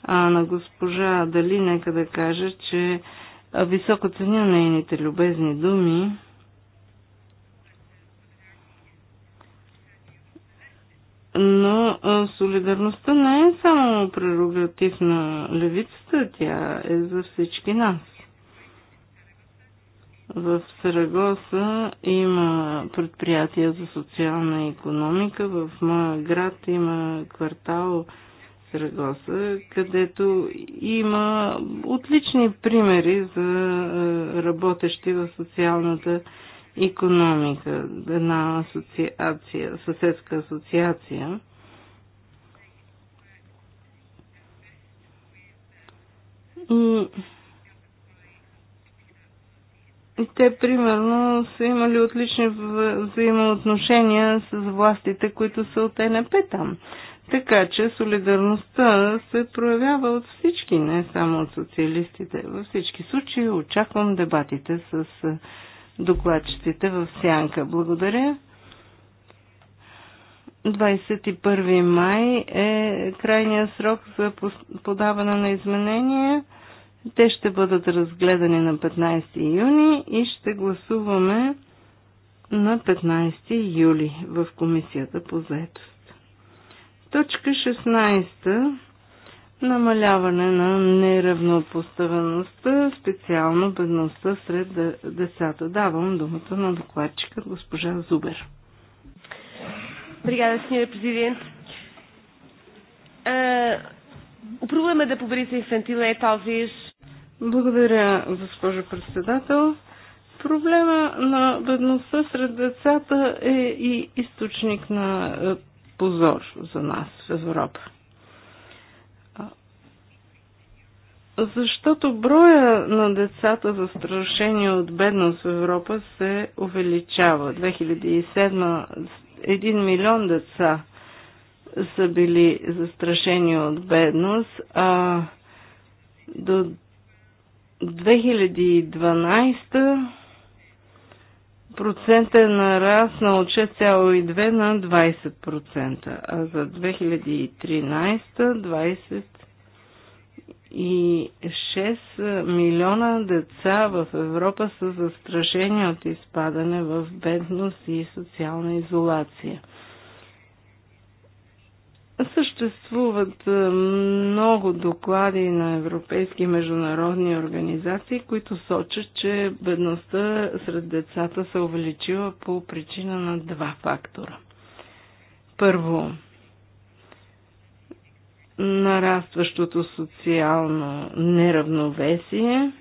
А на госпожа Дали нека да кажа, че високо ценя нейните любезни думи. Но солидарността не е само прерогатив на левицата, тя е за всички нас. В Сарагоса има предприятия за социална економика, в моя град има квартал Сарагоса, където има отлични примери за работещи в социалната економика, една асоциация, съседска асоциация. И те, примерно, са имали отлични взаимоотношения с властите, които са от НП там. Така че солидарността се проявява от всички, не само от социалистите. Във всички случаи очаквам дебатите с докладчиците в Сянка. Благодаря. 21 май е крайния срок за подаване на изменения. Те ще бъдат разгледани на 15 юни и ще гласуваме на 15 юли в Комисията по заетост. Точка 16. Намаляване на неравнопоставеността, специално бедността сред децата. Давам думата на докладчика госпожа Зубер. Бригада, Sra. президент. Е, опробваме да побери da pobreza infantil é Благодаря, госпожо председател. Проблема на бедността сред децата е и източник на е, позор за нас в Европа. Защото броя на децата застрашени от бедност в Европа се увеличава. 2007 1 милион деца са били застрашени от бедност, а до 2012 процент е нараснал от 6,2 на 20%, а за 2013 26 милиона деца в Европа са застрашени от изпадане в бедност и социална изолация – Съществуват е, много доклади на европейски международни организации, които сочат, че бедността сред децата се увеличила по причина на два фактора. Първо, нарастващото социално неравновесие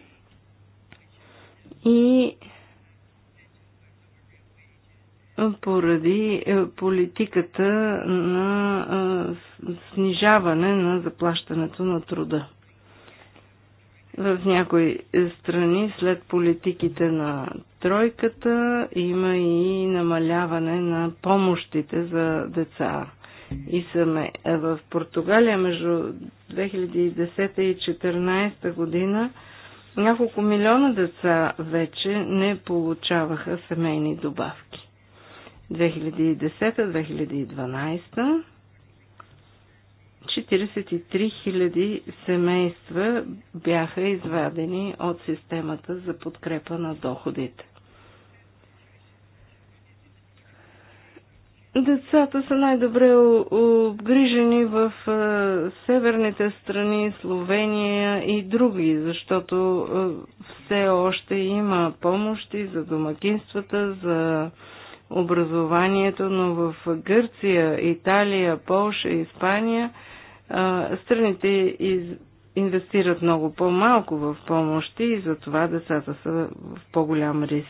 и поради е, политиката на е, снижаване на заплащането на труда. В някои страни след политиките на тройката има и намаляване на помощите за деца и саме. Е, в Португалия между 2010 и 2014 година няколко милиона деца вече не получаваха семейни добавки. 2010-2012 43 000 семейства бяха извадени от системата за подкрепа на доходите. Децата са най-добре обгрижени в северните страни, Словения и други, защото все още има помощи за домакинствата, за образованието, но в Гърция, Италия, Полша, Испания страните из... инвестират много по-малко в помощи и затова децата са в по-голям риск.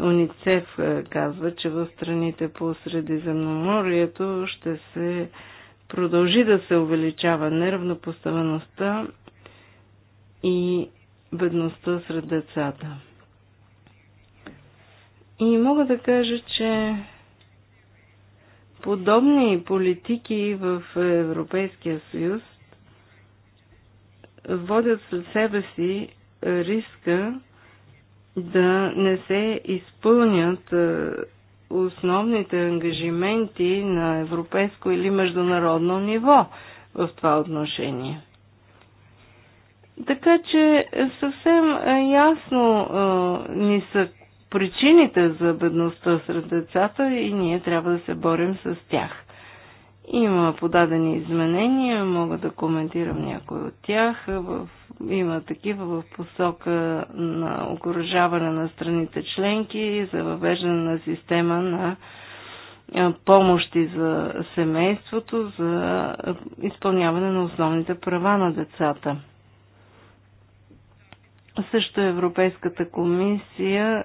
Уницев казва, че в страните по Средиземноморието ще се продължи да се увеличава неравнопоставеността и бедността сред децата. И мога да кажа, че подобни политики в Европейския съюз водят със себе си риска да не се изпълнят е, основните ангажименти на европейско или международно ниво в това отношение. Така че съвсем е, ясно е, ни са причините за бедността сред децата и ние трябва да се борим с тях. Има подадени изменения, мога да коментирам някои от тях. В, има такива в посока на окоръжаване на страните членки за въвеждане на система на помощи за семейството, за изпълняване на основните права на децата. Също Европейската комисия е,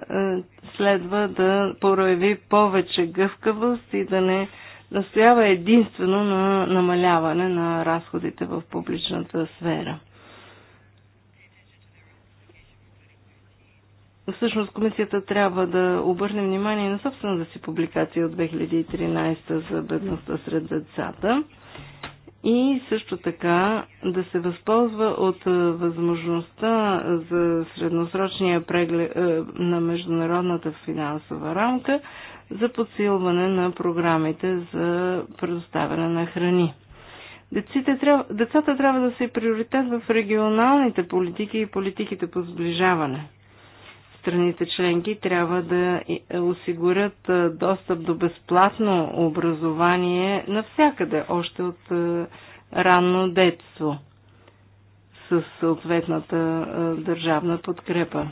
следва да прояви повече гъвкавост и да не настоява единствено на намаляване на разходите в публичната сфера. Всъщност комисията трябва да обърне внимание на собствената си публикация от 2013 за бедността сред децата и също така да се възползва от е, възможността за средносрочния преглед е, на международната финансова рамка за подсилване на програмите за предоставяне на храни. трябва, децата трябва да са и приоритет в регионалните политики и политиките по сближаване страните членки трябва да е, осигурят е, достъп до безплатно образование навсякъде, още от е, ранно детство, с съответната държавна подкрепа.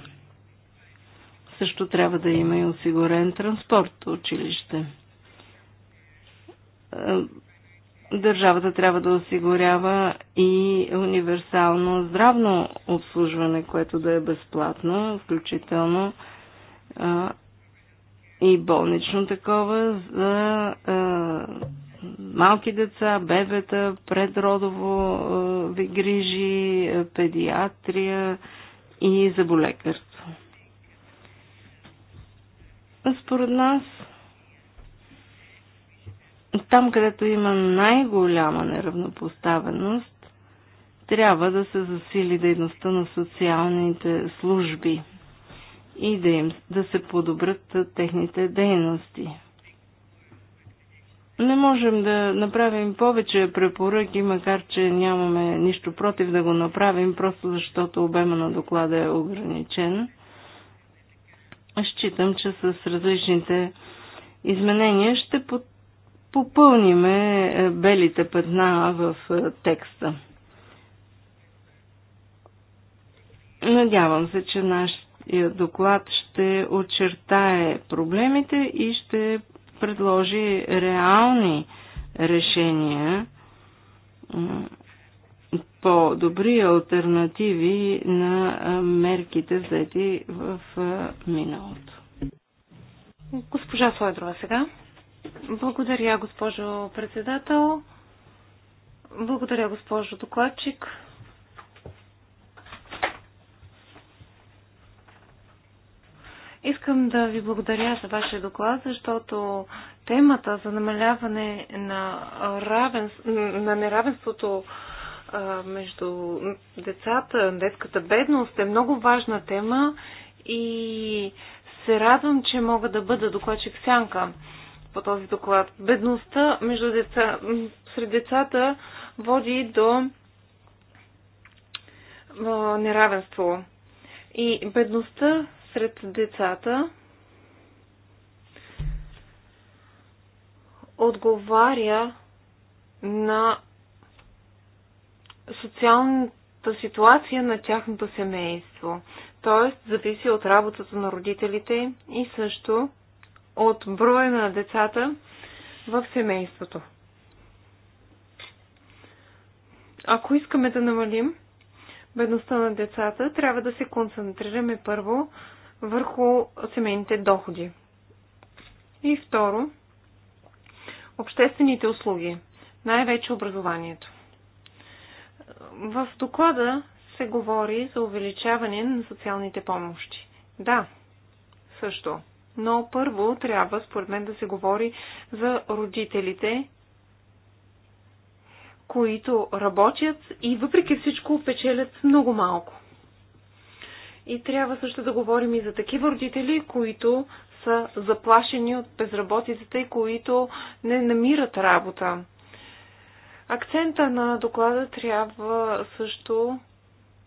Също трябва да има и осигурен транспорт училище Държавата трябва да осигурява и универсално здравно обслужване, което да е безплатно, включително а, и болнично такова за а, малки деца, бебета, предродово а, ви грижи, а, педиатрия и заболекарство. Според нас там, където има най-голяма неравнопоставеност, трябва да се засили дейността на социалните служби и да, им, да се подобрят техните дейности. Не можем да направим повече препоръки, макар че нямаме нищо против да го направим, просто защото обема на доклада е ограничен. Считам, че с различните изменения ще под попълниме е, белите петна в е, текста. Надявам се, че нашия доклад ще очертае проблемите и ще предложи реални решения, по-добри альтернативи на е, мерките взети в миналото. Госпожа Слайдрова сега. Благодаря, госпожо председател. Благодаря, госпожо докладчик. Искам да ви благодаря за вашия доклад, защото темата за намаляване на, равен, на неравенството между децата, детската бедност е много важна тема и се радвам, че мога да бъда докладчик сянка по този доклад. Бедността между деца, сред децата води до неравенство. И бедността сред децата отговаря на социалната ситуация на тяхното семейство. Т.е. зависи от работата на родителите и също от броя на децата в семейството. Ако искаме да намалим бедността на децата, трябва да се концентрираме първо върху семейните доходи. И второ, обществените услуги, най-вече образованието. В доклада се говори за увеличаване на социалните помощи. Да, също. Но първо трябва, според мен, да се говори за родителите, които работят и въпреки всичко печелят много малко. И трябва също да говорим и за такива родители, които са заплашени от безработицата и които не намират работа. Акцента на доклада трябва също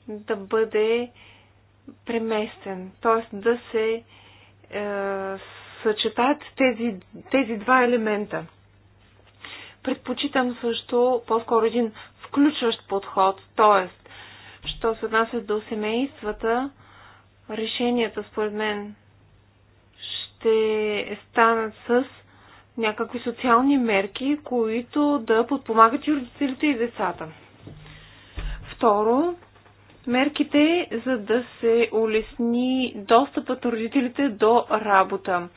да бъде преместен, т.е. да се е, съчетаят тези, тези два елемента. Предпочитам също по-скоро един включващ подход, т.е. що се отнася до семействата, решенията според мен ще станат с някакви социални мерки, които да подпомагат и родителите и децата. Второ, мерките, за да се улесни достъпът на родителите до работа.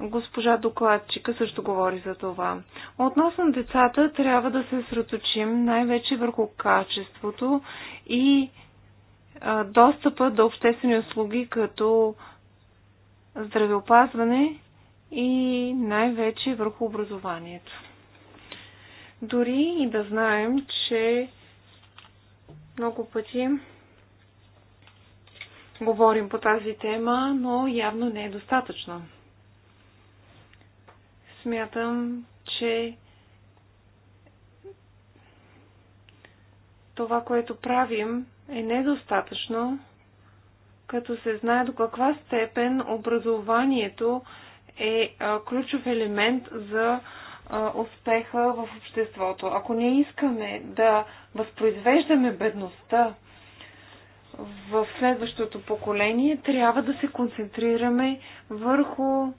Госпожа докладчика също говори за това. Относно децата трябва да се сръточим най-вече върху качеството и достъпа до обществени услуги като здравеопазване и най-вече върху образованието. Дори и да знаем, че много пъти говорим по тази тема, но явно не е достатъчно. Смятам, че това, което правим, е недостатъчно, като се знае до каква степен образованието е ключов елемент за успеха в обществото. Ако не искаме да възпроизвеждаме бедността, в следващото поколение трябва да се концентрираме върху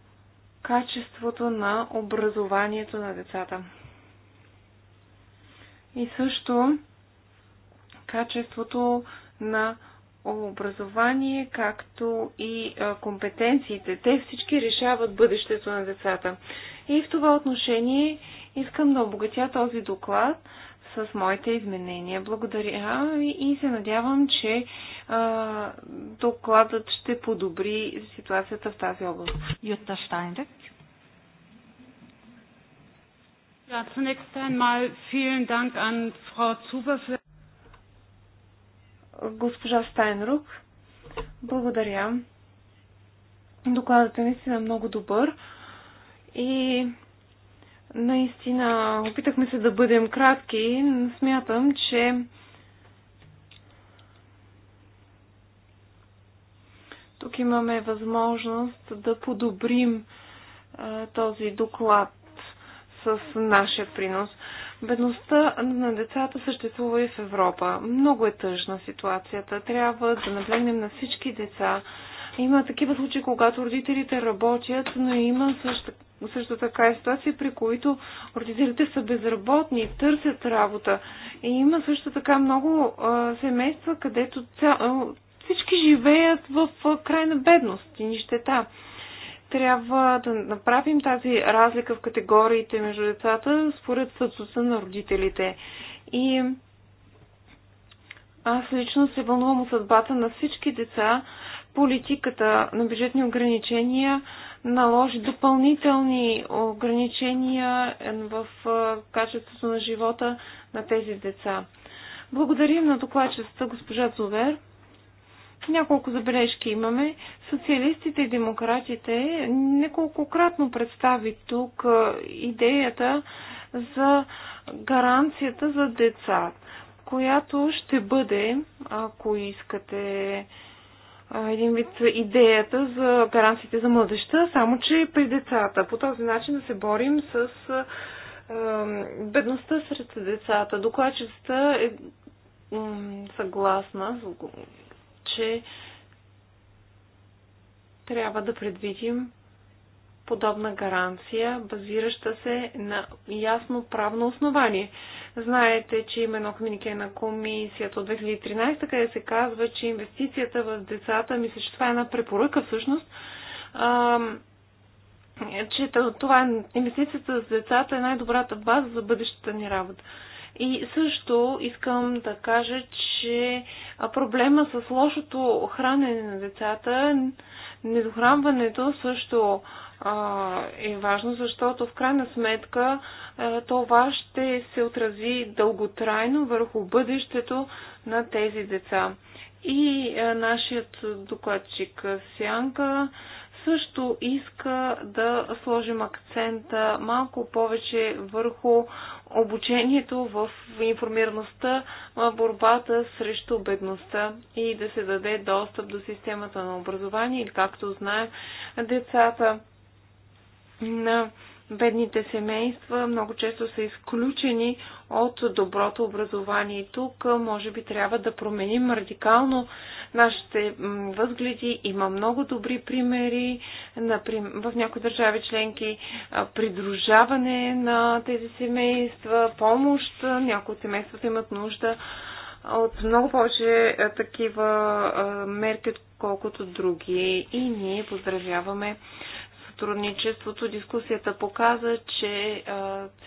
качеството на образованието на децата. И също качеството на образование, както и компетенциите. Те всички решават бъдещето на децата. И в това отношение искам да обогатя този доклад с моите изменения. Благодаря и се надявам, че а, докладът ще подобри ситуацията в тази област. Юта Штайнрек. Ja, zunächst einmal vielen Dank an Frau Zuber für госпожа Стайнрук. Благодаря. Докладът е наистина много добър и Наистина, опитахме се да бъдем кратки. Смятам, че тук имаме възможност да подобрим а, този доклад с нашия принос. Бедността на децата съществува и в Европа. Много е тъжна ситуацията. Трябва да наблегнем на всички деца. Има такива случаи, когато родителите работят, но има също но също така е ситуация, при които родителите са безработни, търсят работа. И има също така много а, семейства, където ця, а, всички живеят в а, крайна бедност и нищета. Трябва да направим тази разлика в категориите между децата според статуса на родителите. И аз лично се вълнувам от съдбата на всички деца, политиката на бюджетни ограничения наложи допълнителни ограничения е, в е, качеството на живота на тези деца. Благодарим на докладчицата госпожа Зовер. Няколко забележки имаме. Социалистите и демократите неколкократно представи тук е, идеята за гаранцията за деца, която ще бъде, ако искате един вид идеята за гаранциите за младеща, само че при децата. По този начин да се борим с бедността сред децата. Докладчицата е съгласна, че трябва да предвидим подобна гаранция, базираща се на ясно правно основание. Знаете, че има едно комюнике на комисията от 2013, къде се казва, че инвестицията в децата, мисля, че това е една препоръка всъщност, че това е инвестицията с децата е най-добрата база за бъдещата ни работа. И също искам да кажа, че проблема с лошото хранене на децата, недохранването също е важно, защото в крайна сметка това ще се отрази дълготрайно върху бъдещето на тези деца. И нашият докладчик Сянка също иска да сложим акцента малко повече върху обучението в информираността, борбата срещу бедността и да се даде достъп до системата на образование. Както знаем, децата на бедните семейства много често са изключени от доброто образование. И тук може би трябва да променим радикално нашите възгледи. Има много добри примери. Например, в някои държави членки придружаване на тези семейства, помощ. Някои от семействата имат нужда от много повече такива мерки, отколкото други. И ние поздравяваме сътрудничеството, дискусията показа, че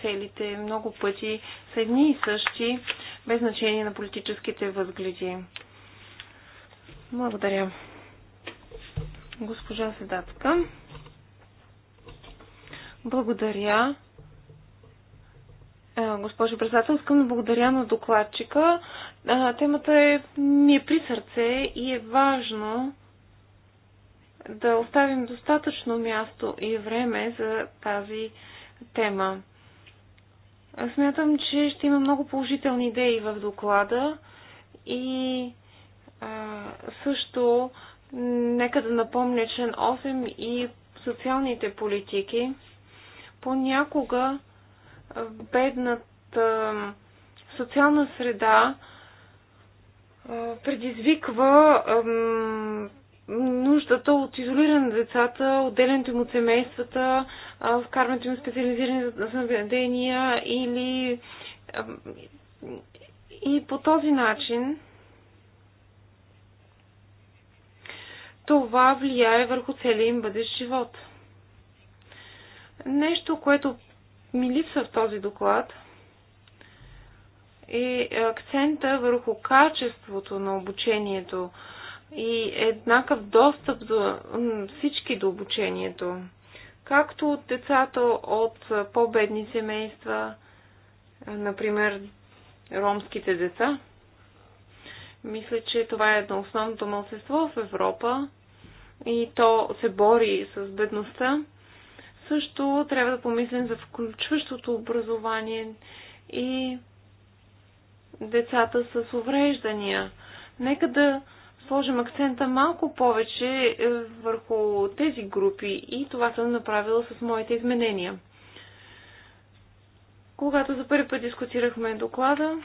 целите много пъти са едни и същи, без значение на политическите възгледи. Благодаря. Госпожа Седатка. Благодаря. Госпожо председател, искам да благодаря на докладчика. Темата е, ми е при сърце и е важно да оставим достатъчно място и време за тази тема. Смятам, че ще има много положителни идеи в доклада и а, също нека да напомня член 8 и социалните политики. Понякога бедната социална среда предизвиква нуждата от изолиране на децата, отделянето им от семействата, вкарването им в специализирани заведения или и по този начин това влияе върху целия им бъдещ живот. Нещо, което ми липсва в този доклад е акцента върху качеството на обучението, и еднакъв достъп за всички до обучението, както от децата от по-бедни семейства, е, например ромските деца. Мисля, че това е едно основното мълсество в Европа и то се бори с бедността. Също трябва да помислим за включващото образование и децата с увреждания. Нека да сложим акцента малко повече е, върху тези групи и това съм направила с моите изменения. Когато за първи път дискутирахме доклада,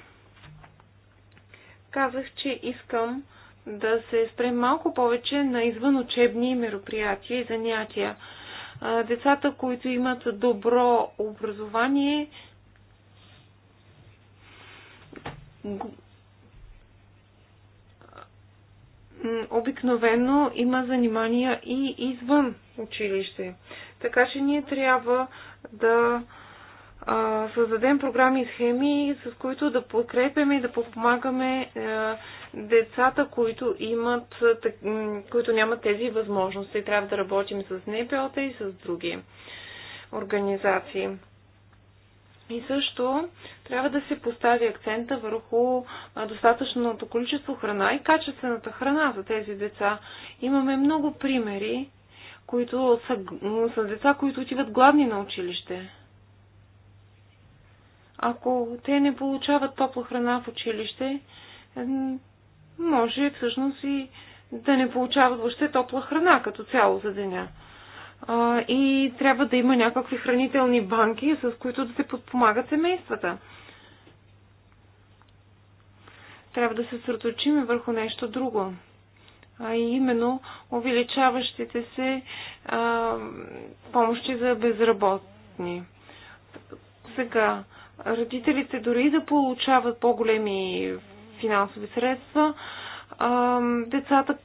казах, че искам да се спрем малко повече на извънучебни мероприятия и занятия. Децата, които имат добро образование, обикновено има занимания и извън училище. Така че ние трябва да а, създадем програми и схеми, с които да подкрепяме и да подпомагаме а, децата, които, имат, так, които нямат тези възможности. Трябва да работим с НПО-та и с други организации. И също трябва да се постави акцента върху достатъчното количество храна и качествената храна за тези деца. Имаме много примери, които са, са деца, които отиват гладни на училище. Ако те не получават топла храна в училище, може всъщност и да не получават въобще топла храна като цяло за деня а, и трябва да има някакви хранителни банки, с които да се подпомагат семействата. Трябва да се съсредоточим върху нещо друго, а именно увеличаващите се а, помощи за безработни. Сега, родителите дори да получават по-големи финансови средства, а, децата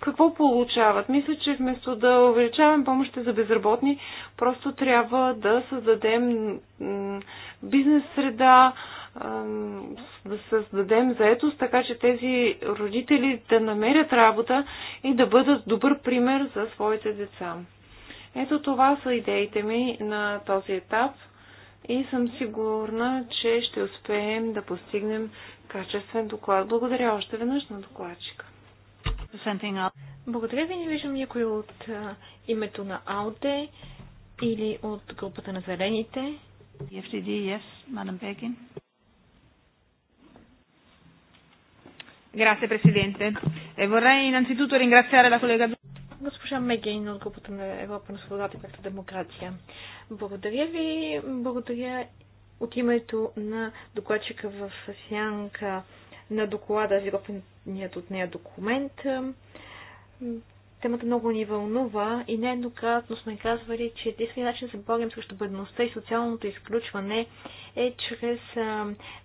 какво получават? Мисля, че вместо да увеличаваме помощите за безработни, просто трябва да създадем бизнес среда, да създадем заетост, така че тези родители да намерят работа и да бъдат добър пример за своите деца. Ето това са идеите ми на този етап и съм сигурна, че ще успеем да постигнем качествен доклад. Благодаря още веднъж на докладчика. Благодаря ви. Не виждам някой от а, името на АУДЕ или от групата на зелените. FDD, yes, Madam Begin. Grazie Presidente. E vorrei innanzitutto ringraziare la collega госпожа Мегейн от групата на Европа на свободата и пакта демокрация. Благодаря ви. Благодаря от името на докладчика в Сянка на доклада за Европа изготвеният от нея документ. Темата много ни вълнува и нееднократно сме казвали, че единственият начин да се борим срещу бедността и социалното изключване е чрез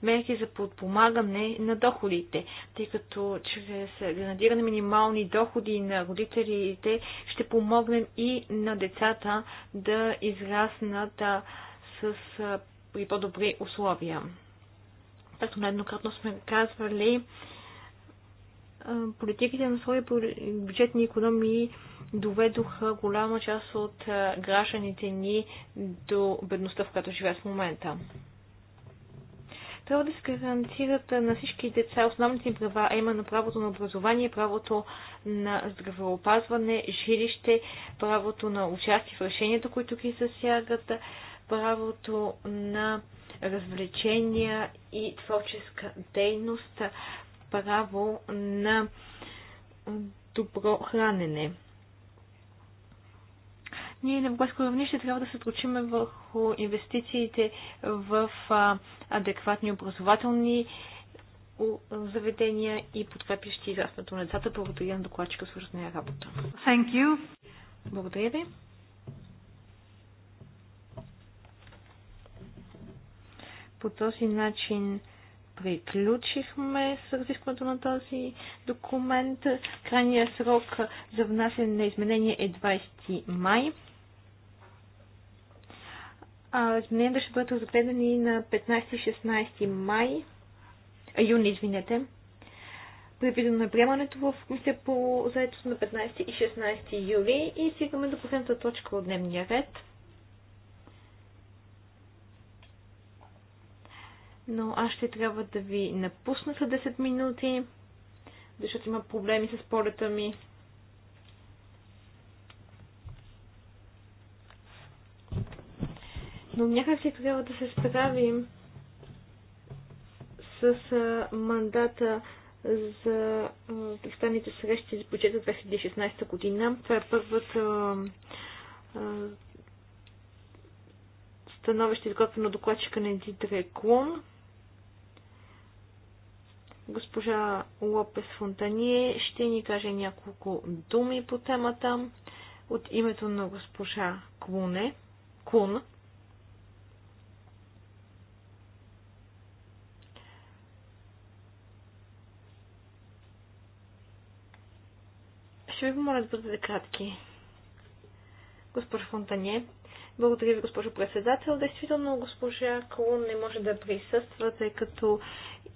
мерки за подпомагане на доходите, тъй като чрез гарантиране минимални доходи на родителите ще помогнем и на децата да израснат с, при по-добри условия. Както нееднократно сме казвали, политиките на свои бюджетни економии доведоха голяма част от гражданите ни до бедността, в която живеят в момента. Трябва да се гарантират на всички деца основните им права, а именно правото на образование, правото на здравеопазване, жилище, правото на участие в решенията, които ги засягат, правото на развлечения и творческа дейност, право на добро хранене. Ние на българско равнище трябва да се отручиме върху инвестициите в адекватни образователни заведения и подкрепящи израстването на децата. Благодаря на докладчика с работа. Thank you. Благодаря ви. По този начин приключихме с разискването на този документ. Крайният срок за внасяне на изменение е 20 май. А, измененията ще бъдат разгледани на 15-16 май, а, юни, извинете. Предвидено на е приемането в комисия по заедост на 15 и 16 юли и стигаме до последната точка от дневния ред – но аз ще трябва да ви напусна след 10 минути, защото има проблеми с полета ми. Но някак си трябва да се справим с мандата за тристранните срещи за бюджета 2016 година. Това е първата становище изготвено докладчика на Дидре Клон. Госпожа Лопес Фонтание ще ни каже няколко думи по темата от името на госпожа Клуне. Кун. Ще ви помоля да бъдете кратки. Госпожа Фонтане, благодаря ви, госпожо председател. Действително, госпожа Колун не може да присъства, тъй като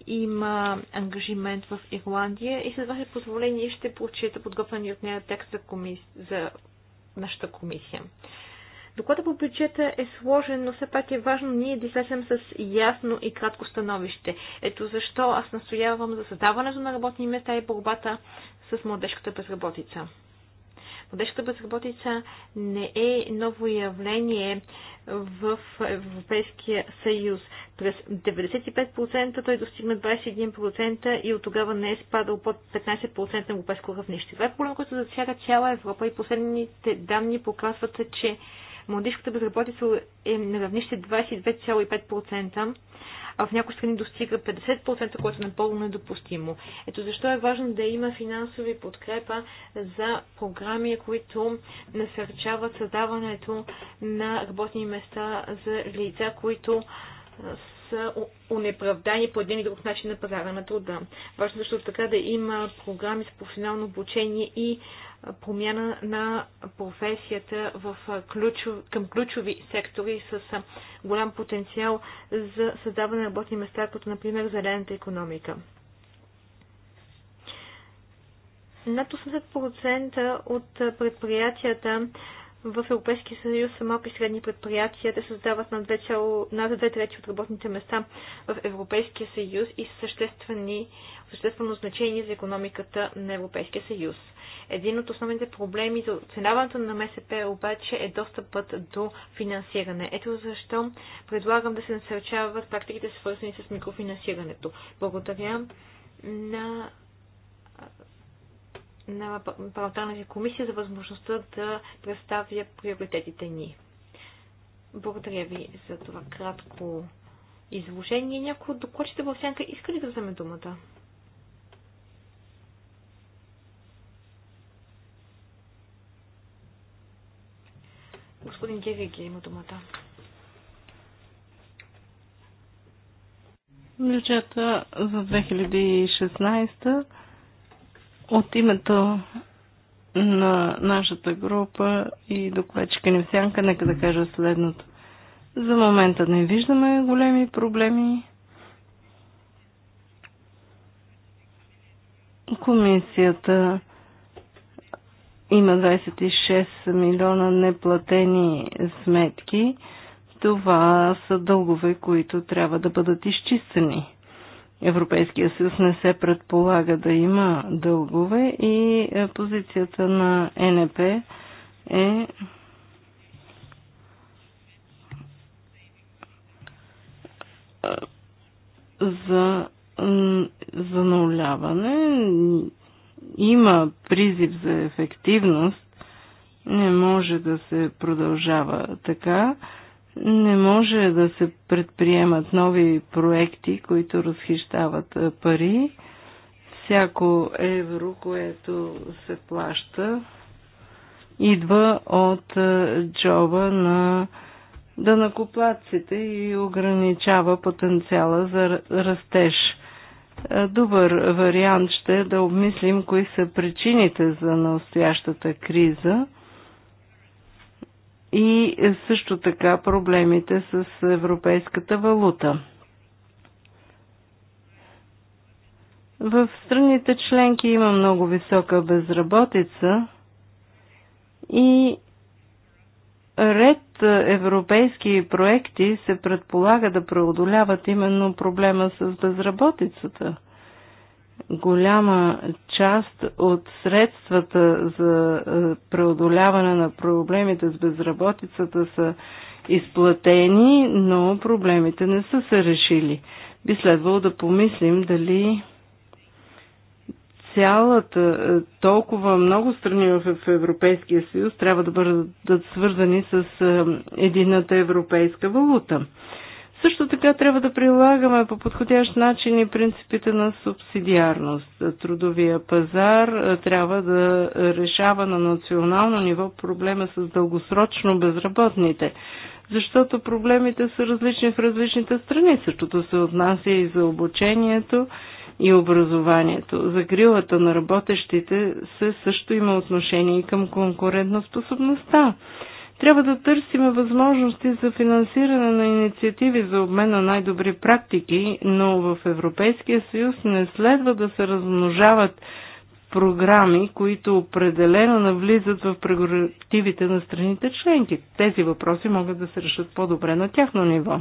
има ангажимент в Ирландия и с ваше позволение ще прочита подготвени от нея текст за, коми... за нашата комисия. Докладът по бюджета е сложен, но все пак е важно ние да излезем с ясно и кратко становище. Ето защо аз настоявам за създаването на работни места и борбата с младежката безработица. Младежката безработица не е ново явление в Европейския съюз. През 95% той достигна 21% и от тогава не е спадал под 15% на европейско равнище. Това е проблем, който засяга цяла Европа и последните данни показват, че младежката безработица е на равнище 22,5%, а в някои страни достига 50%, което е напълно недопустимо. Ето защо е важно да има финансови подкрепа за програми, които насърчават създаването на работни места за лица, които са унеправдани по един или друг начин на пазара на труда. Важно е също така да има програми за професионално обучение и промяна на професията в ключов, към ключови сектори с голям потенциал за създаване на работни места, като например зелената економика. Над 80% от предприятията в Европейския съюз са малки и средни предприятия. Те създават над 2 трети от работните места в Европейския съюз и съществени, съществено значение за економиката на Европейския съюз. Един от основните проблеми за оценяването на МСП обаче е достъпът до финансиране. Ето защо предлагам да се насърчават практиките свързани с микрофинансирането. Благодаря на на парламентарната комисия за възможността да представя приоритетите ни. Благодаря ви за това кратко изложение. Някои от докладчите в сянка искали да вземе думата? Господин Гевиги е има думата. Бюджета за 2016 от името на нашата група и докладчика ни сянка, нека да кажа следното. За момента не виждаме големи проблеми. Комисията има 26 милиона неплатени сметки. Това са дългове, които трябва да бъдат изчистени. Европейския съюз не се предполага да има дългове и е, позицията на НП е за зануляване има призив за ефективност, не може да се продължава така. Не може да се предприемат нови проекти, които разхищават пари. Всяко евро, което се плаща, идва от джоба на накоплаците и ограничава потенциала за растеж. Е, добър вариант ще е да обмислим кои са причините за настоящата криза и също така проблемите с европейската валута. В страните членки има много висока безработица и ред европейски проекти се предполага да преодоляват именно проблема с безработицата. Голяма част от средствата за е, преодоляване на проблемите с безработицата са изплатени, но проблемите не са се решили. Би следвало да помислим дали цялата е, толкова много страни в Европейския съюз трябва да бъдат свързани с е, едината европейска валута. Също така трябва да прилагаме по подходящ начин и принципите на субсидиарност. Трудовия пазар е, трябва да решава на национално ниво проблема с дългосрочно безработните, защото проблемите са различни в различните страни. Същото се отнася и за обучението и образованието. Закрилата на работещите се също има отношение и към конкурентоспособността. Трябва да търсим възможности за финансиране на инициативи за обмен на най-добри практики, но в Европейския съюз не следва да се размножават програми, които определено навлизат в прерогативите на страните членки. Тези въпроси могат да се решат по-добре на тяхно ниво.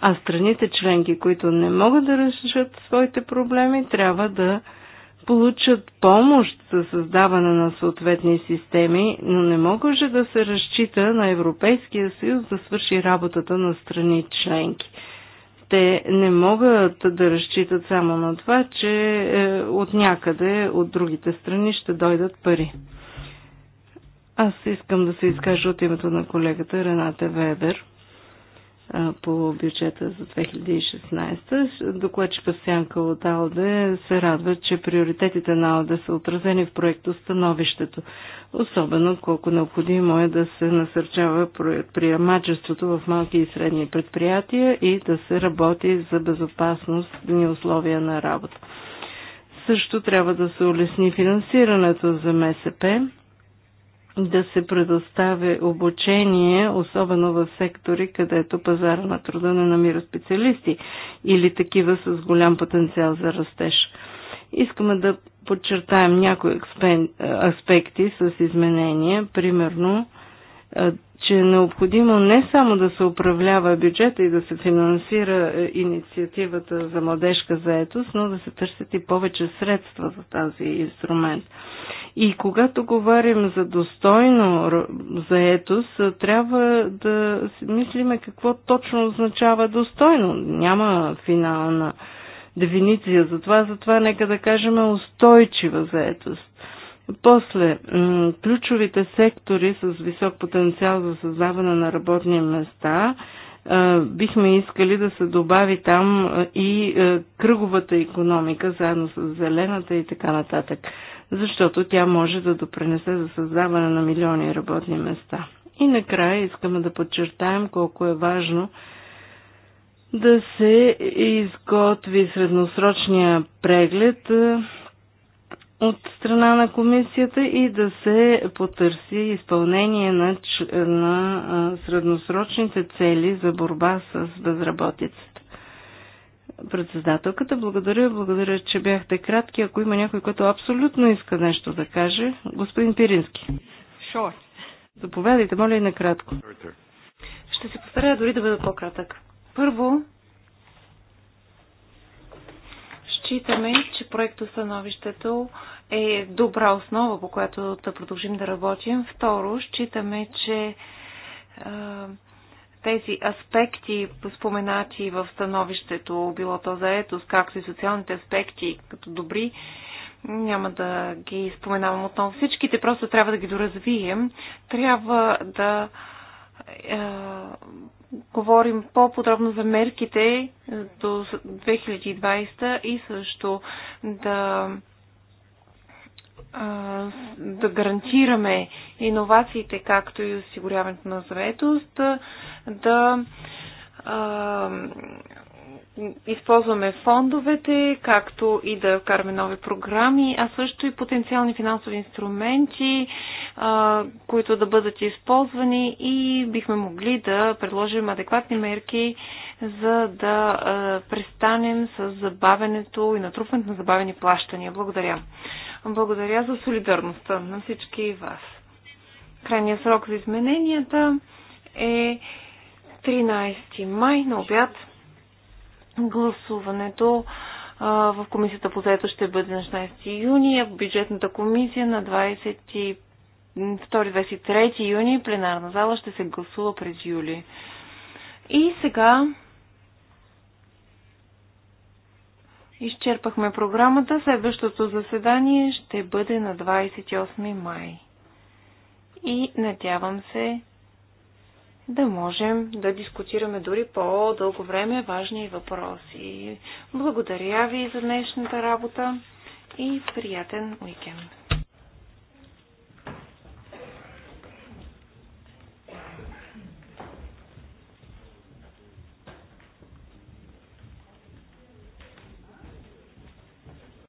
А страните членки, които не могат да решат своите проблеми, трябва да получат помощ за създаване на съответни системи, но не же да се разчита на Европейския съюз да свърши работата на страни членки. Те не могат да разчитат само на това, че е, от някъде, от другите страни ще дойдат пари. Аз искам да се изкажа от името на колегата Рената Вебер по бюджета за 2016. Докладчика Сянка от АЛДЕ се радва, че приоритетите на АЛДЕ са отразени в проекто становището. Особено колко необходимо е да се насърчава приемачеството в малки и средни предприятия и да се работи за безопасност и условия на работа. Също трябва да се улесни финансирането за МСП да се предоставя обучение, особено в сектори, където пазара на труда не намира специалисти или такива с голям потенциал за растеж. Искаме да подчертаем някои аспекти с изменения, примерно че е необходимо не само да се управлява бюджета и да се финансира е, инициативата за младежка заетост, но да се търсят и повече средства за тази инструмент. И когато говорим за достойно заетост, трябва да мислиме какво точно означава достойно. Няма финална дефиниция за това, затова нека да кажем устойчива заетост. После, ключовите сектори с висок потенциал за създаване на работни места, бихме искали да се добави там и кръговата економика, заедно с зелената и така нататък, защото тя може да допренесе за създаване на милиони работни места. И накрая искаме да подчертаем колко е важно да се изготви средносрочния преглед от страна на комисията и да се потърси изпълнение на, на средносрочните цели за борба с безработицата. Председателката, благодаря, благодаря, че бяхте кратки. Ако има някой, който абсолютно иска нещо да каже, господин Пирински. Sure. Заповядайте, моля и накратко. Ще се постарая дори да бъда по-кратък. Първо, Считаме, че проектостановището е добра основа, по която да продължим да работим. Второ, считаме, че тези аспекти, споменати в становището, било то заетост, както и социалните аспекти, като добри, няма да ги споменавам отново всичките, просто трябва да ги доразвием. Трябва да говорим по-подробно за мерките до 2020 и също да, да гарантираме иновациите, както и осигуряването на заетост, да, да използваме фондовете, както и да вкараме нови програми, а също и потенциални финансови инструменти, които да бъдат използвани и бихме могли да предложим адекватни мерки, за да престанем с забавенето и натрупването на забавени плащания. Благодаря. Благодаря за солидарността на всички вас. Крайният срок за измененията е 13 май на обяд Гласуването в комисията по заето ще бъде на 16 юни, а в бюджетната комисия на 22-23 юни пленарна зала ще се гласува през юли. И сега изчерпахме програмата. Следващото заседание ще бъде на 28 май. И надявам се да можем да дискутираме дори по-дълго време важни въпроси. Благодаря ви за днешната работа и приятен уикенд!